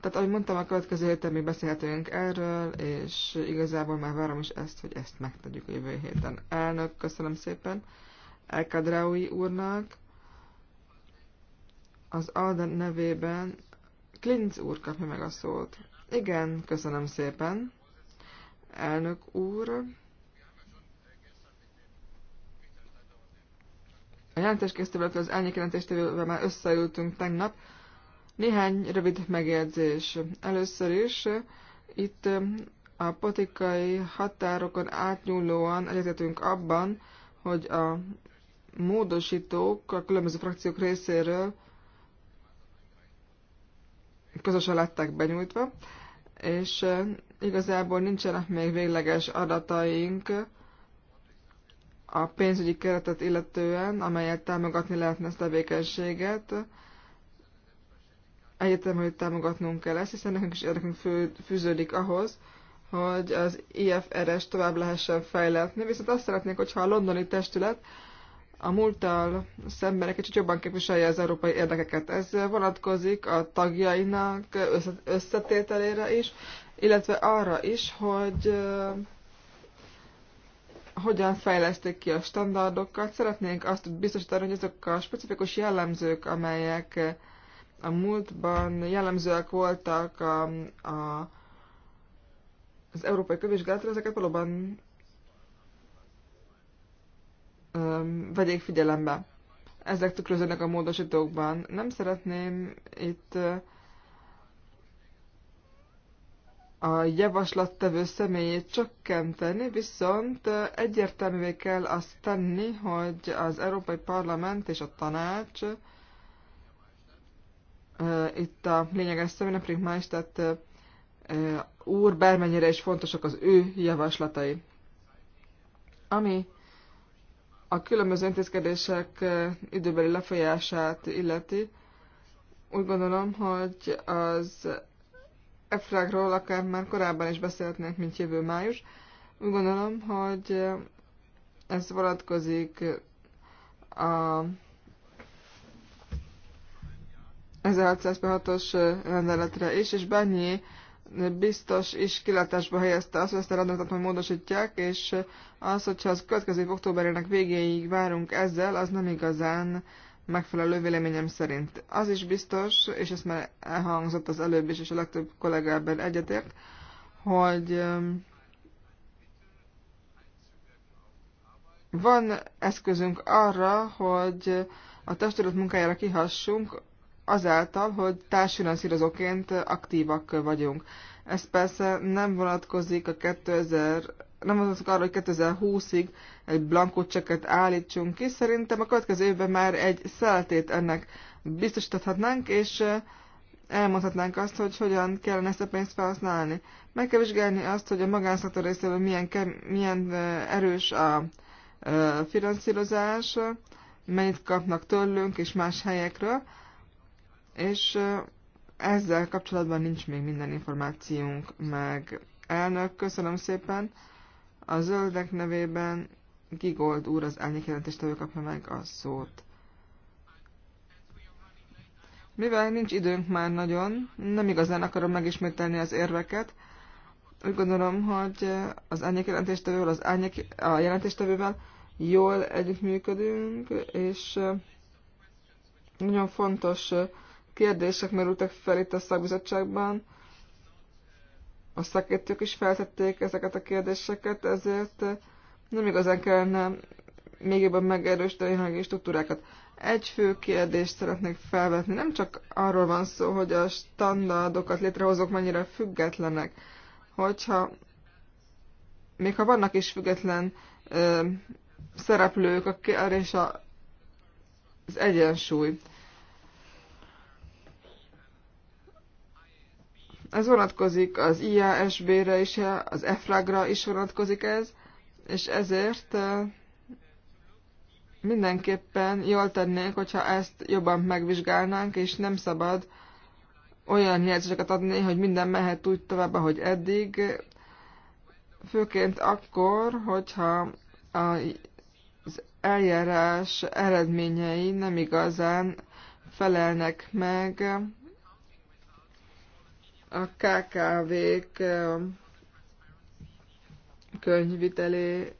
[SPEAKER 3] Tehát, ahogy mondtam, a következő héten még beszélhetünk erről, és igazából már várom is ezt, hogy ezt megtegyük a jövő héten. Elnök, köszönöm szépen! Elkadraui úrnak. Az Alda nevében Klinz úr kapja meg a szót. Igen, köszönöm szépen. Elnök úr. A jelentéskészítővel, az elnyék jelentéstevővel már összeültünk tegnap. Néhány rövid megjegyzés. Először is itt a potikai határokon átnyúlóan egyetetünk abban, hogy a módosítók a különböző frakciók részéről közösen lettek benyújtva, és igazából nincsenek még végleges adataink a pénzügyi keretet illetően, amelyet támogatni lehetne ezt a tevékenységet. Egyetem, hogy támogatnunk kell ezt, hiszen nekünk is érdekünk fűződik ahhoz, hogy az IFRS tovább lehessen fejletni, viszont azt szeretnék, hogyha a londoni testület a múlttal szemben egy kicsit jobban képviselje az európai érdekeket. Ez vonatkozik a tagjainak összetételére is, illetve arra is, hogy eh, hogyan fejleszték ki a standardokat. Szeretnénk azt biztosítani, hogy azok a specifikus jellemzők, amelyek eh, a múltban jellemzőek voltak a, a, az európai kövizsgálatra, ezeket valóban um, vegyék figyelembe. Ezek tükröződnek a módosítókban. Nem szeretném itt a javaslattevő személyét csökkenteni, viszont egyértelművé kell azt tenni, hogy az Európai Parlament és a tanács itt a lényeges személynek, pedig más, tehát úr, bármennyire is fontosak az ő javaslatai. Ami a különböző intézkedések időbeli lefolyását illeti, úgy gondolom, hogy az EFRAG-ról akár már korábban is beszélhetnénk, mint jövő május. Úgy gondolom, hogy ez vonatkozik a 1606-os rendeletre is, és bennyi biztos is kilátásba helyezte azt, hogy ezt a rendeletet majd módosítják, és az, hogyha az következő októberének végéig várunk ezzel, az nem igazán megfelelő véleményem szerint. Az is biztos, és ezt már elhangzott az előbb is, és a legtöbb kollégában egyetért, hogy um, van eszközünk arra, hogy a testület munkájára kihassunk, azáltal, hogy társfinanszírozóként aktívak vagyunk. Ez persze nem vonatkozik a 2000 nem vonatkozik arra, hogy 2020-ig egy blankó cseket állítsunk ki. Szerintem a következő évben már egy szeletét ennek biztosíthatnánk, és elmondhatnánk azt, hogy hogyan kellene ezt a pénzt felhasználni. Meg kell vizsgálni azt, hogy a magánszektor részéről milyen, milyen erős a finanszírozás, mennyit kapnak tőlünk és más helyekről, és ezzel kapcsolatban nincs még minden információnk meg. Elnök, köszönöm szépen. A zöldek nevében Gigold úr az elnyékjelentéstevő kapja meg a szót. Mivel nincs időnk már nagyon, nem igazán akarom megismételni az érveket, úgy gondolom, hogy az árnyék jelentéstevővel, az elnyék, a jelentéstevővel jól együttműködünk, és nagyon fontos kérdések merültek fel itt a szakbizottságban. A szakértők is feltették ezeket a kérdéseket, ezért nem igazán kellene még jobban megerősíteni a jelenlegi struktúrákat. Egy fő kérdést szeretnék felvetni. Nem csak arról van szó, hogy a standardokat létrehozók mennyire függetlenek, hogyha még ha vannak is független ö, szereplők, a kérdés a, az egyensúly. Ez vonatkozik az IASB-re is, az EFRAG-ra is vonatkozik ez, és ezért mindenképpen jól tennénk, hogyha ezt jobban megvizsgálnánk, és nem szabad olyan jelzéseket adni, hogy minden mehet úgy tovább, ahogy eddig, főként akkor, hogyha az eljárás eredményei nem igazán felelnek meg a KKV-k eh, könyvvitelének,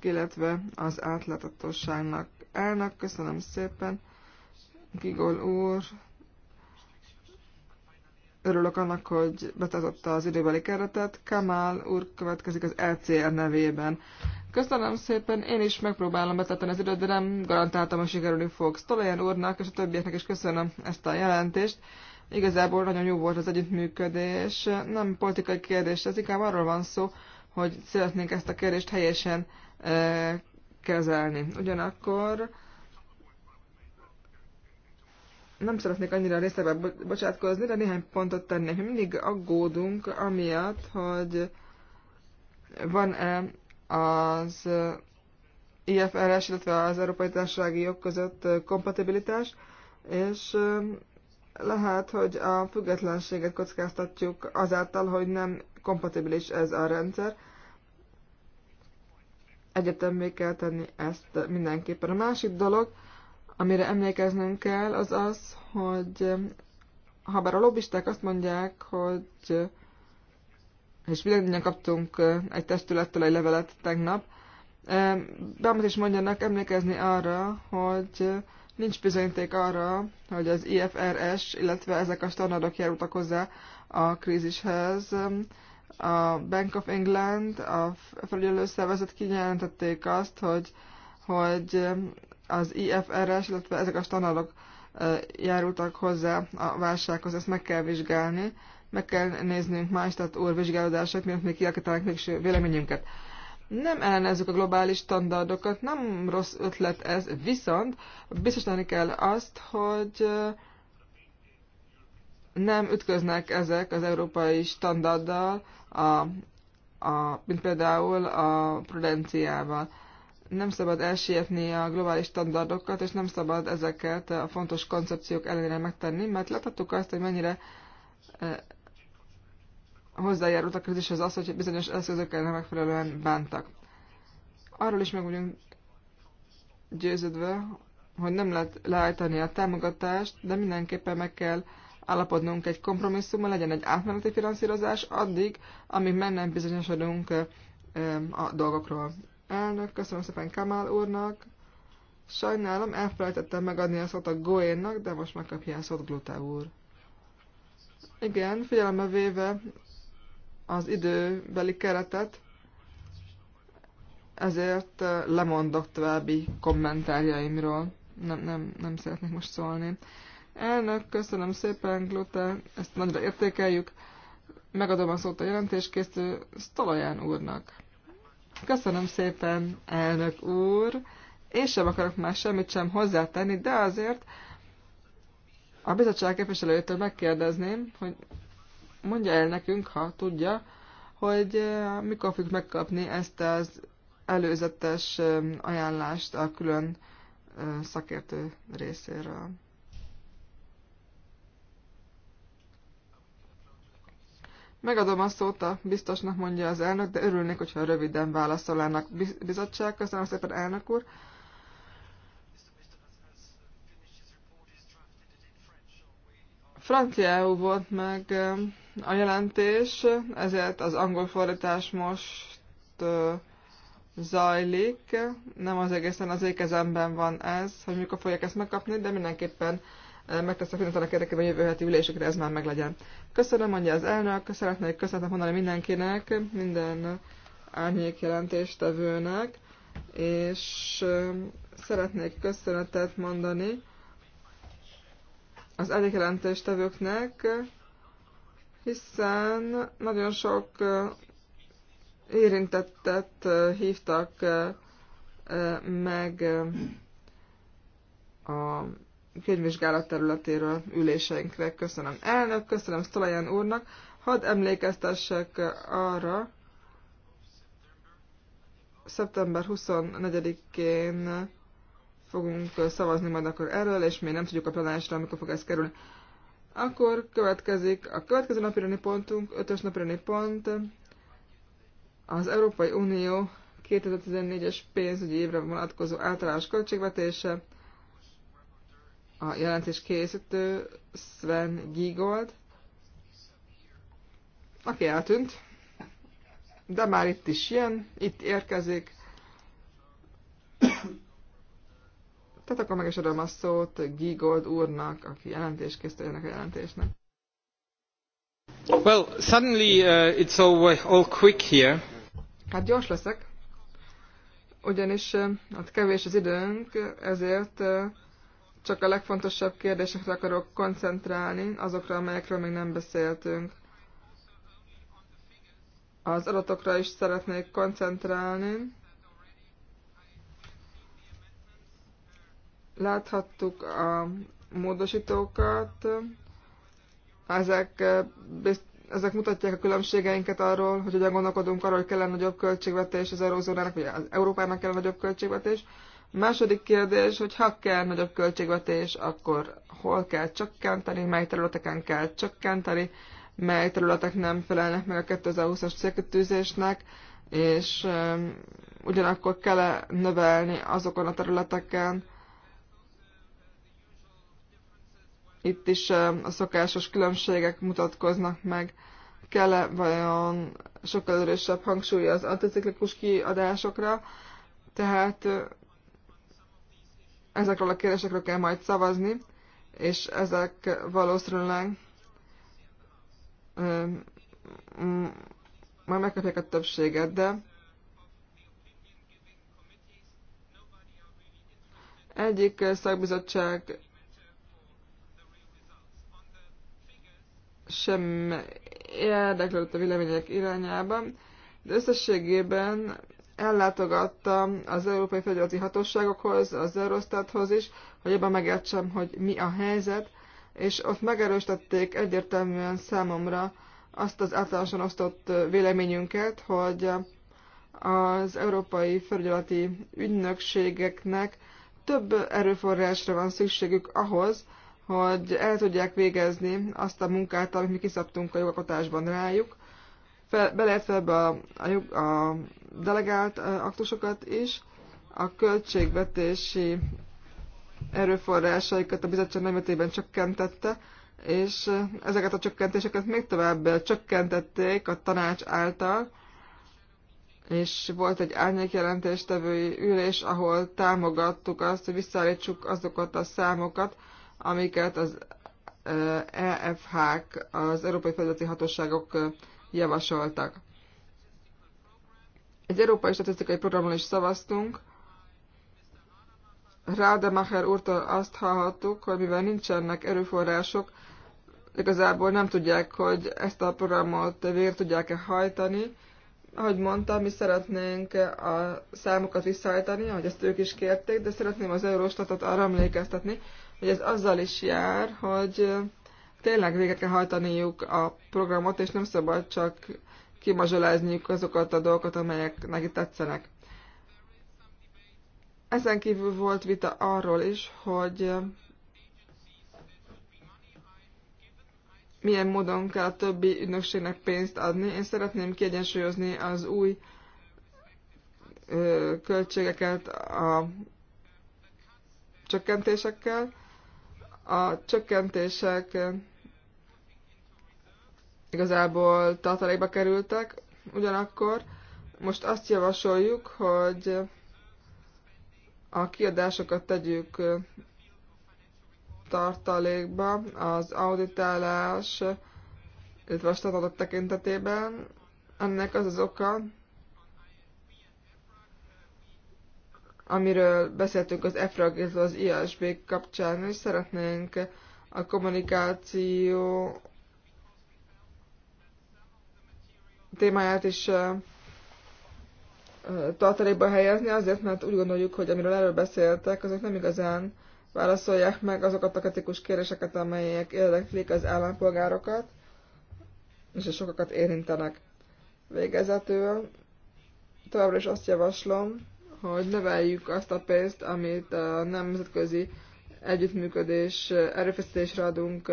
[SPEAKER 3] illetve az átlátatosságnak állnak. Köszönöm szépen, Gigol úr. Örülök annak, hogy betartotta az időbeli keretet. Kamal úr következik az LCR e nevében. Köszönöm szépen, én is megpróbálom betartani az időt, de nem garantáltam, hogy sikerülni fog Tolajan úrnak és a többieknek is köszönöm ezt a jelentést. Igazából nagyon jó volt az együttműködés. Nem politikai kérdés, ez inkább arról van szó, hogy szeretnénk ezt a kérdést helyesen e, kezelni. Ugyanakkor nem szeretnék annyira részletbe bocsátkozni, de néhány pontot tennék. mindig aggódunk amiatt, hogy van-e az IFRS, illetve az Európai Társasági Jog között kompatibilitás, és lehet, hogy a függetlenséget kockáztatjuk azáltal, hogy nem kompatibilis ez a rendszer. Egyetemé kell tenni ezt mindenképpen. A másik dolog, amire emlékeznünk kell, az az, hogy ha bár a lobbisták azt mondják, hogy és mindannyian kaptunk egy testülettől egy levelet tegnap, eh, bármit is mondjanak, emlékezni arra, hogy Nincs bizonyíték arra, hogy az IFRS, illetve ezek a standardok járultak hozzá a krízishez. A Bank of England, a szervezet kijelentették azt, hogy, hogy az IFRS, illetve ezek a standardok járultak hozzá a válsághoz, ezt meg kell vizsgálni, meg kell néznünk más, tehát úr vizsgálódását, miért még kialakítanánk végső véleményünket. Nem ellenezzük a globális standardokat, nem rossz ötlet ez, viszont biztosítani kell azt, hogy nem ütköznek ezek az európai standarddal, a, a, mint például a prudenciával. Nem szabad elsietni a globális standardokat, és nem szabad ezeket a fontos koncepciók ellenére megtenni, mert láthattuk azt, hogy mennyire hozzájárult a krízishez az, hogy bizonyos eszközökkel nem megfelelően bántak. Arról is meg vagyunk győződve, hogy nem lehet leállítani a támogatást, de mindenképpen meg kell állapodnunk egy kompromisszummal, legyen egy átmeneti finanszírozás addig, amíg meg nem bizonyosodunk a dolgokról. Elnök, köszönöm szépen Kamál úrnak. Sajnálom, elfelejtettem megadni a szót a Goénnak, de most megkapja a szót Gluta úr. Igen, figyelembe véve az időbeli keretet, ezért eh, lemondok további kommentárjaimról. Nem, nem, nem szeretnék most szólni. Elnök, köszönöm szépen, Glute, ezt nagyra értékeljük. Megadom a szót a jelentéskészítő Stolaján úrnak. Köszönöm szépen, elnök úr. Én sem akarok már semmit sem hozzátenni, de azért a bizottság képviselőjétől megkérdezném, hogy mondja el nekünk, ha tudja, hogy mikor fogjuk megkapni ezt az előzetes ajánlást a külön szakértő részéről. Megadom a szót a biztosnak, mondja az elnök, de örülnék, hogyha röviden válaszolnának bizottság. Köszönöm szépen, elnök úr. Franciául volt meg a jelentés, ezért az angol fordítás most zajlik. Nem az egészen az ékezemben van ez, hogy mikor fogják ezt megkapni, de mindenképpen megteszek mindent annak érdekében, hogy jövő heti ülésükre ez már meglegyen. Köszönöm, mondja az elnök, szeretnék köszönetet mondani mindenkinek, minden árnyék jelentéstevőnek, és szeretnék köszönetet mondani az elég jelentéstevőknek, hiszen nagyon sok érintettet hívtak meg a könyvvizsgálat területéről üléseinkre. Köszönöm elnök, köszönöm Szolajan úrnak. Hadd emlékeztessek arra, szeptember 24-én fogunk szavazni majd akkor erről, és még nem tudjuk a plenárisra, amikor fog ez kerülni. Akkor következik a következő napirani pontunk, ötös napirani pont, az Európai Unió 2014-es pénzügyi évre vonatkozó általános költségvetése, a jelentés készítő Sven Giegold, aki eltűnt, de már itt is jön, itt érkezik. Tehát akkor meg is adom a szót Gigold úrnak, aki jelentéskészítő ennek a jelentésnek.
[SPEAKER 1] Well, suddenly uh, it's all, uh, all quick here.
[SPEAKER 3] Hát gyors leszek, ugyanis uh, hát kevés az időnk, ezért uh, csak a legfontosabb kérdésekre akarok koncentrálni, azokra, amelyekről még nem beszéltünk. Az adatokra is szeretnék koncentrálni, Láthattuk a módosítókat, ezek, eh, ezek mutatják a különbségeinket arról, hogy hogyan gondolkodunk arról, hogy kellene nagyobb költségvetés az eurózónának, vagy az Európának kell nagyobb költségvetés. A második kérdés, hogy ha kell nagyobb költségvetés, akkor hol kell csökkenteni, mely területeken kell csökkenteni, mely területek nem felelnek meg a 2020-as célkötőzésnek, és um, ugyanakkor kell -e növelni azokon a területeken, Itt is a szokásos különbségek mutatkoznak meg. Kell-e vajon sokkal erősebb hangsúly az anticiklikus kiadásokra? Tehát ezekről a kérdésekről kell majd szavazni, és ezek valószínűleg majd megkapják a többséget, de egyik szakbizottság sem érdeklődött a vélemények irányában, de összességében ellátogatta az Európai Fegyverleti Hatóságokhoz, az Eurostathoz is, hogy jobban megértsem, hogy mi a helyzet, és ott megerősítették egyértelműen számomra azt az általánosan osztott véleményünket, hogy az Európai Felügyeleti Ügynökségeknek több erőforrásra van szükségük ahhoz, hogy el tudják végezni azt a munkát, amit mi kiszabtunk a jogalkotásban rájuk, beleértve ebbe a, a, a delegált aktusokat is, a költségvetési erőforrásaikat a bizottság nemetében csökkentette, és ezeket a csökkentéseket még tovább csökkentették a tanács által, és volt egy árnyékjelentéstevői ülés, ahol támogattuk azt, hogy visszaállítsuk azokat a számokat, amiket az EFH-k, az Európai Fedezeti Hatóságok javasoltak. Egy európai statisztikai programon is szavaztunk. Rademacher úrtól azt hallhattuk, hogy mivel nincsenek erőforrások, igazából nem tudják, hogy ezt a programot végre tudják-e hajtani. Ahogy mondtam, mi szeretnénk a számokat visszahajtani, ahogy ezt ők is kérték, de szeretném az Eurostatot arra emlékeztetni, hogy ez azzal is jár, hogy tényleg véget kell hajtaniuk a programot, és nem szabad csak kimazsolázniuk azokat a dolgokat, amelyek neki tetszenek. Ezen kívül volt vita arról is, hogy milyen módon kell a többi ügynökségnek pénzt adni. Én szeretném kiegyensúlyozni az új költségeket a csökkentésekkel, a csökkentések eh, igazából tartalékba kerültek, ugyanakkor most azt javasoljuk, hogy a kiadásokat tegyük eh, tartalékba az auditálás, illetve a tekintetében. Ennek az az oka, amiről beszéltünk az EFRAG, illetve az IASB kapcsán, és szeretnénk a kommunikáció témáját is tartalékba helyezni, azért, mert úgy gondoljuk, hogy amiről erről beszéltek, azok nem igazán válaszolják meg azokat a kritikus kéréseket, amelyek érdeklik az állampolgárokat, és sokakat érintenek. Végezetül továbbra is azt javaslom, hogy növeljük azt a pénzt, amit a nemzetközi együttműködés erőfeszítésre adunk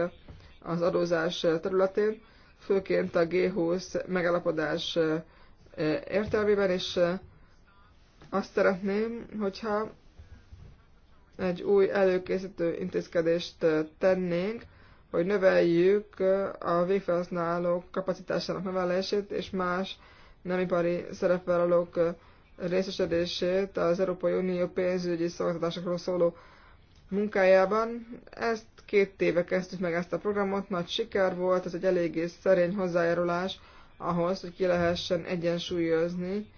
[SPEAKER 3] az adózás területén, főként a G20 megalapodás értelmében, és azt szeretném, hogyha egy új előkészítő intézkedést tennénk, hogy növeljük a végfelhasználók kapacitásának növelését, és más nemipari szerepvállalók részesedését az Európai Unió pénzügyi szolgáltatásokról szóló munkájában. Ezt két éve kezdtük meg ezt a programot, nagy siker volt, ez egy eléggé szerény hozzájárulás ahhoz, hogy ki lehessen egyensúlyozni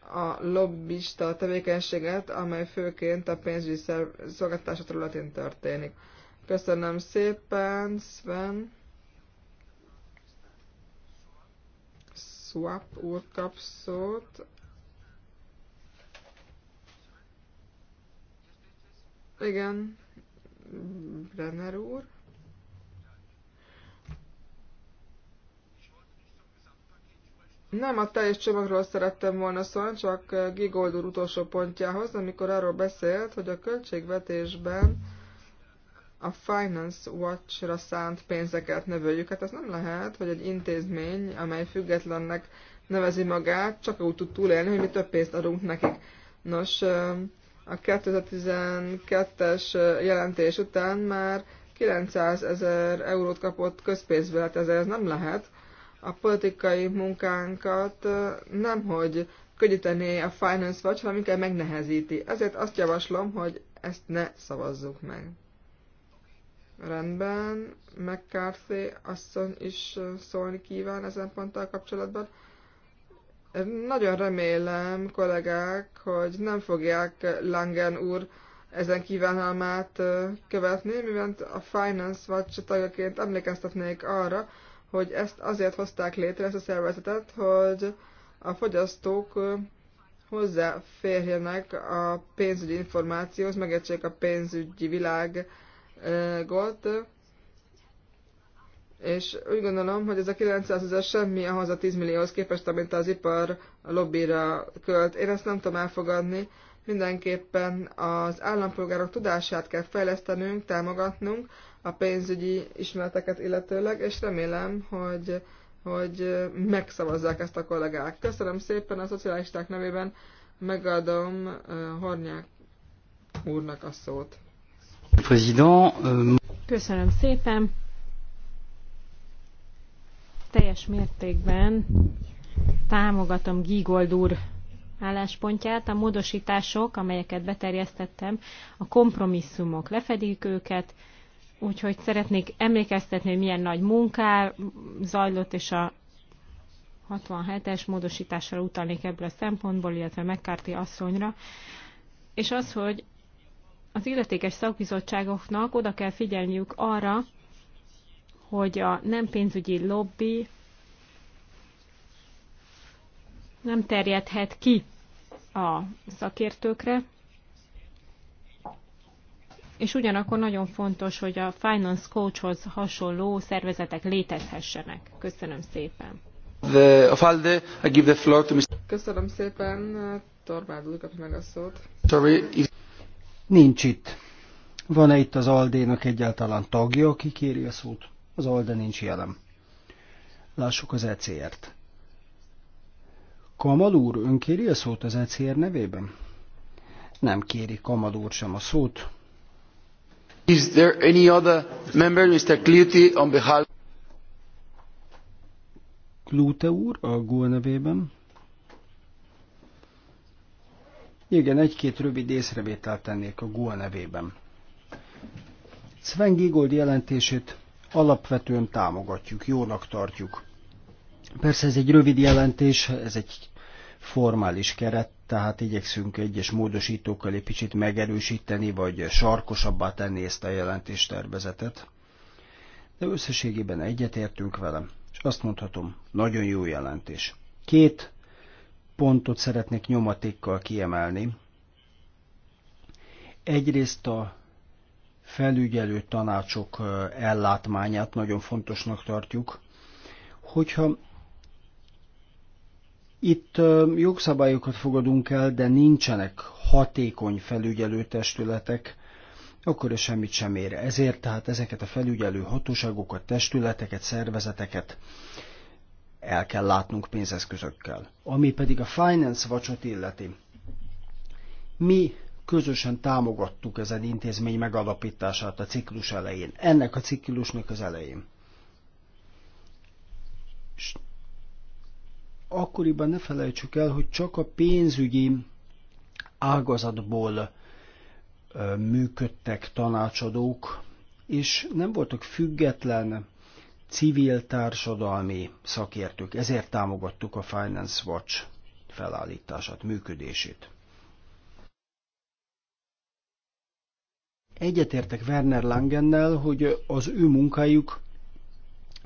[SPEAKER 3] a lobbista tevékenységet, amely főként a pénzügyi szolgáltatása területén történik. Köszönöm szépen, Sven. Swap úr kap szót Igen, Brenner úr. Nem a teljes csomagról szerettem volna szólni, csak Gigold úr utolsó pontjához, amikor arról beszélt, hogy a költségvetésben a Finance Watch-ra szánt pénzeket növeljük. Hát ez nem lehet, hogy egy intézmény, amely függetlennek nevezi magát, csak úgy tud túlélni, hogy mi több pénzt adunk nekik. Nos, a 2012-es jelentés után már 900 ezer eurót kapott közpénzből, hát ez, ez nem lehet. A politikai munkánkat nem, hogy könnyítené a Finance Watch, hanem inkább megnehezíti. Ezért azt javaslom, hogy ezt ne szavazzuk meg. Rendben, McCarthy asszony is szólni kíván ezen ponttal kapcsolatban. Nagyon remélem, kollégák, hogy nem fogják Langen úr ezen kívánalmát követni, mivel a Finance Watch tagjaként emlékeztetnék arra, hogy ezt azért hozták létre, ezt a szervezetet, hogy a fogyasztók hozzáférjenek a pénzügyi információhoz, megértsék a pénzügyi világot, és úgy gondolom, hogy ez a 900 ezer semmi ahhoz a 10 millióhoz képest, amit az ipar lobbira költ. Én ezt nem tudom elfogadni. Mindenképpen az állampolgárok tudását kell fejlesztenünk, támogatnunk a pénzügyi ismereteket illetőleg, és remélem, hogy, hogy megszavazzák ezt a kollégák. Köszönöm szépen a szocialisták nevében, megadom Hornyák úrnak a szót.
[SPEAKER 1] Euh,
[SPEAKER 2] Köszönöm szépen teljes mértékben támogatom Gigold úr álláspontját. A módosítások, amelyeket beterjesztettem, a kompromisszumok lefedik őket, úgyhogy szeretnék emlékeztetni, hogy milyen nagy munká zajlott, és a 67-es módosításra utalnék ebből a szempontból, illetve McCarthy asszonyra, és az, hogy az illetékes szakbizottságoknak oda kell figyelniük arra, hogy a nem pénzügyi lobby nem terjedhet ki a szakértőkre, és ugyanakkor nagyon fontos, hogy a Finance Coachhoz hasonló szervezetek létezhessenek. Köszönöm szépen.
[SPEAKER 1] The, of ALDE, I give the floor to Mr.
[SPEAKER 2] Köszönöm szépen,
[SPEAKER 3] Torvald úr meg a szót.
[SPEAKER 1] Sorry, if... Nincs itt. Van-e itt az Aldénak egyáltalán tagja, aki kéri a szót? Az olda nincs jelen. Lássuk az ECR-t. Kamal úr, ön kéri a szót az ECR nevében? Nem kéri Kamal úr sem a szót. Is there any other member, Mr. Clute, on behalf... Klute úr a gól nevében? Igen, egy-két rövid észrevételt tennék a gól nevében. Sven Gigold jelentését alapvetően támogatjuk, jónak tartjuk. Persze ez egy rövid jelentés, ez egy formális keret, tehát igyekszünk egyes módosítókkal egy picit megerősíteni, vagy sarkosabbá tenni ezt a jelentéstervezetet. De összességében egyetértünk velem, és azt mondhatom, nagyon jó jelentés. Két pontot szeretnék nyomatékkal kiemelni. Egyrészt a felügyelő tanácsok ellátmányát nagyon fontosnak tartjuk. Hogyha itt jogszabályokat fogadunk el, de nincsenek hatékony felügyelő testületek, akkor ez semmit sem ér. Ezért tehát ezeket a felügyelő hatóságokat, testületeket, szervezeteket el kell látnunk pénzeszközökkel. Ami pedig a Finance vacsot illeti. Mi közösen támogattuk ezen intézmény megalapítását a ciklus elején, ennek a ciklusnak az elején. És akkoriban ne felejtsük el, hogy csak a pénzügyi ágazatból működtek tanácsadók, és nem voltak független civil társadalmi szakértők, ezért támogattuk a Finance Watch felállítását, működését. Egyetértek Werner Langennel, hogy az ő munkájuk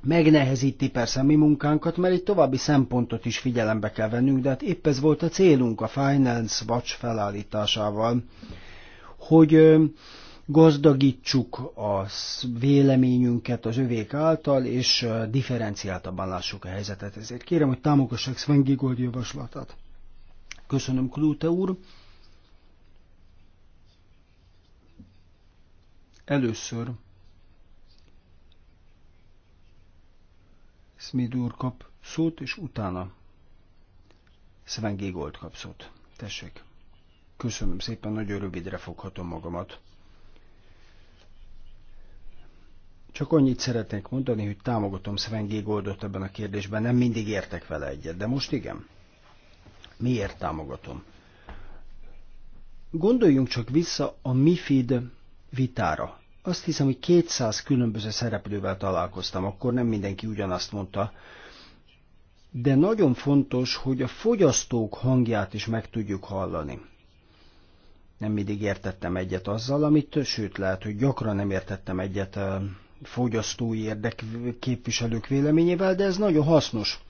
[SPEAKER 1] megnehezíti persze mi munkánkat, mert egy további szempontot is figyelembe kell vennünk, de hát épp ez volt a célunk a Finance Watch felállításával, hogy gazdagítsuk a véleményünket az övék által, és differenciáltabban lássuk a helyzetet. Ezért kérem, hogy támogassák Sven Gigold javaslatát. Köszönöm, Klúte úr. Először Smid úr kap szót, és utána Sven Gigold kap szót. Tessék. Köszönöm szépen, nagyon rövidre foghatom magamat. Csak annyit szeretnék mondani, hogy támogatom Sven Gigoldot ebben a kérdésben, nem mindig értek vele egyet, de most igen. Miért támogatom? Gondoljunk csak vissza a MIFID vitára. Azt hiszem, hogy 200 különböző szereplővel találkoztam, akkor nem mindenki ugyanazt mondta. De nagyon fontos, hogy a fogyasztók hangját is meg tudjuk hallani. Nem mindig értettem egyet azzal, amit, sőt lehet, hogy gyakran nem értettem egyet a fogyasztói érdekképviselők véleményével, de ez nagyon hasznos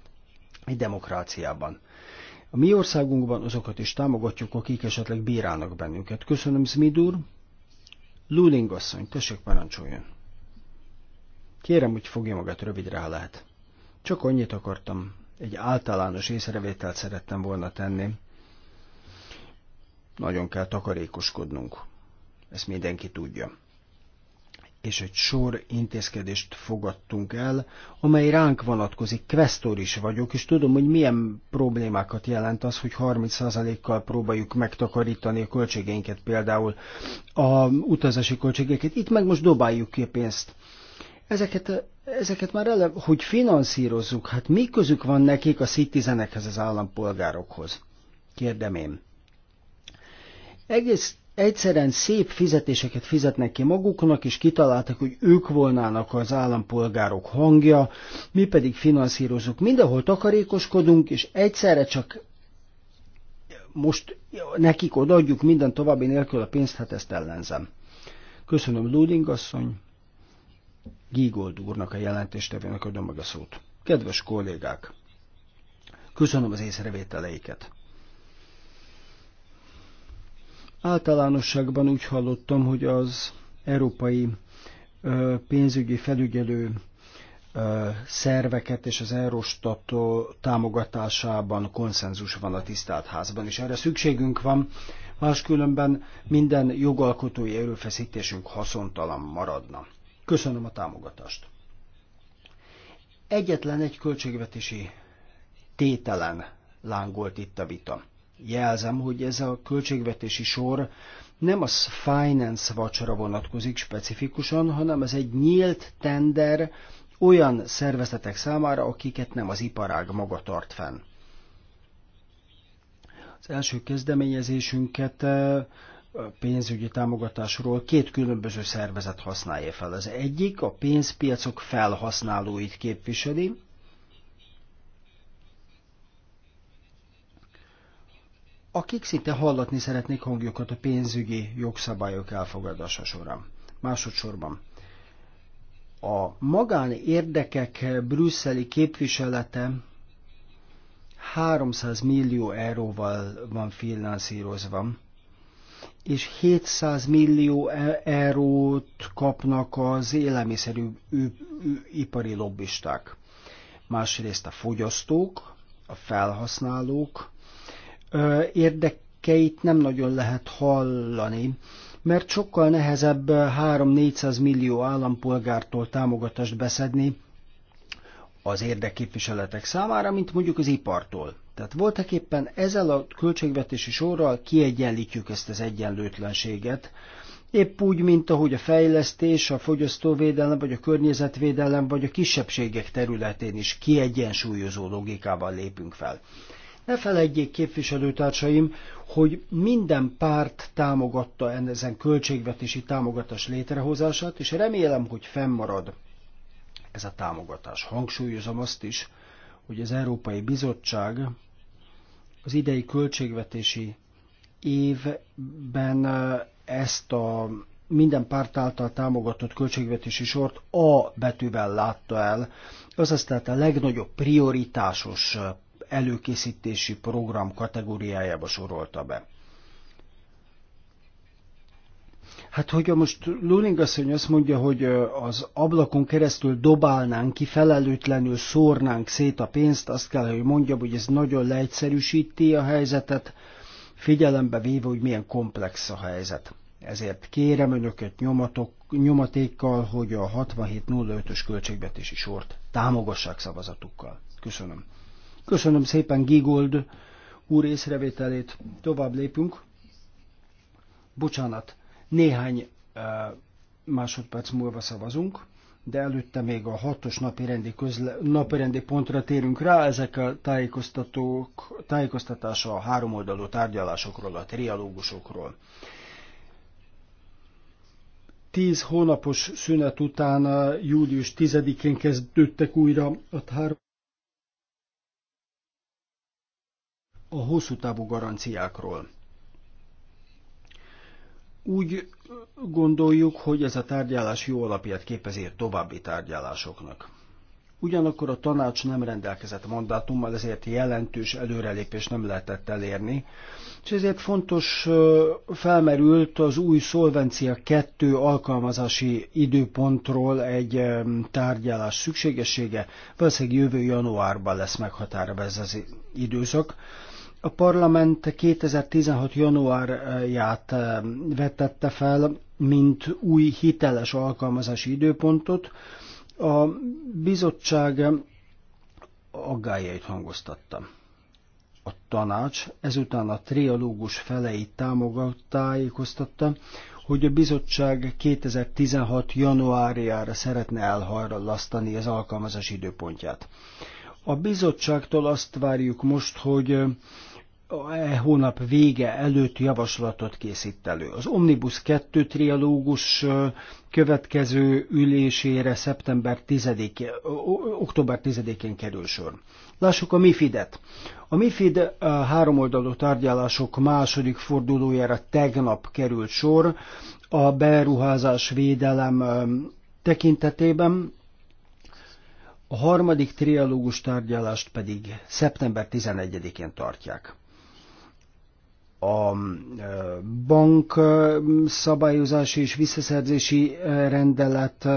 [SPEAKER 1] egy demokráciában. A mi országunkban azokat is támogatjuk, akik esetleg bírálnak bennünket. Köszönöm, Zmidur! Luling asszony, tessék parancsoljon. Kérem, hogy fogja magát rövidre, ha lehet. Csak annyit akartam, egy általános észrevételt szerettem volna tenni. Nagyon kell takarékoskodnunk. Ezt mindenki tudja és egy sor intézkedést fogadtunk el, amely ránk vonatkozik. Kvesztor is vagyok, és tudom, hogy milyen problémákat jelent az, hogy 30%-kal próbáljuk megtakarítani a költségeinket, például a utazási költségeket. Itt meg most dobáljuk ki a pénzt. Ezeket, ezeket már eleve, hogy finanszírozzuk, hát mi közük van nekik a citizenekhez, az állampolgárokhoz? Kérdem én. Egész egyszerűen szép fizetéseket fizetnek ki maguknak, és kitaláltak, hogy ők volnának az állampolgárok hangja, mi pedig finanszírozunk. Mindenhol takarékoskodunk, és egyszerre csak most nekik odaadjuk minden további nélkül a pénzt, hát ezt ellenzem. Köszönöm Luding asszony, Gígold úrnak a jelentéstevőnek adom meg a szót. Kedves kollégák! Köszönöm az észrevételeiket. Általánosságban úgy hallottam, hogy az európai pénzügyi felügyelő szerveket és az Eurostat támogatásában konszenzus van a tisztelt házban, és erre szükségünk van, máskülönben minden jogalkotói erőfeszítésünk haszontalan maradna. Köszönöm a támogatást. Egyetlen egy költségvetési tételen lángolt itt a vita jelzem, hogy ez a költségvetési sor nem a Finance Watch-ra vonatkozik specifikusan, hanem ez egy nyílt tender olyan szervezetek számára, akiket nem az iparág maga tart fenn. Az első kezdeményezésünket pénzügyi támogatásról két különböző szervezet használja fel. Az egyik a pénzpiacok felhasználóit képviseli, akik szinte hallatni szeretnék hangjukat a pénzügyi jogszabályok elfogadása során. Másodszorban a magán érdekek brüsszeli képviselete 300 millió euróval van finanszírozva, és 700 millió e- eurót kapnak az élelmiszerű ipari lobbisták. Másrészt a fogyasztók, a felhasználók érdekeit nem nagyon lehet hallani, mert sokkal nehezebb 3-400 millió állampolgártól támogatást beszedni az érdekképviseletek számára, mint mondjuk az ipartól. Tehát voltak éppen ezzel a költségvetési sorral kiegyenlítjük ezt az egyenlőtlenséget, épp úgy, mint ahogy a fejlesztés, a fogyasztóvédelem, vagy a környezetvédelem, vagy a kisebbségek területén is kiegyensúlyozó logikával lépünk fel. Ne felejtjék képviselőtársaim, hogy minden párt támogatta ezen költségvetési támogatás létrehozását, és remélem, hogy fennmarad ez a támogatás. Hangsúlyozom azt is, hogy az Európai Bizottság az idei költségvetési évben eh, ezt a minden párt által támogatott költségvetési sort A betűvel látta el, azaz tehát a legnagyobb prioritásos eh, előkészítési program kategóriájába sorolta be. Hát, hogyha most Luling asszony azt mondja, hogy az ablakon keresztül dobálnánk ki, felelőtlenül szórnánk szét a pénzt, azt kell, hogy mondjam, hogy ez nagyon leegyszerűsíti a helyzetet, figyelembe véve, hogy milyen komplex a helyzet. Ezért kérem önöket nyomatok, nyomatékkal, hogy a 6705-ös költségvetési sort támogassák szavazatukkal. Köszönöm. Köszönöm szépen Gigold úr észrevételét. Tovább lépünk. Bocsánat, néhány eh, másodperc múlva szavazunk, de előtte még a hatos napi rendi, közle, napi rendi pontra térünk rá. Ezek a tájékoztatók, tájékoztatása a háromoldalú tárgyalásokról, a trialógusokról. Tíz hónapos szünet után eh, július 10-én kezdődtek újra a három a hosszú távú garanciákról. Úgy gondoljuk, hogy ez a tárgyalás jó alapját képezi további tárgyalásoknak. Ugyanakkor a tanács nem rendelkezett mandátummal, ezért jelentős előrelépés nem lehetett elérni, és ezért fontos felmerült az új szolvencia kettő alkalmazási időpontról egy tárgyalás szükségessége. Valószínűleg jövő januárban lesz meghatározva ez az időszak. A parlament 2016. januárját eh, eh, vetette fel, mint új hiteles alkalmazási időpontot. A bizottság aggájait hangoztatta. A tanács ezután a trialógus feleit támogattájékoztatta, hogy a bizottság 2016. januárjára szeretne elhajlasztani az alkalmazás időpontját. A bizottságtól azt várjuk most, hogy e hónap vége előtt javaslatot készít elő. Az Omnibus 2 trialógus következő ülésére szeptember 10 október 10-én kerül sor. Lássuk a MIFID-et. A MIFID háromoldalú tárgyalások második fordulójára tegnap került sor a beruházás védelem tekintetében, a harmadik trialógus tárgyalást pedig szeptember 11-én tartják a bank szabályozási és visszaszerzési rendelet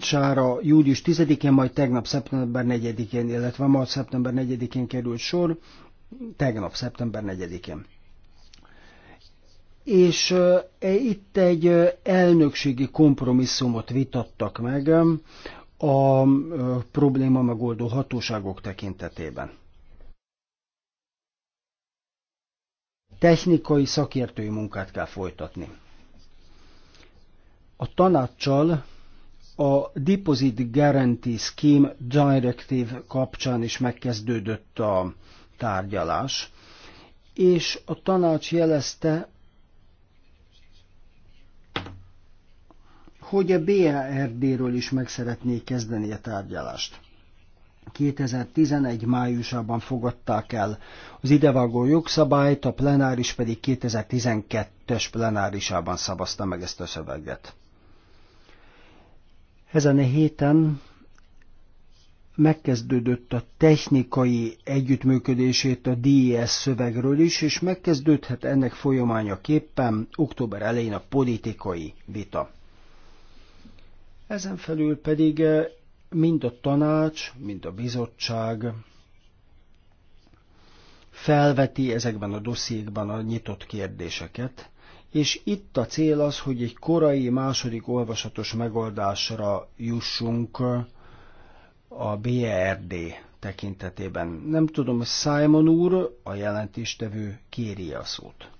[SPEAKER 1] sára július 10-én, majd tegnap szeptember 4-én, illetve ma szeptember 4-én került sor, tegnap szeptember 4-én. És e, itt egy elnökségi kompromisszumot vitattak meg a a probléma megoldó hatóságok tekintetében. technikai szakértői munkát kell folytatni. A tanácssal a Deposit Guarantee Scheme Directive kapcsán is megkezdődött a tárgyalás, és a tanács jelezte, hogy a BRD-ről is meg szeretné kezdeni a tárgyalást. 2011 májusában fogadták el az idevágó jogszabályt, a plenáris pedig 2012-es plenárisában szavazta meg ezt a szöveget. Ezen a héten megkezdődött a technikai együttműködését a DES szövegről is, és megkezdődhet ennek folyamányaképpen október elején a politikai vita. Ezen felül pedig eh, mind a tanács, mind a bizottság felveti ezekben a dossziékban a nyitott kérdéseket, és itt a cél az, hogy egy korai második olvasatos megoldásra jussunk a BRD e tekintetében. Nem tudom, hogy Simon úr, a jelentéstevő kéri a szót.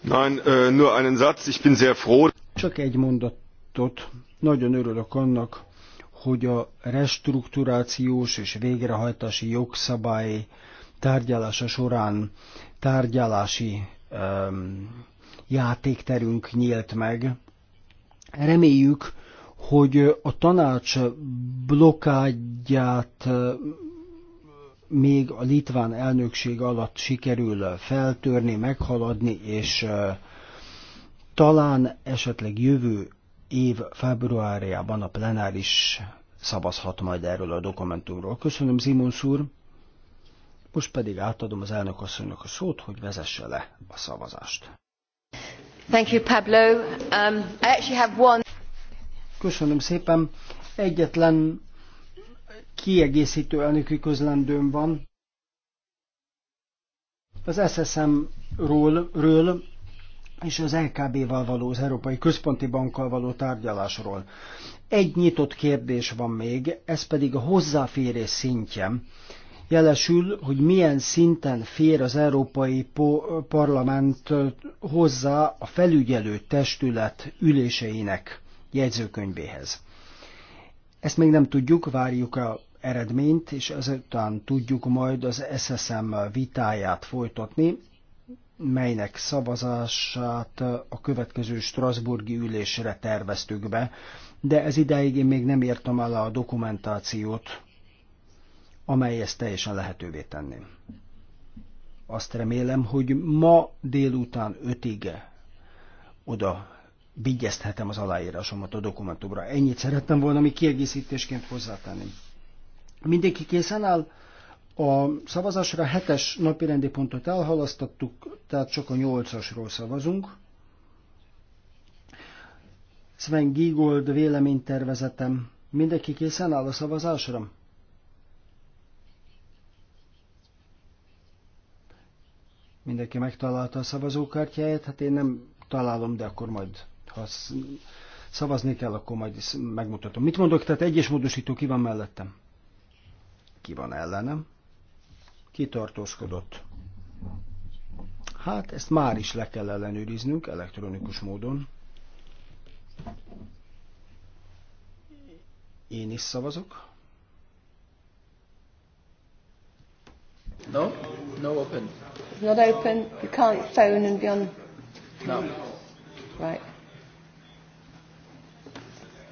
[SPEAKER 1] Nein, äh, nur einen Satz. Ich bin sehr froh. Csak egy mondatot. Nagyon örülök annak, hogy a restrukturációs és végrehajtási jogszabály tárgyalása során tárgyalási um, játékterünk nyílt meg. Reméljük, hogy a tanács blokádját még a litván elnökség alatt sikerül feltörni, meghaladni, és talán esetleg jövő év februárjában a plenáris szavazhat majd erről a dokumentumról. Köszönöm, Zimonsz úr! Most pedig átadom az elnök a szót, hogy vezesse le a szavazást.
[SPEAKER 3] Thank you, Pablo. Um, I actually have one...
[SPEAKER 1] Köszönöm szépen. Egyetlen kiegészítő elnöki közlendőm van. Az SSM-ről és az LKB-val való, az Európai Központi Bankkal való tárgyalásról. Egy nyitott kérdés van még, ez pedig a hozzáférés szintje. Jelesül, hogy milyen szinten fér az Európai Parlament hozzá a felügyelő testület üléseinek jegyzőkönyvéhez. Ezt még nem tudjuk, várjuk a eredményt, és ezután tudjuk majd az SSM vitáját folytatni, melynek szavazását a következő Strasburgi ülésre terveztük be, de ez idáig én még nem írtam el a dokumentációt, amely ezt teljesen lehetővé tenni. Azt remélem, hogy ma délután ötige oda vigyezthetem az aláírásomat a dokumentumra. Ennyit szerettem volna mi kiegészítésként hozzátenni. Mindenki készen áll? A szavazásra hetes napi rendi pontot elhalasztottuk, tehát csak a nyolcasról szavazunk. Sven Giegold véleménytervezetem. Mindenki készen áll a szavazásra? Mindenki megtalálta a szavazókártyáját? Hát én nem találom, de akkor majd, ha szavazni kell, akkor majd megmutatom. Mit mondok? Tehát egyes módosító ki van mellettem? Ki van ellenem? kitartózkodott. Hát ezt már is le kell ellenőriznünk elektronikus módon. Én is szavazok. No, no open.
[SPEAKER 3] It's not open. You can't phone and be on. No. Right.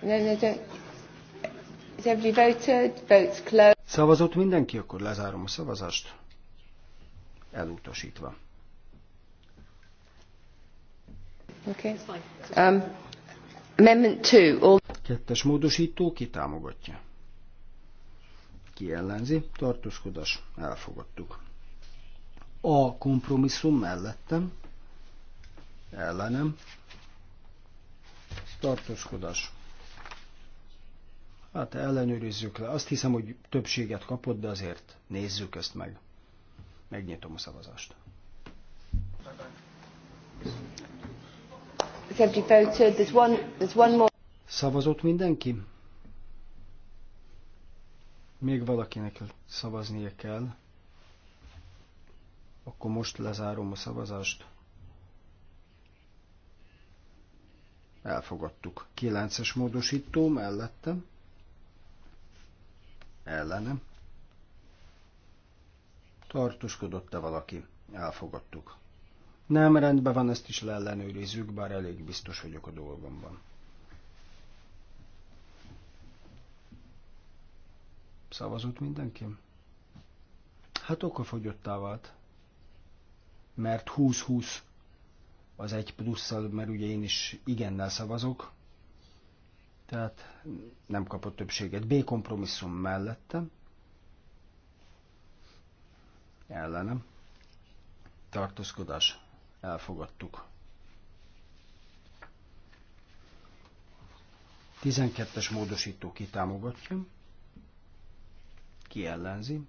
[SPEAKER 3] No, no, don't.
[SPEAKER 1] Szavazott mindenki, akkor lezárom a szavazást. Elutasítva. Okay. Um, amendment All... Kettes módosító, ki támogatja? Ki ellenzi? Tartózkodás. Elfogadtuk. A kompromisszum mellettem. Ellenem. Tartózkodás Hát ellenőrizzük le. Azt hiszem, hogy többséget kapott, de azért nézzük ezt meg. Megnyitom a szavazást. Szavazott mindenki? Még valakinek szavaznia kell. Akkor most lezárom a szavazást. Elfogadtuk. Kilences es módosító mellettem ellenem. tartuskodott e valaki? Elfogadtuk. Nem, rendben van, ezt is leellenőrizzük, bár elég biztos vagyok a dolgomban. Szavazott mindenki? Hát okafogyottá vált. Mert 20-20 az egy plusszal, mert ugye én is igennel szavazok, tehát nem kapott többséget. B kompromisszum mellettem. Ellenem. Tartózkodás. Elfogadtuk. 12-es módosító kitámogatja. Ki ellenzi?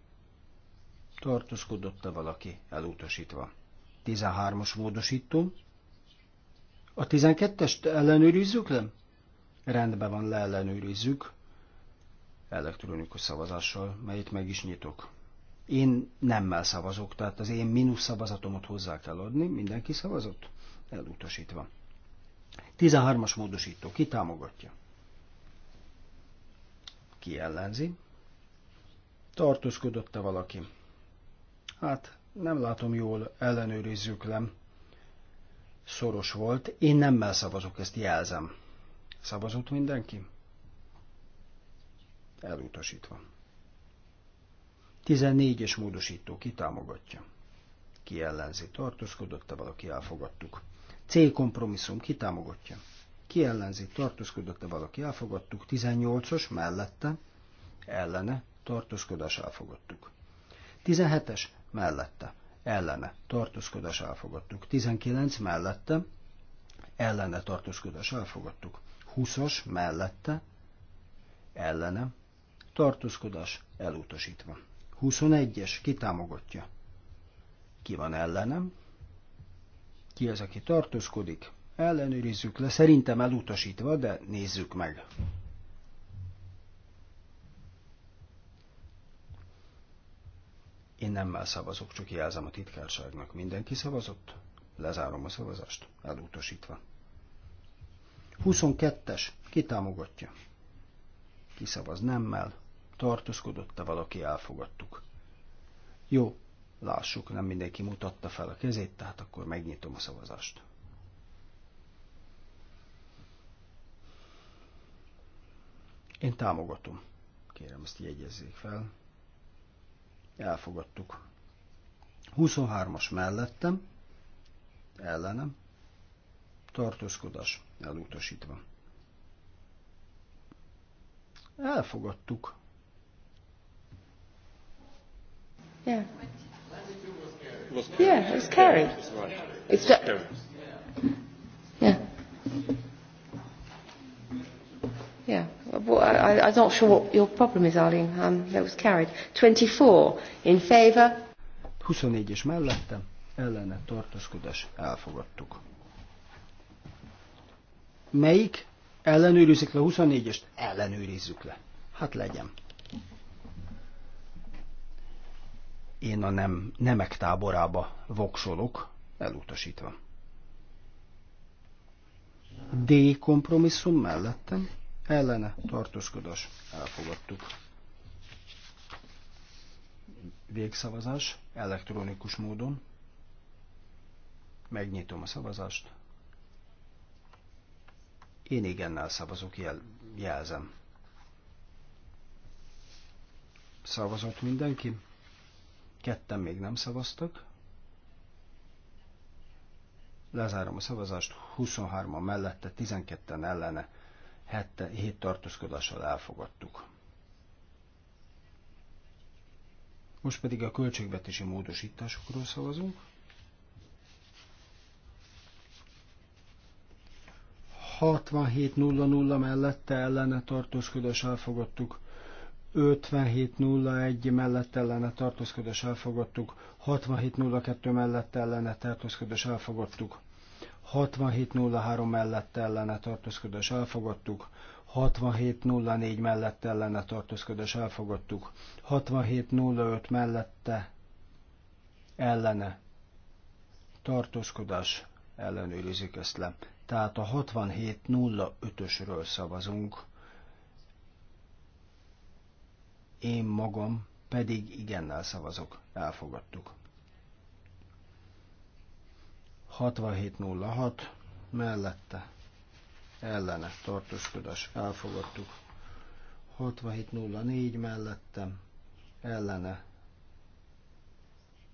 [SPEAKER 1] Tartózkodott-e valaki elutasítva? 13-as módosító. A 12-est ellenőrizzük le? Rendben van, leellenőrizzük elektronikus szavazással, melyet meg is nyitok. Én nemmel szavazok, tehát az én mínusz szavazatomat hozzá kell adni, mindenki szavazott, elutasítva. 13-as módosító, ki támogatja? Ki ellenzi? Tartózkodott-e valaki? Hát, nem látom jól, ellenőrizzük le. Szoros volt, én nemmel szavazok, ezt jelzem. Szavazott mindenki? Elutasítva. 14-es módosító kitámogatja. Ki ellenzi? Tartózkodott-e valaki? Elfogadtuk. C kompromisszum kitámogatja. Ki ellenzi? Tartózkodott-e valaki? Elfogadtuk. 18-os mellette. Ellene. Tartózkodás elfogadtuk. 17-es mellette. Ellene. Tartózkodás elfogadtuk. 19 mellette. Ellene tartózkodás elfogadtuk. 20-as mellette, ellene, tartózkodás elutasítva. 21-es kitámogatja. Ki van ellenem? Ki az, aki tartózkodik? Ellenőrizzük le, szerintem elutasítva, de nézzük meg. Én már szavazok, csak jelzem a titkárságnak. Mindenki szavazott? Lezárom a szavazást, elutasítva. 22-es, ki támogatja? Kiszavaz nemmel, tartózkodott-e valaki, elfogadtuk. Jó, lássuk, nem mindenki mutatta fel a kezét, tehát akkor megnyitom a szavazást. Én támogatom. Kérem, ezt jegyezzék fel. Elfogadtuk. 23-as mellettem, ellenem, tartózkodás elutasítva. Elfogadtuk. Yeah. Yeah, it was carried. It's carried. Yeah.
[SPEAKER 2] Yeah. Well, I, I'm not sure what your problem is, Arlene. Um, that was carried. 24 in favour.
[SPEAKER 1] 24-es mellette, ellene tartózkodás elfogadtuk. Melyik? Ellenőrizzük le 24-est? Ellenőrizzük le. Hát legyen. Én a nem, nemek táborába voksolok, elutasítva. D kompromisszum mellettem, ellene tartózkodás. Elfogadtuk. Végszavazás elektronikus módon. Megnyitom a szavazást. Én igennel szavazok, jel, jelzem. Szavazott mindenki? Ketten még nem szavaztak. Lezárom a szavazást, 23-an mellette, 12-en ellene, 7 tartózkodással elfogadtuk. Most pedig a költségvetési módosításokról szavazunk. 67.00 mellette ellene tartózkodás elfogadtuk. 57.01 mellett ellene tartózkodás elfogadtuk, 67.02 mellett ellene tartózkodás elfogadtuk, 67.03 mellett ellene tartózkodás elfogadtuk, 67.04 mellett ellene tartózkodás elfogadtuk, 67.05 mellette ellene tartózkodás ellenőrizik ezt le. Tehát a 6705-ösről szavazunk. Én magam pedig igennel szavazok. Elfogadtuk. 6706 mellette ellene tartózkodás. Elfogadtuk. 6704 mellettem ellene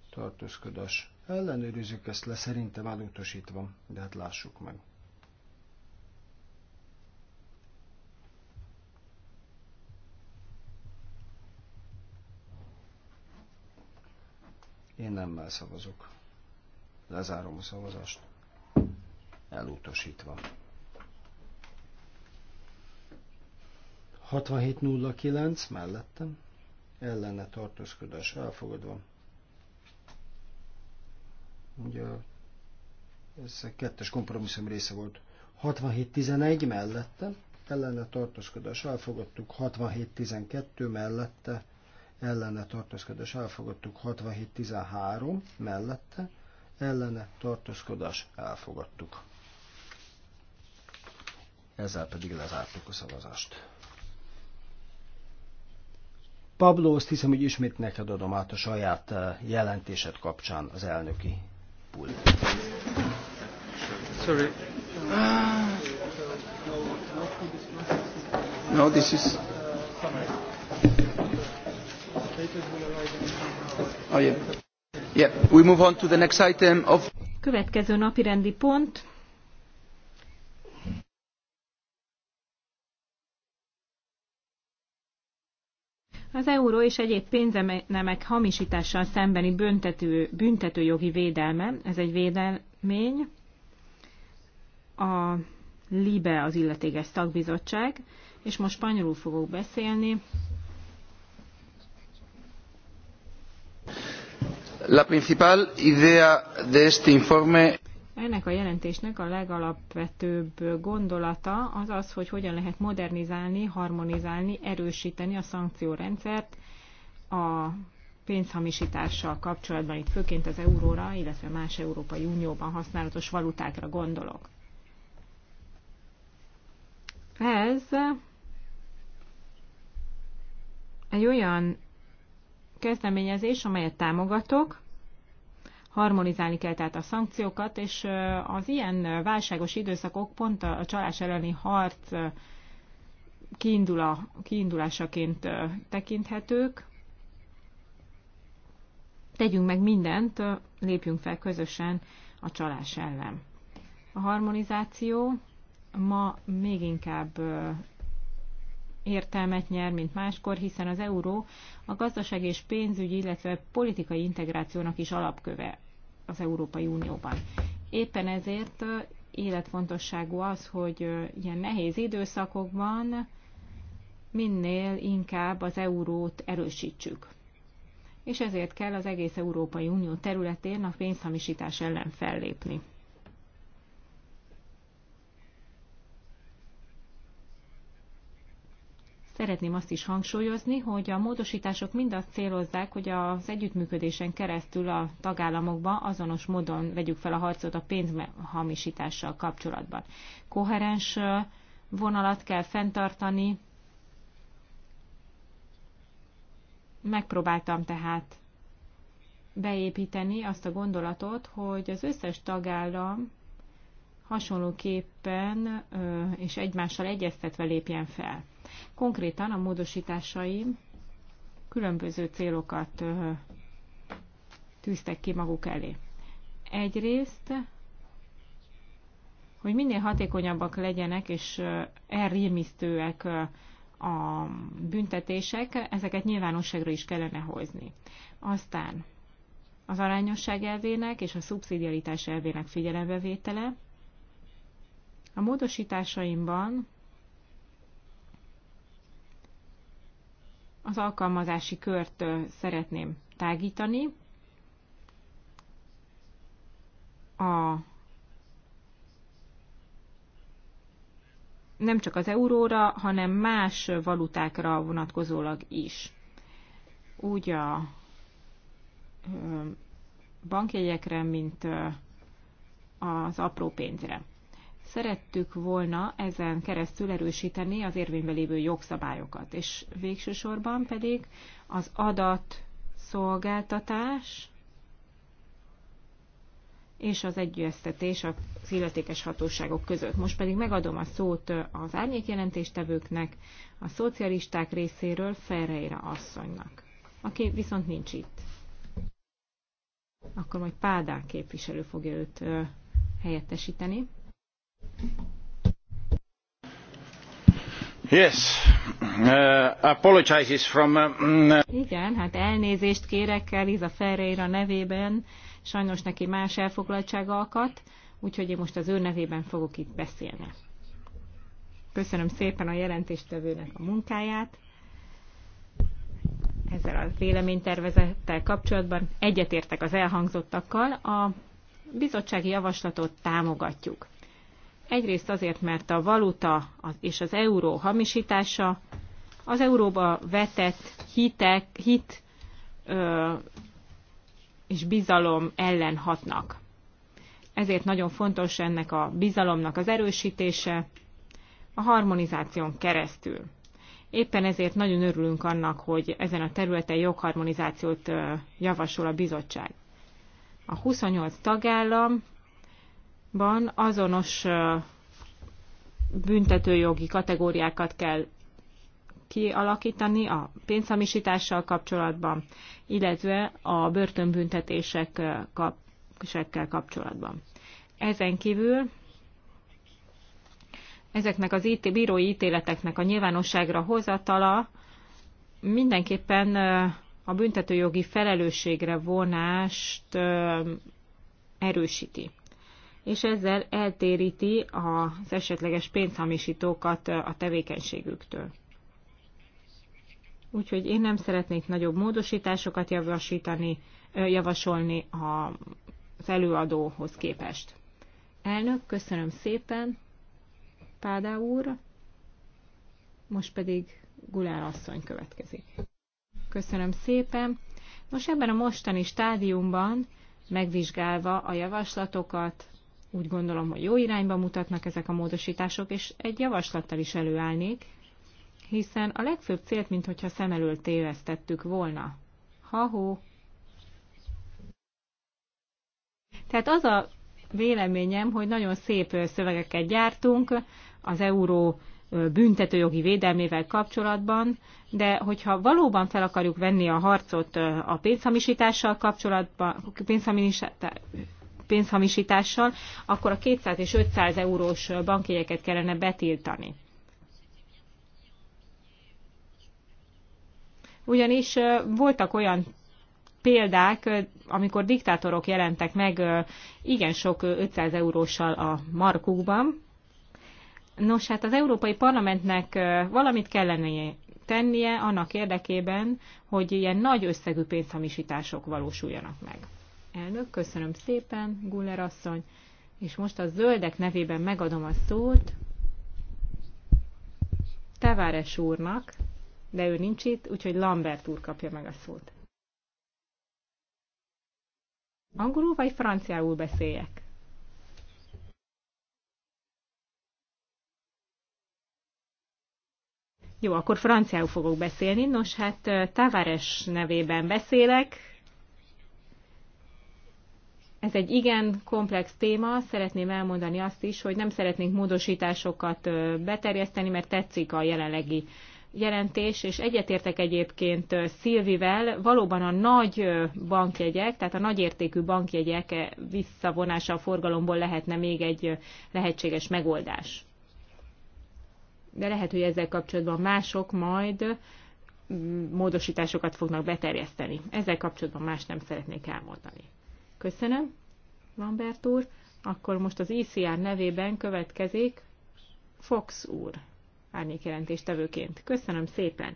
[SPEAKER 1] tartózkodás. Ellenőrizzük ezt le, szerintem elutasítva, de hát lássuk meg. Én nem szavazok. Lezárom a szavazást. Elutasítva. 6709 mellettem. Ellene tartózkodás elfogadva. Ugye ez a kettes kompromisszum része volt. 6711 mellettem. Ellene tartózkodás elfogadtuk. 6712 mellette ellene tartózkodás elfogadtuk 67-13 mellette, ellene tartózkodás elfogadtuk. Ezzel pedig lezártuk a szavazást. Pablo, azt hiszem, hogy ismét neked adom át a saját eh, jelentésed kapcsán az elnöki pult. Sorry. No, this is...
[SPEAKER 2] Következő napi rendi pont. Az euró és egyéb pénzemek hamisítással szembeni büntető, büntetőjogi védelme, ez egy védelmény, a LIBE az illetékes szakbizottság, és most spanyolul fogok beszélni.
[SPEAKER 3] La principal idea de este informe
[SPEAKER 2] ennek a jelentésnek a legalapvetőbb gondolata az az, hogy hogyan lehet modernizálni, harmonizálni, erősíteni a szankciórendszert a pénzhamisítással kapcsolatban, itt főként az euróra, illetve más Európai Unióban használatos valutákra gondolok. Ez egy olyan kezdeményezés, amelyet támogatok. Harmonizálni kell tehát a szankciókat, és az ilyen válságos időszakok pont a csalás elleni harc kiindula, kiindulásaként tekinthetők. Tegyünk meg mindent, lépjünk fel közösen a csalás ellen. A harmonizáció ma még inkább értelmet nyer, mint máskor, hiszen az euró a gazdaság és pénzügyi, illetve politikai integrációnak is alapköve az Európai Unióban. Éppen ezért életfontosságú az, hogy ilyen nehéz időszakokban minél inkább az eurót erősítsük. És ezért kell az egész Európai Unió területén a pénzhamisítás ellen fellépni. Szeretném azt is hangsúlyozni, hogy a módosítások mind azt célozzák, hogy az együttműködésen keresztül a tagállamokban azonos módon vegyük fel a harcot a pénzhamisítással kapcsolatban. Koherens vonalat kell fenntartani. Megpróbáltam tehát beépíteni azt a gondolatot, hogy az összes tagállam hasonlóképpen és egymással egyeztetve lépjen fel. Konkrétan a módosításaim különböző célokat tűztek ki maguk elé. Egyrészt, hogy minél hatékonyabbak legyenek és elrémisztőek a büntetések, ezeket nyilvánosságra is kellene hozni. Aztán az arányosság elvének és a szubszidiaritás elvének figyelembevétele. A módosításaimban az alkalmazási kört szeretném tágítani. A nem csak az euróra, hanem más valutákra vonatkozólag is. Úgy a bankjegyekre, mint az apró pénzre szerettük volna ezen keresztül erősíteni az érvényben lévő jogszabályokat, és végsősorban pedig az adatszolgáltatás és az egyeztetés az illetékes hatóságok között. Most pedig megadom a szót az árnyékjelentéstevőknek, a szocialisták részéről Ferreira asszonynak, aki viszont nincs itt. Akkor majd Pádán képviselő fogja őt helyettesíteni.
[SPEAKER 1] Yes. Uh, apologizes from, uh, mm, uh,
[SPEAKER 2] Igen, hát elnézést kérek Eliza Ferreira nevében. Sajnos neki más elfoglaltsága akadt, úgyhogy én most az ő nevében fogok itt beszélni. Köszönöm szépen a jelentéstevőnek a munkáját. Ezzel a véleménytervezettel kapcsolatban egyetértek az elhangzottakkal. A bizottsági javaslatot támogatjuk. Egyrészt azért, mert a valuta és az euró hamisítása, az euróba vetett hitek, hit ö, és bizalom ellen hatnak. Ezért nagyon fontos ennek a bizalomnak az erősítése a harmonizáción keresztül. Éppen ezért nagyon örülünk annak, hogy ezen a területen jogharmonizációt javasol a bizottság. A 28 tagállam ban azonos büntetőjogi kategóriákat kell kialakítani a pénzhamisítással kapcsolatban, illetve a börtönbüntetésekkel kapcsolatban. Ezen kívül ezeknek az IT, bírói ítéleteknek a nyilvánosságra hozatala mindenképpen a büntetőjogi felelősségre vonást erősíti és ezzel eltéríti az esetleges pénzhamisítókat a tevékenységüktől. Úgyhogy én nem szeretnék nagyobb módosításokat javasítani, javasolni az előadóhoz képest. Elnök, köszönöm szépen, Pádá úr, most pedig Gulár asszony következik. Köszönöm szépen. Nos, ebben a mostani stádiumban megvizsgálva a javaslatokat, úgy gondolom, hogy jó irányba mutatnak ezek a módosítások, és egy javaslattal is előállnék, hiszen a legfőbb célt, mintha szem elől tévesztettük volna. Ha-hó! Tehát az a véleményem, hogy nagyon szép szövegeket gyártunk az euró büntetőjogi védelmével kapcsolatban, de hogyha valóban fel akarjuk venni a harcot a pénzhamisítással kapcsolatban, pénzhamisítással pénzhamisítással, akkor a 200 és 500 eurós bankjegyeket kellene betiltani. Ugyanis voltak olyan példák, amikor diktátorok jelentek meg igen sok 500 euróssal a markukban. Nos, hát az Európai Parlamentnek valamit kellene tennie annak érdekében, hogy ilyen nagy összegű pénzhamisítások valósuljanak meg. Elnök, köszönöm szépen, Guller asszony. És most a zöldek nevében megadom a szót Teváres úrnak, de ő nincs itt, úgyhogy Lambert úr kapja meg a szót. Angolul vagy franciául beszéljek? Jó, akkor franciául fogok beszélni. Nos, hát Tavares nevében beszélek, ez egy igen komplex téma, szeretném elmondani azt is, hogy nem szeretnénk módosításokat beterjeszteni, mert tetszik a jelenlegi jelentés, és egyetértek egyébként Szilvivel, valóban a nagy bankjegyek, tehát a nagyértékű bankjegyek visszavonása a forgalomból lehetne még egy lehetséges megoldás. De lehet, hogy ezzel kapcsolatban mások majd módosításokat fognak beterjeszteni. Ezzel kapcsolatban más nem szeretnék elmondani. Köszönöm, Lambert úr. Akkor most az ICR e nevében következik Fox úr árnyékjelentéstevőként. Köszönöm szépen.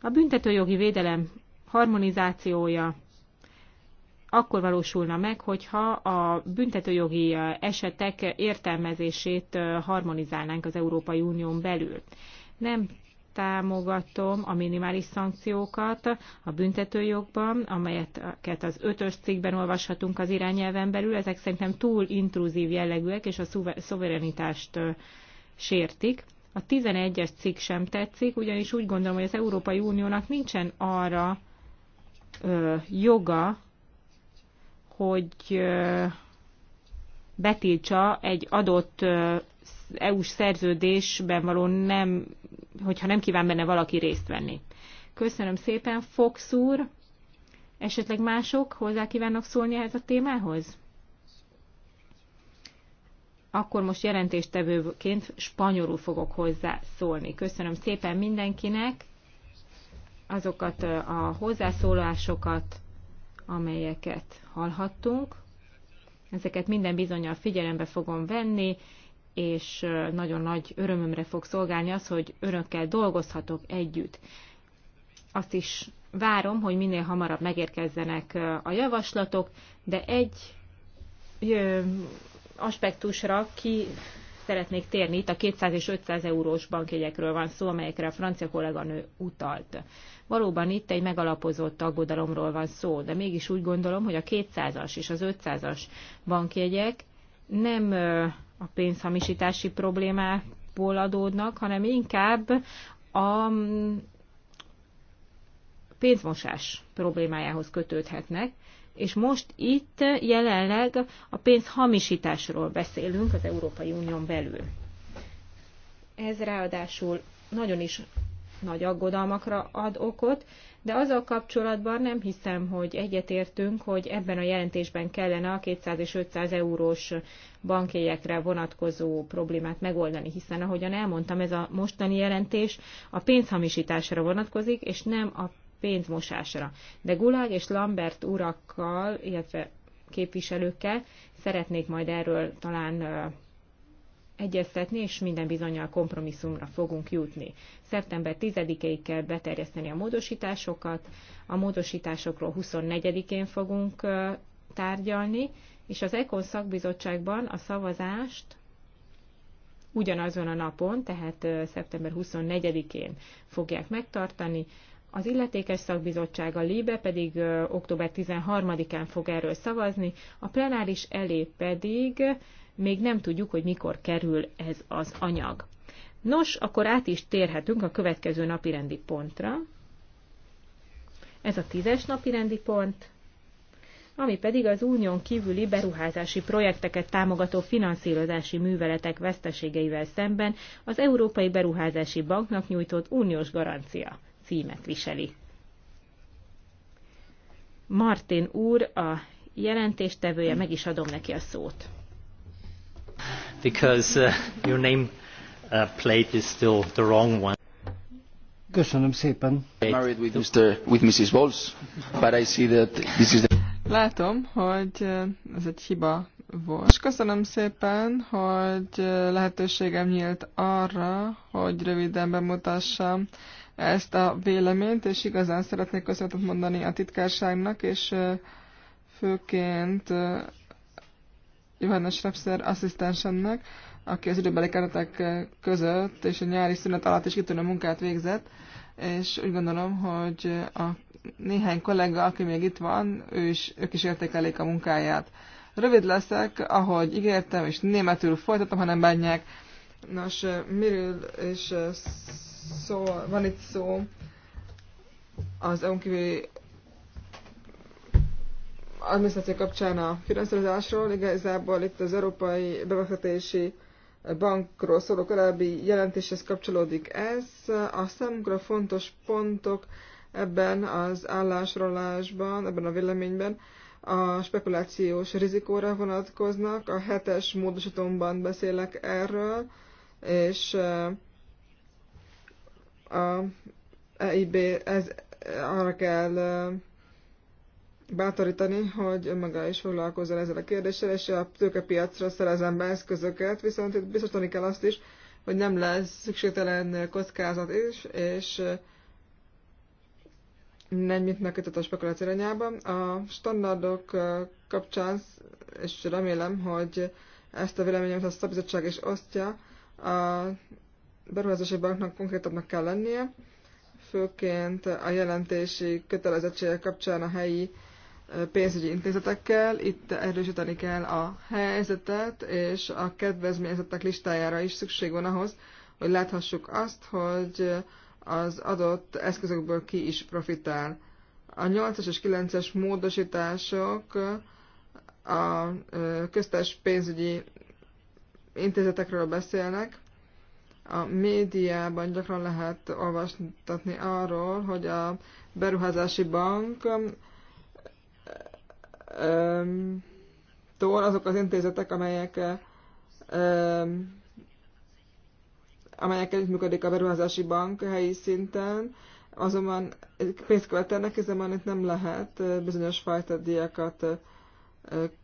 [SPEAKER 2] A büntetőjogi védelem harmonizációja akkor valósulna meg, hogyha a büntetőjogi esetek értelmezését harmonizálnánk az Európai Unión belül. Nem támogatom a minimális szankciókat a büntetőjogban, amelyeket az ötös cikkben olvashatunk az irányelven belül. Ezek szerintem túl intruzív jellegűek, és a szuverenitást sértik. A 11-es cikk sem tetszik, ugyanis úgy gondolom, hogy az Európai Uniónak nincsen arra ö, joga, hogy ö, betiltsa egy adott EU-s szerződésben való nem hogyha nem kíván benne valaki részt venni. Köszönöm szépen, Fox úr. Esetleg mások hozzá kívánnak szólni ehhez a témához? Akkor most jelentéstevőként spanyolul fogok hozzá szólni. Köszönöm szépen mindenkinek azokat eh, a hozzászólásokat, amelyeket hallhattunk. Ezeket minden bizonyal figyelembe fogom venni, és nagyon nagy örömömre fog szolgálni az, hogy örökkel dolgozhatok együtt. Azt is várom, hogy minél hamarabb megérkezzenek a javaslatok, de egy aspektusra ki szeretnék térni, itt a 200 és 500 eurós bankjegyekről van szó, amelyekre a francia kolléganő utalt. Valóban itt egy megalapozott aggodalomról van szó, de mégis úgy gondolom, hogy a 200-as és az 500-as bankjegyek nem a pénzhamisítási problémából adódnak, hanem inkább a mm, pénzmosás problémájához kötődhetnek, és most itt jelenleg a pénzhamisításról beszélünk az Európai Unión belül. Ez ráadásul nagyon is nagy aggodalmakra ad okot, de azzal kapcsolatban nem hiszem, hogy egyetértünk, hogy ebben a jelentésben kellene a 200 és 500 eurós bankélyekre vonatkozó problémát megoldani, hiszen ahogyan elmondtam, ez a mostani jelentés a pénzhamisításra vonatkozik, és nem a pénzmosásra. De Gulág és Lambert urakkal, illetve képviselőkkel szeretnék majd erről talán egyeztetni, és minden bizonyal kompromisszumra fogunk jutni. Szeptember 10-ig kell beterjeszteni a módosításokat, a módosításokról 24-én fogunk tárgyalni, és az EKON szakbizottságban a szavazást ugyanazon a napon, tehát szeptember 24-én fogják megtartani, az illetékes szakbizottság, a LIBE pedig ö, október 13-án fog erről szavazni, a plenáris elé pedig még nem tudjuk, hogy mikor kerül ez az anyag. Nos, akkor át is térhetünk a következő napirendi pontra. Ez a tízes napirendi pont, ami pedig az unión kívüli beruházási projekteket támogató finanszírozási műveletek veszteségeivel szemben az Európai Beruházási Banknak nyújtott uniós garancia címet viseli. Martin úr a jelentéstevője, meg is adom neki a szót because uh, your name uh, plate is still the
[SPEAKER 1] wrong one. Köszönöm szépen. Married with, Mr. with Mrs. Walls, but I see that this is the...
[SPEAKER 3] Látom, hogy uh, ez egy hiba volt. És köszönöm szépen, hogy uh, lehetőségem nyílt arra, hogy röviden bemutassam ezt a véleményt, és igazán szeretnék köszönetet mondani a titkárságnak, és uh, főként Johannes Schrepszer asszisztensemnek, aki az időbeli keretek eh, között és a nyári szünet alatt is kitűnő munkát végzett, és úgy gondolom, hogy eh, a néhány kollega, aki még itt van, ő is, ők is értékelik a munkáját. Rövid leszek, ahogy ígértem, és németül folytatom, ha nem bánják. Nos, eh, miről és szó, van itt szó az önkívüli adminisztráció kapcsán a finanszírozásról. Igazából itt az Európai Befektetési Bankról szóló korábbi jelentéshez kapcsolódik ez. A számunkra fontos pontok ebben az állásrólásban, ebben a véleményben a spekulációs rizikóra vonatkoznak. A hetes módosítomban beszélek erről, és eh, a EIB ez arra kell eh, bátorítani, hogy önmaga is foglalkozzon ezzel a kérdéssel, és a tőkepiacra szerezem be eszközöket, viszont itt biztosítani kell azt is, hogy nem lesz szükségtelen kockázat is, és nem nyitnak kötet a spekuláció irányába. A standardok kapcsán, és remélem, hogy ezt a véleményemet a szabizottság is osztja, a beruházási banknak konkrétabbnak kell lennie, főként a jelentési kötelezettségek kapcsán a helyi pénzügyi intézetekkel. Itt erősíteni kell a helyzetet, és a kedvezményezettek listájára is szükség van ahhoz, hogy láthassuk azt, hogy az adott eszközökből ki is profitál. A 8-as és 9-es módosítások a köztes pénzügyi intézetekről beszélnek. A médiában gyakran lehet olvastatni arról, hogy a beruházási bank tól azok az intézetek, amelyek amelyek működik a beruházási bank helyi szinten, azonban pénzt követelnek, azonban itt nem lehet bizonyos fajta díjakat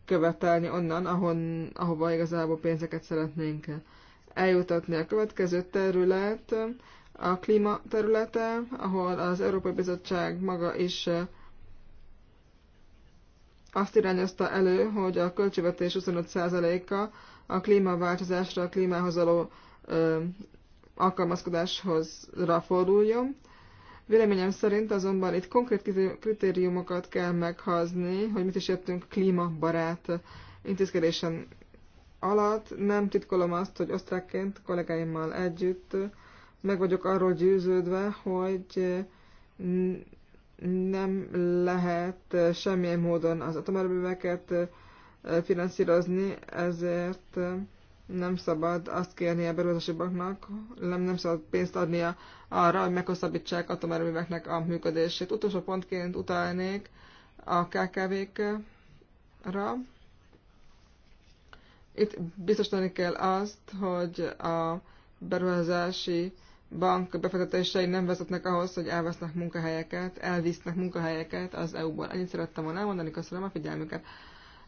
[SPEAKER 3] követelni onnan, ahon, ahova igazából pénzeket szeretnénk eljutatni. A következő terület a klíma területe, ahol az Európai Bizottság maga is azt irányozta elő, hogy a költségvetés 25%-a a klímaváltozásra, a klímához való ö, alkalmazkodáshoz forduljon. Véleményem szerint azonban itt konkrét kritériumokat kell meghazni, hogy mit is értünk klímabarát intézkedésen alatt. Nem titkolom azt, hogy osztrákként kollégáimmal együtt meg vagyok arról győződve, hogy nem lehet semmilyen módon az atomerőműveket finanszírozni, ezért nem szabad azt kérni a beruházási banknak, nem, nem szabad pénzt adnia arra, hogy meghosszabbítsák atomerőműveknek a működését. Utolsó pontként utalnék a KKV-kra. Itt biztosítani kell azt, hogy a beruházási bank befektetései nem vezetnek ahhoz, hogy elvesznek munkahelyeket, elvisznek munkahelyeket az EU-ból. Ennyit szerettem volna elmondani, köszönöm a figyelmüket.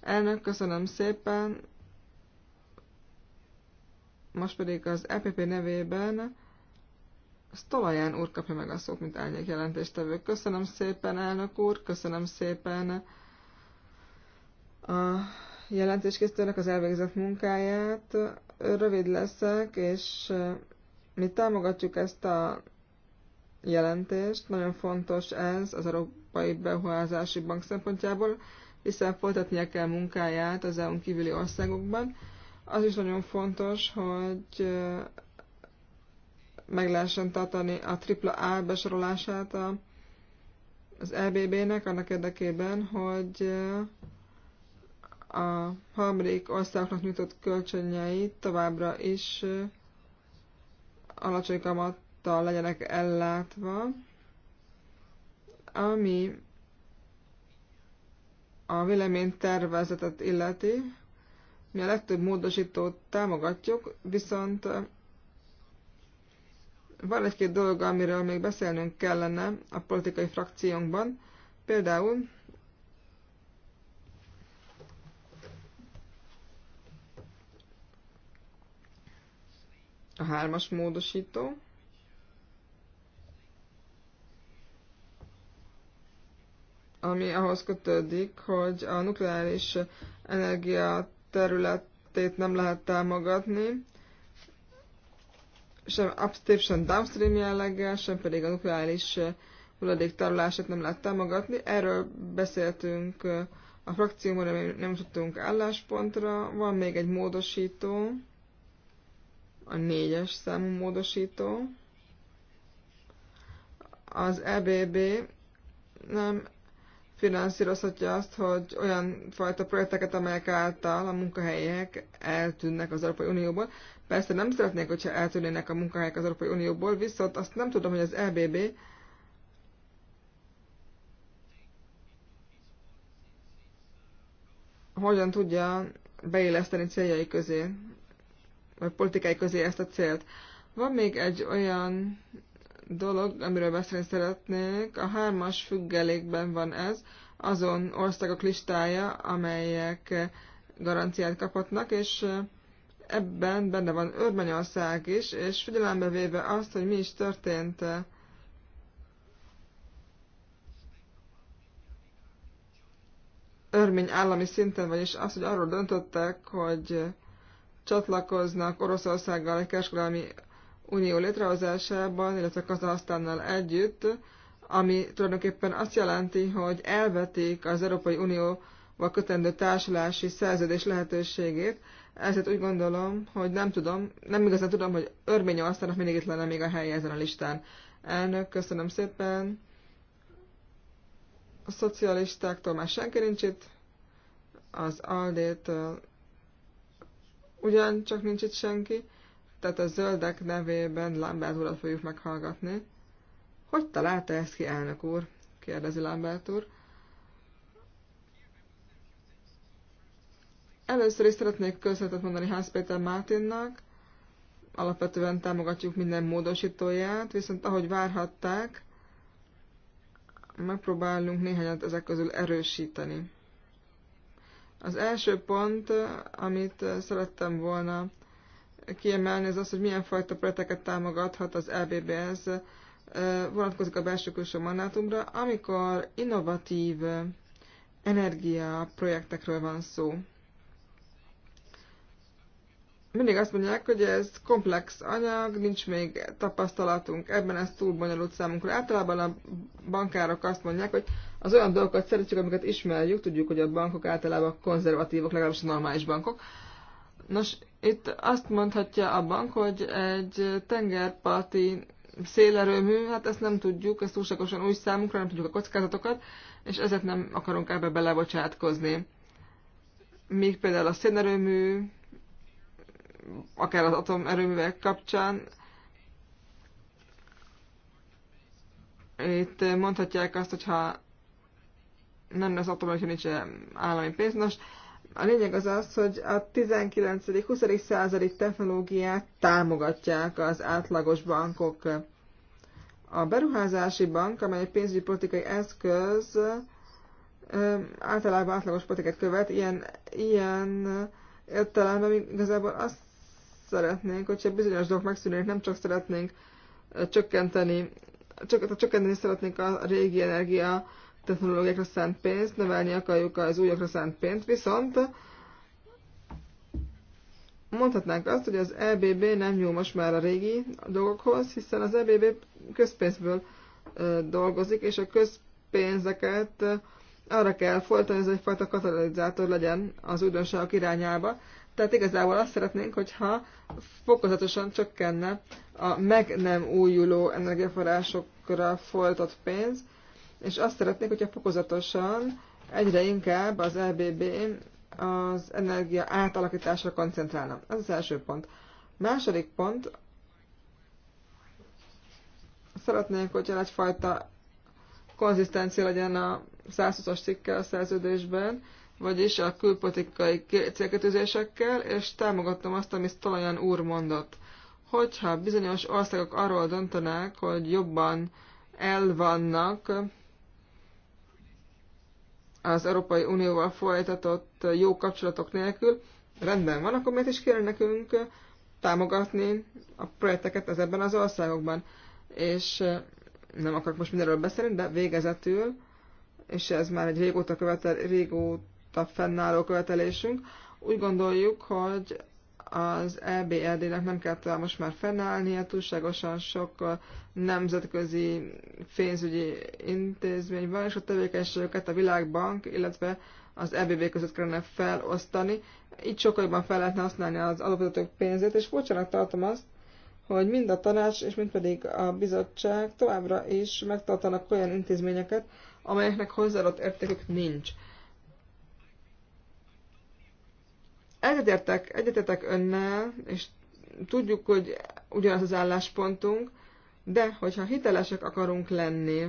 [SPEAKER 3] Elnök, köszönöm szépen. Most pedig az EPP nevében Stolaján úr kapja meg a szót, mint elnyék jelentéstevő. Köszönöm szépen, elnök úr, köszönöm szépen a jelentéskészítőnek az elvégzett munkáját. Rövid leszek, és mi támogatjuk ezt a jelentést, nagyon fontos ez az Európai Beruházási Bank szempontjából, hiszen folytatnia kell munkáját az EU-n kívüli országokban. Az is nagyon fontos, hogy meg lehessen tartani a AAA besorolását a, az EBB-nek annak érdekében, hogy a harmadik országoknak nyújtott kölcsönjeit továbbra is alacsony kamattal legyenek ellátva, ami a tervezetet illeti, mi a legtöbb módosítót támogatjuk, viszont van egy-két dolog, amiről még beszélnünk kellene a politikai frakciónkban. Például A hármas módosító. ami ahhoz kötődik, hogy a nukleáris energia területét nem lehet támogatni, sem upstream, sem downstream jelleggel, sem pedig a nukleáris hulladéktárolását nem lehet támogatni. Erről beszéltünk a frakcióban, nem tudtunk álláspontra. Van még egy módosító, a négyes számú módosító. Az EBB nem finanszírozhatja azt, hogy olyan fajta projekteket, amelyek által a munkahelyek eltűnnek az Európai Unióból. Persze nem szeretnék, hogyha eltűnnének a munkahelyek az Európai Unióból, viszont azt nem tudom, hogy az EBB hogyan tudja beilleszteni céljai közé vagy politikai közé ezt a célt. Van még egy olyan dolog, amiről beszélni szeretnék. A hármas függelékben van ez, azon országok listája, amelyek garanciát kaphatnak, és ebben benne van Örményország is, és figyelembe véve azt, hogy mi is történt örmény állami szinten, vagyis azt, hogy arról döntöttek, hogy csatlakoznak Oroszországgal egy kereskedelmi unió létrehozásában, illetve Kazahasztánnal együtt, ami tulajdonképpen azt jelenti, hogy elvetik az Európai Unióval kötendő társulási szerződés lehetőségét, ezért úgy gondolom, hogy nem tudom, nem igazán tudom, hogy Asztának mindig itt lenne még a helye ezen a listán. Elnök, köszönöm szépen. A szocialistáktól már senki nincs itt. Az Aldétől Ugyancsak nincs itt senki, tehát a zöldek nevében Lambert urat fogjuk meghallgatni. Hogy találta ezt ki, elnök úr? kérdezi Lambert úr. Először is szeretnék köszönetet mondani Hans Péter Mátinnak. Alapvetően támogatjuk minden módosítóját, viszont ahogy várhatták, megpróbálunk néhányat ezek közül erősíteni. Az első pont, amit szerettem volna kiemelni, az az, hogy milyen fajta projekteket támogathat az LBBS, e vonatkozik a belső külső mandátumra, amikor innovatív energiaprojektekről van szó mindig azt mondják, hogy ez komplex anyag, nincs még tapasztalatunk, ebben ez túl bonyolult számunkra. Általában a bankárok azt mondják, hogy az olyan dolgokat szeretjük, amiket ismerjük, tudjuk, hogy a bankok általában konzervatívok, legalábbis a normális bankok. Nos, itt azt mondhatja a bank, hogy egy tengerparti szélerőmű, hát ezt nem tudjuk, ez túlságosan új számunkra, nem tudjuk a kockázatokat, és ezért nem akarunk ebbe belebocsátkozni. Még például a szénerőmű, akár az atomerőművek kapcsán. Itt mondhatják azt, hogyha nem lesz hogyha nincs állami pénz. Nos, a lényeg az az, hogy a 19.-20. századi technológiát támogatják az átlagos bankok. A beruházási bank, amely egy pénzügyi politikai eszköz, általában átlagos politikát követ, ilyen, ilyen értelemben igazából azt szeretnénk, hogyha bizonyos dolgok megszűnnek, nem csak szeretnénk csökkenteni, csak, csökkenteni szeretnénk a régi energia technológiákra szánt pénzt, növelni akarjuk az újakra szánt pénzt, viszont mondhatnánk azt, hogy az EBB nem jó most már a régi dolgokhoz, hiszen az EBB közpénzből dolgozik, és a közpénzeket arra kell folytani, hogy ez egyfajta katalizátor legyen az újdonságok irányába, tehát igazából azt szeretnénk, hogyha fokozatosan csökkenne a meg nem újuló energiaforrásokra folytott pénz, és azt szeretnék, hogyha fokozatosan egyre inkább az EBB az energia átalakításra koncentrálna. Ez az első pont. Második pont, szeretnénk, hogyha egyfajta konzisztencia legyen a 120-as cikkel a szerződésben, vagyis a külpolitikai célkötőzésekkel, és támogattam azt, amit Talajan úr mondott. Hogyha bizonyos országok arról döntenek, hogy jobban elvannak az Európai Unióval folytatott jó kapcsolatok nélkül, rendben van, akkor miért is kéne nekünk támogatni a projekteket ezekben az országokban. És eh, nem akarok most mindenről beszélni, de végezetül, és ez már egy régóta követel, régóta a fennálló követelésünk. Úgy gondoljuk, hogy az EBRD-nek e nem kell most már fennállnia, túlságosan sok nemzetközi pénzügyi intézmény van, és a tevékenységeket a Világbank, illetve az EBB között kellene felosztani. Így sokkal jobban fel lehetne használni az alapvetők pénzét, és furcsának tartom azt, hogy mind a tanács, és mind pedig a bizottság továbbra is megtartanak olyan intézményeket, amelyeknek hozzáadott értékük nincs. Egyetértek, egyetetek önnel, és tudjuk, hogy ugyanaz az álláspontunk, de hogyha hitelesek akarunk lenni,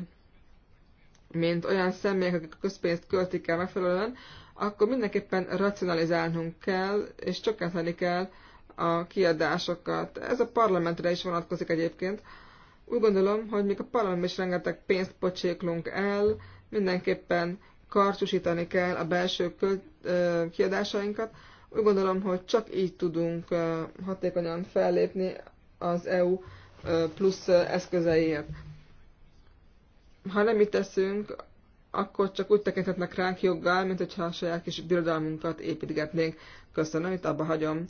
[SPEAKER 3] mint olyan személyek, akik a közpénzt költik el megfelelően, akkor mindenképpen racionalizálnunk kell, és csökkenteni kell a kiadásokat. Ez a parlamentre is vonatkozik egyébként. Úgy gondolom, hogy még a parlamentben is rengeteg pénzt pocséklunk el, mindenképpen karcsúsítani kell a belső kiadásainkat, úgy gondolom, hogy csak így tudunk hatékonyan fellépni az EU plusz eszközeiért. Ha nem itt teszünk, akkor csak úgy tekinthetnek ránk joggal, mint hogyha a saját kis birodalmunkat építgetnénk. Köszönöm, itt abba hagyom.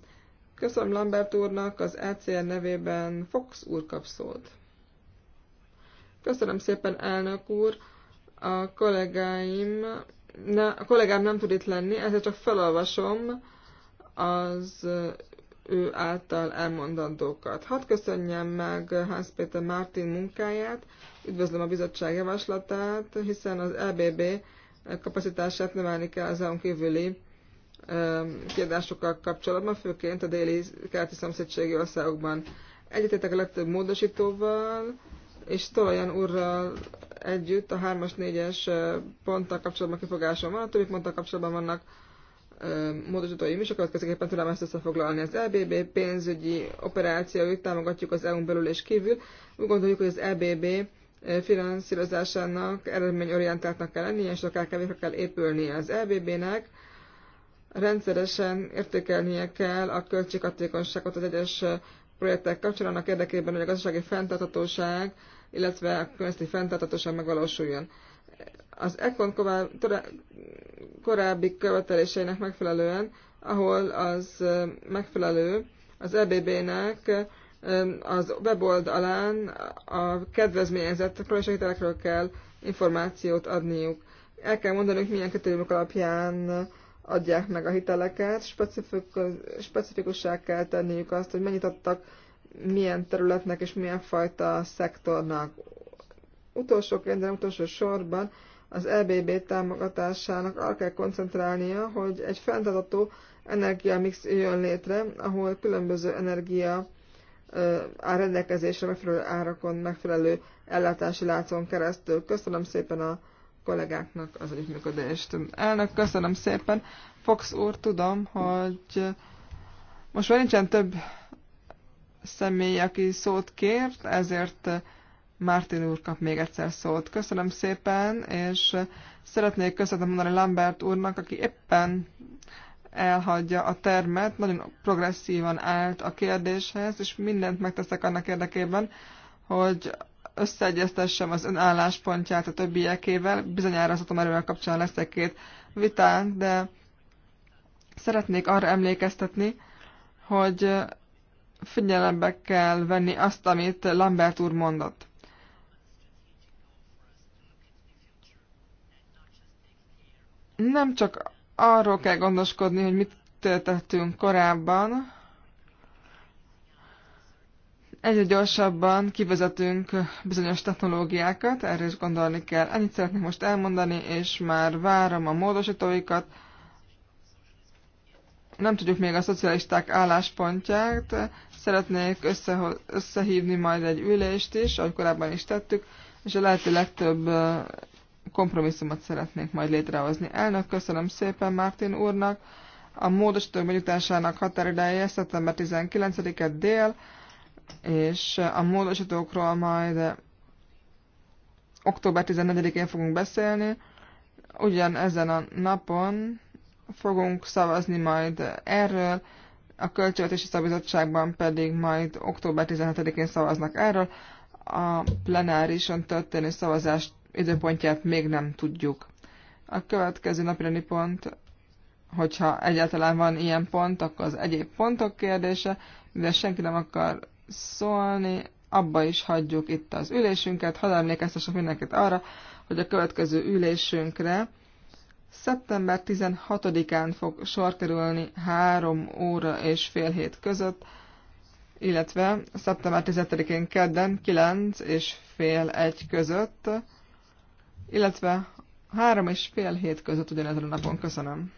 [SPEAKER 3] Köszönöm Lambert úrnak, az ECR nevében Fox úr kap szót. Köszönöm szépen, elnök úr. A kollégáim, ne, a kollégám nem tud itt lenni, ezért csak felolvasom az ő által elmondandókat. Hadd köszönjem meg Hans Péter Mártin munkáját, üdvözlöm a bizottság javaslatát, hiszen az EBB kapacitását növelni kell az EU-n kívüli kérdásokkal kapcsolatban, főként a déli keleti szomszédségi országokban. Egyetétek a legtöbb módosítóval, és Tolajan úrral együtt a 3-as, 4-es ponttal kapcsolatban kifogásom van, a többi ponttal kapcsolatban vannak módosítóim is, a következőképpen tudom ezt összefoglalni. Az LBB e pénzügyi operációit támogatjuk az EU-n belül és kívül. Úgy gondoljuk, hogy az LBB e finanszírozásának eredményorientáltnak kell lennie, és a kkv kell épülnie. Az lbb e nek rendszeresen értékelnie kell a költséghatékonyságot az egyes projektek kapcsán annak érdekében, hogy a gazdasági fenntartatóság, illetve a környezeti fenntartatóság megvalósuljon. Az Econ korábbi követeléseinek megfelelően, ahol az megfelelő az EBB-nek az weboldalán a kedvezményezett és kell információt adniuk. El kell mondanunk, milyen kritériumok alapján adják meg a hiteleket, specifikussá kell tenniük azt, hogy mennyit adtak milyen területnek és milyen fajta szektornak. Utolsó de utolsó sorban az EBB támogatásának arra kell koncentrálnia, hogy egy fenntartható energiamix jön létre, ahol különböző energia a rendelkezésre megfelelő árakon, megfelelő ellátási látszón keresztül. Köszönöm szépen a kollégáknak az együttműködést. Elnök, köszönöm szépen. Fox úr, tudom, hogy most már nincsen több személy, aki szót kért, ezért Mártin úr kap még egyszer szót. Köszönöm szépen, és szeretnék köszönetet mondani Lambert úrnak, aki éppen elhagyja a termet, nagyon progresszívan állt a kérdéshez, és mindent megteszek annak érdekében, hogy összeegyeztessem az ön álláspontját a többiekével. Bizonyára az atomerővel kapcsán lesz egy két vitán, de szeretnék arra emlékeztetni, hogy figyelembe kell venni azt, amit Lambert úr mondott. nem csak arról kell gondoskodni, hogy mit tettünk korábban, egyre gyorsabban kivezetünk bizonyos technológiákat, erre is gondolni kell. Ennyit szeretnék most elmondani, és már várom a módosítóikat. Nem tudjuk még a szocialisták álláspontját, szeretnék összehívni majd egy ülést is, ahogy korábban is tettük, és a lehető legtöbb kompromisszumot szeretnék majd létrehozni. Elnök, köszönöm szépen Mártin úrnak. A módosítók benyújtásának határideje szeptember 19-e dél, és a módosítókról majd október 14-én fogunk beszélni. Ugyan ezen a napon fogunk szavazni majd erről, a Költségvetési Szabizottságban pedig majd október 17-én szavaznak erről. A plenárison történő szavazást időpontját még nem tudjuk. A következő napirendi pont, hogyha egyáltalán van ilyen pont, akkor az egyéb pontok kérdése, de senki nem akar szólni, abba is hagyjuk itt az ülésünket, hadd emlékeztessek mindenkit arra, hogy a következő ülésünkre szeptember 16-án fog sor kerülni 3 óra és fél hét között, illetve szeptember 17-én kedden 9 és fél 1 között illetve három és fél hét között ugyanezen a napon. Köszönöm.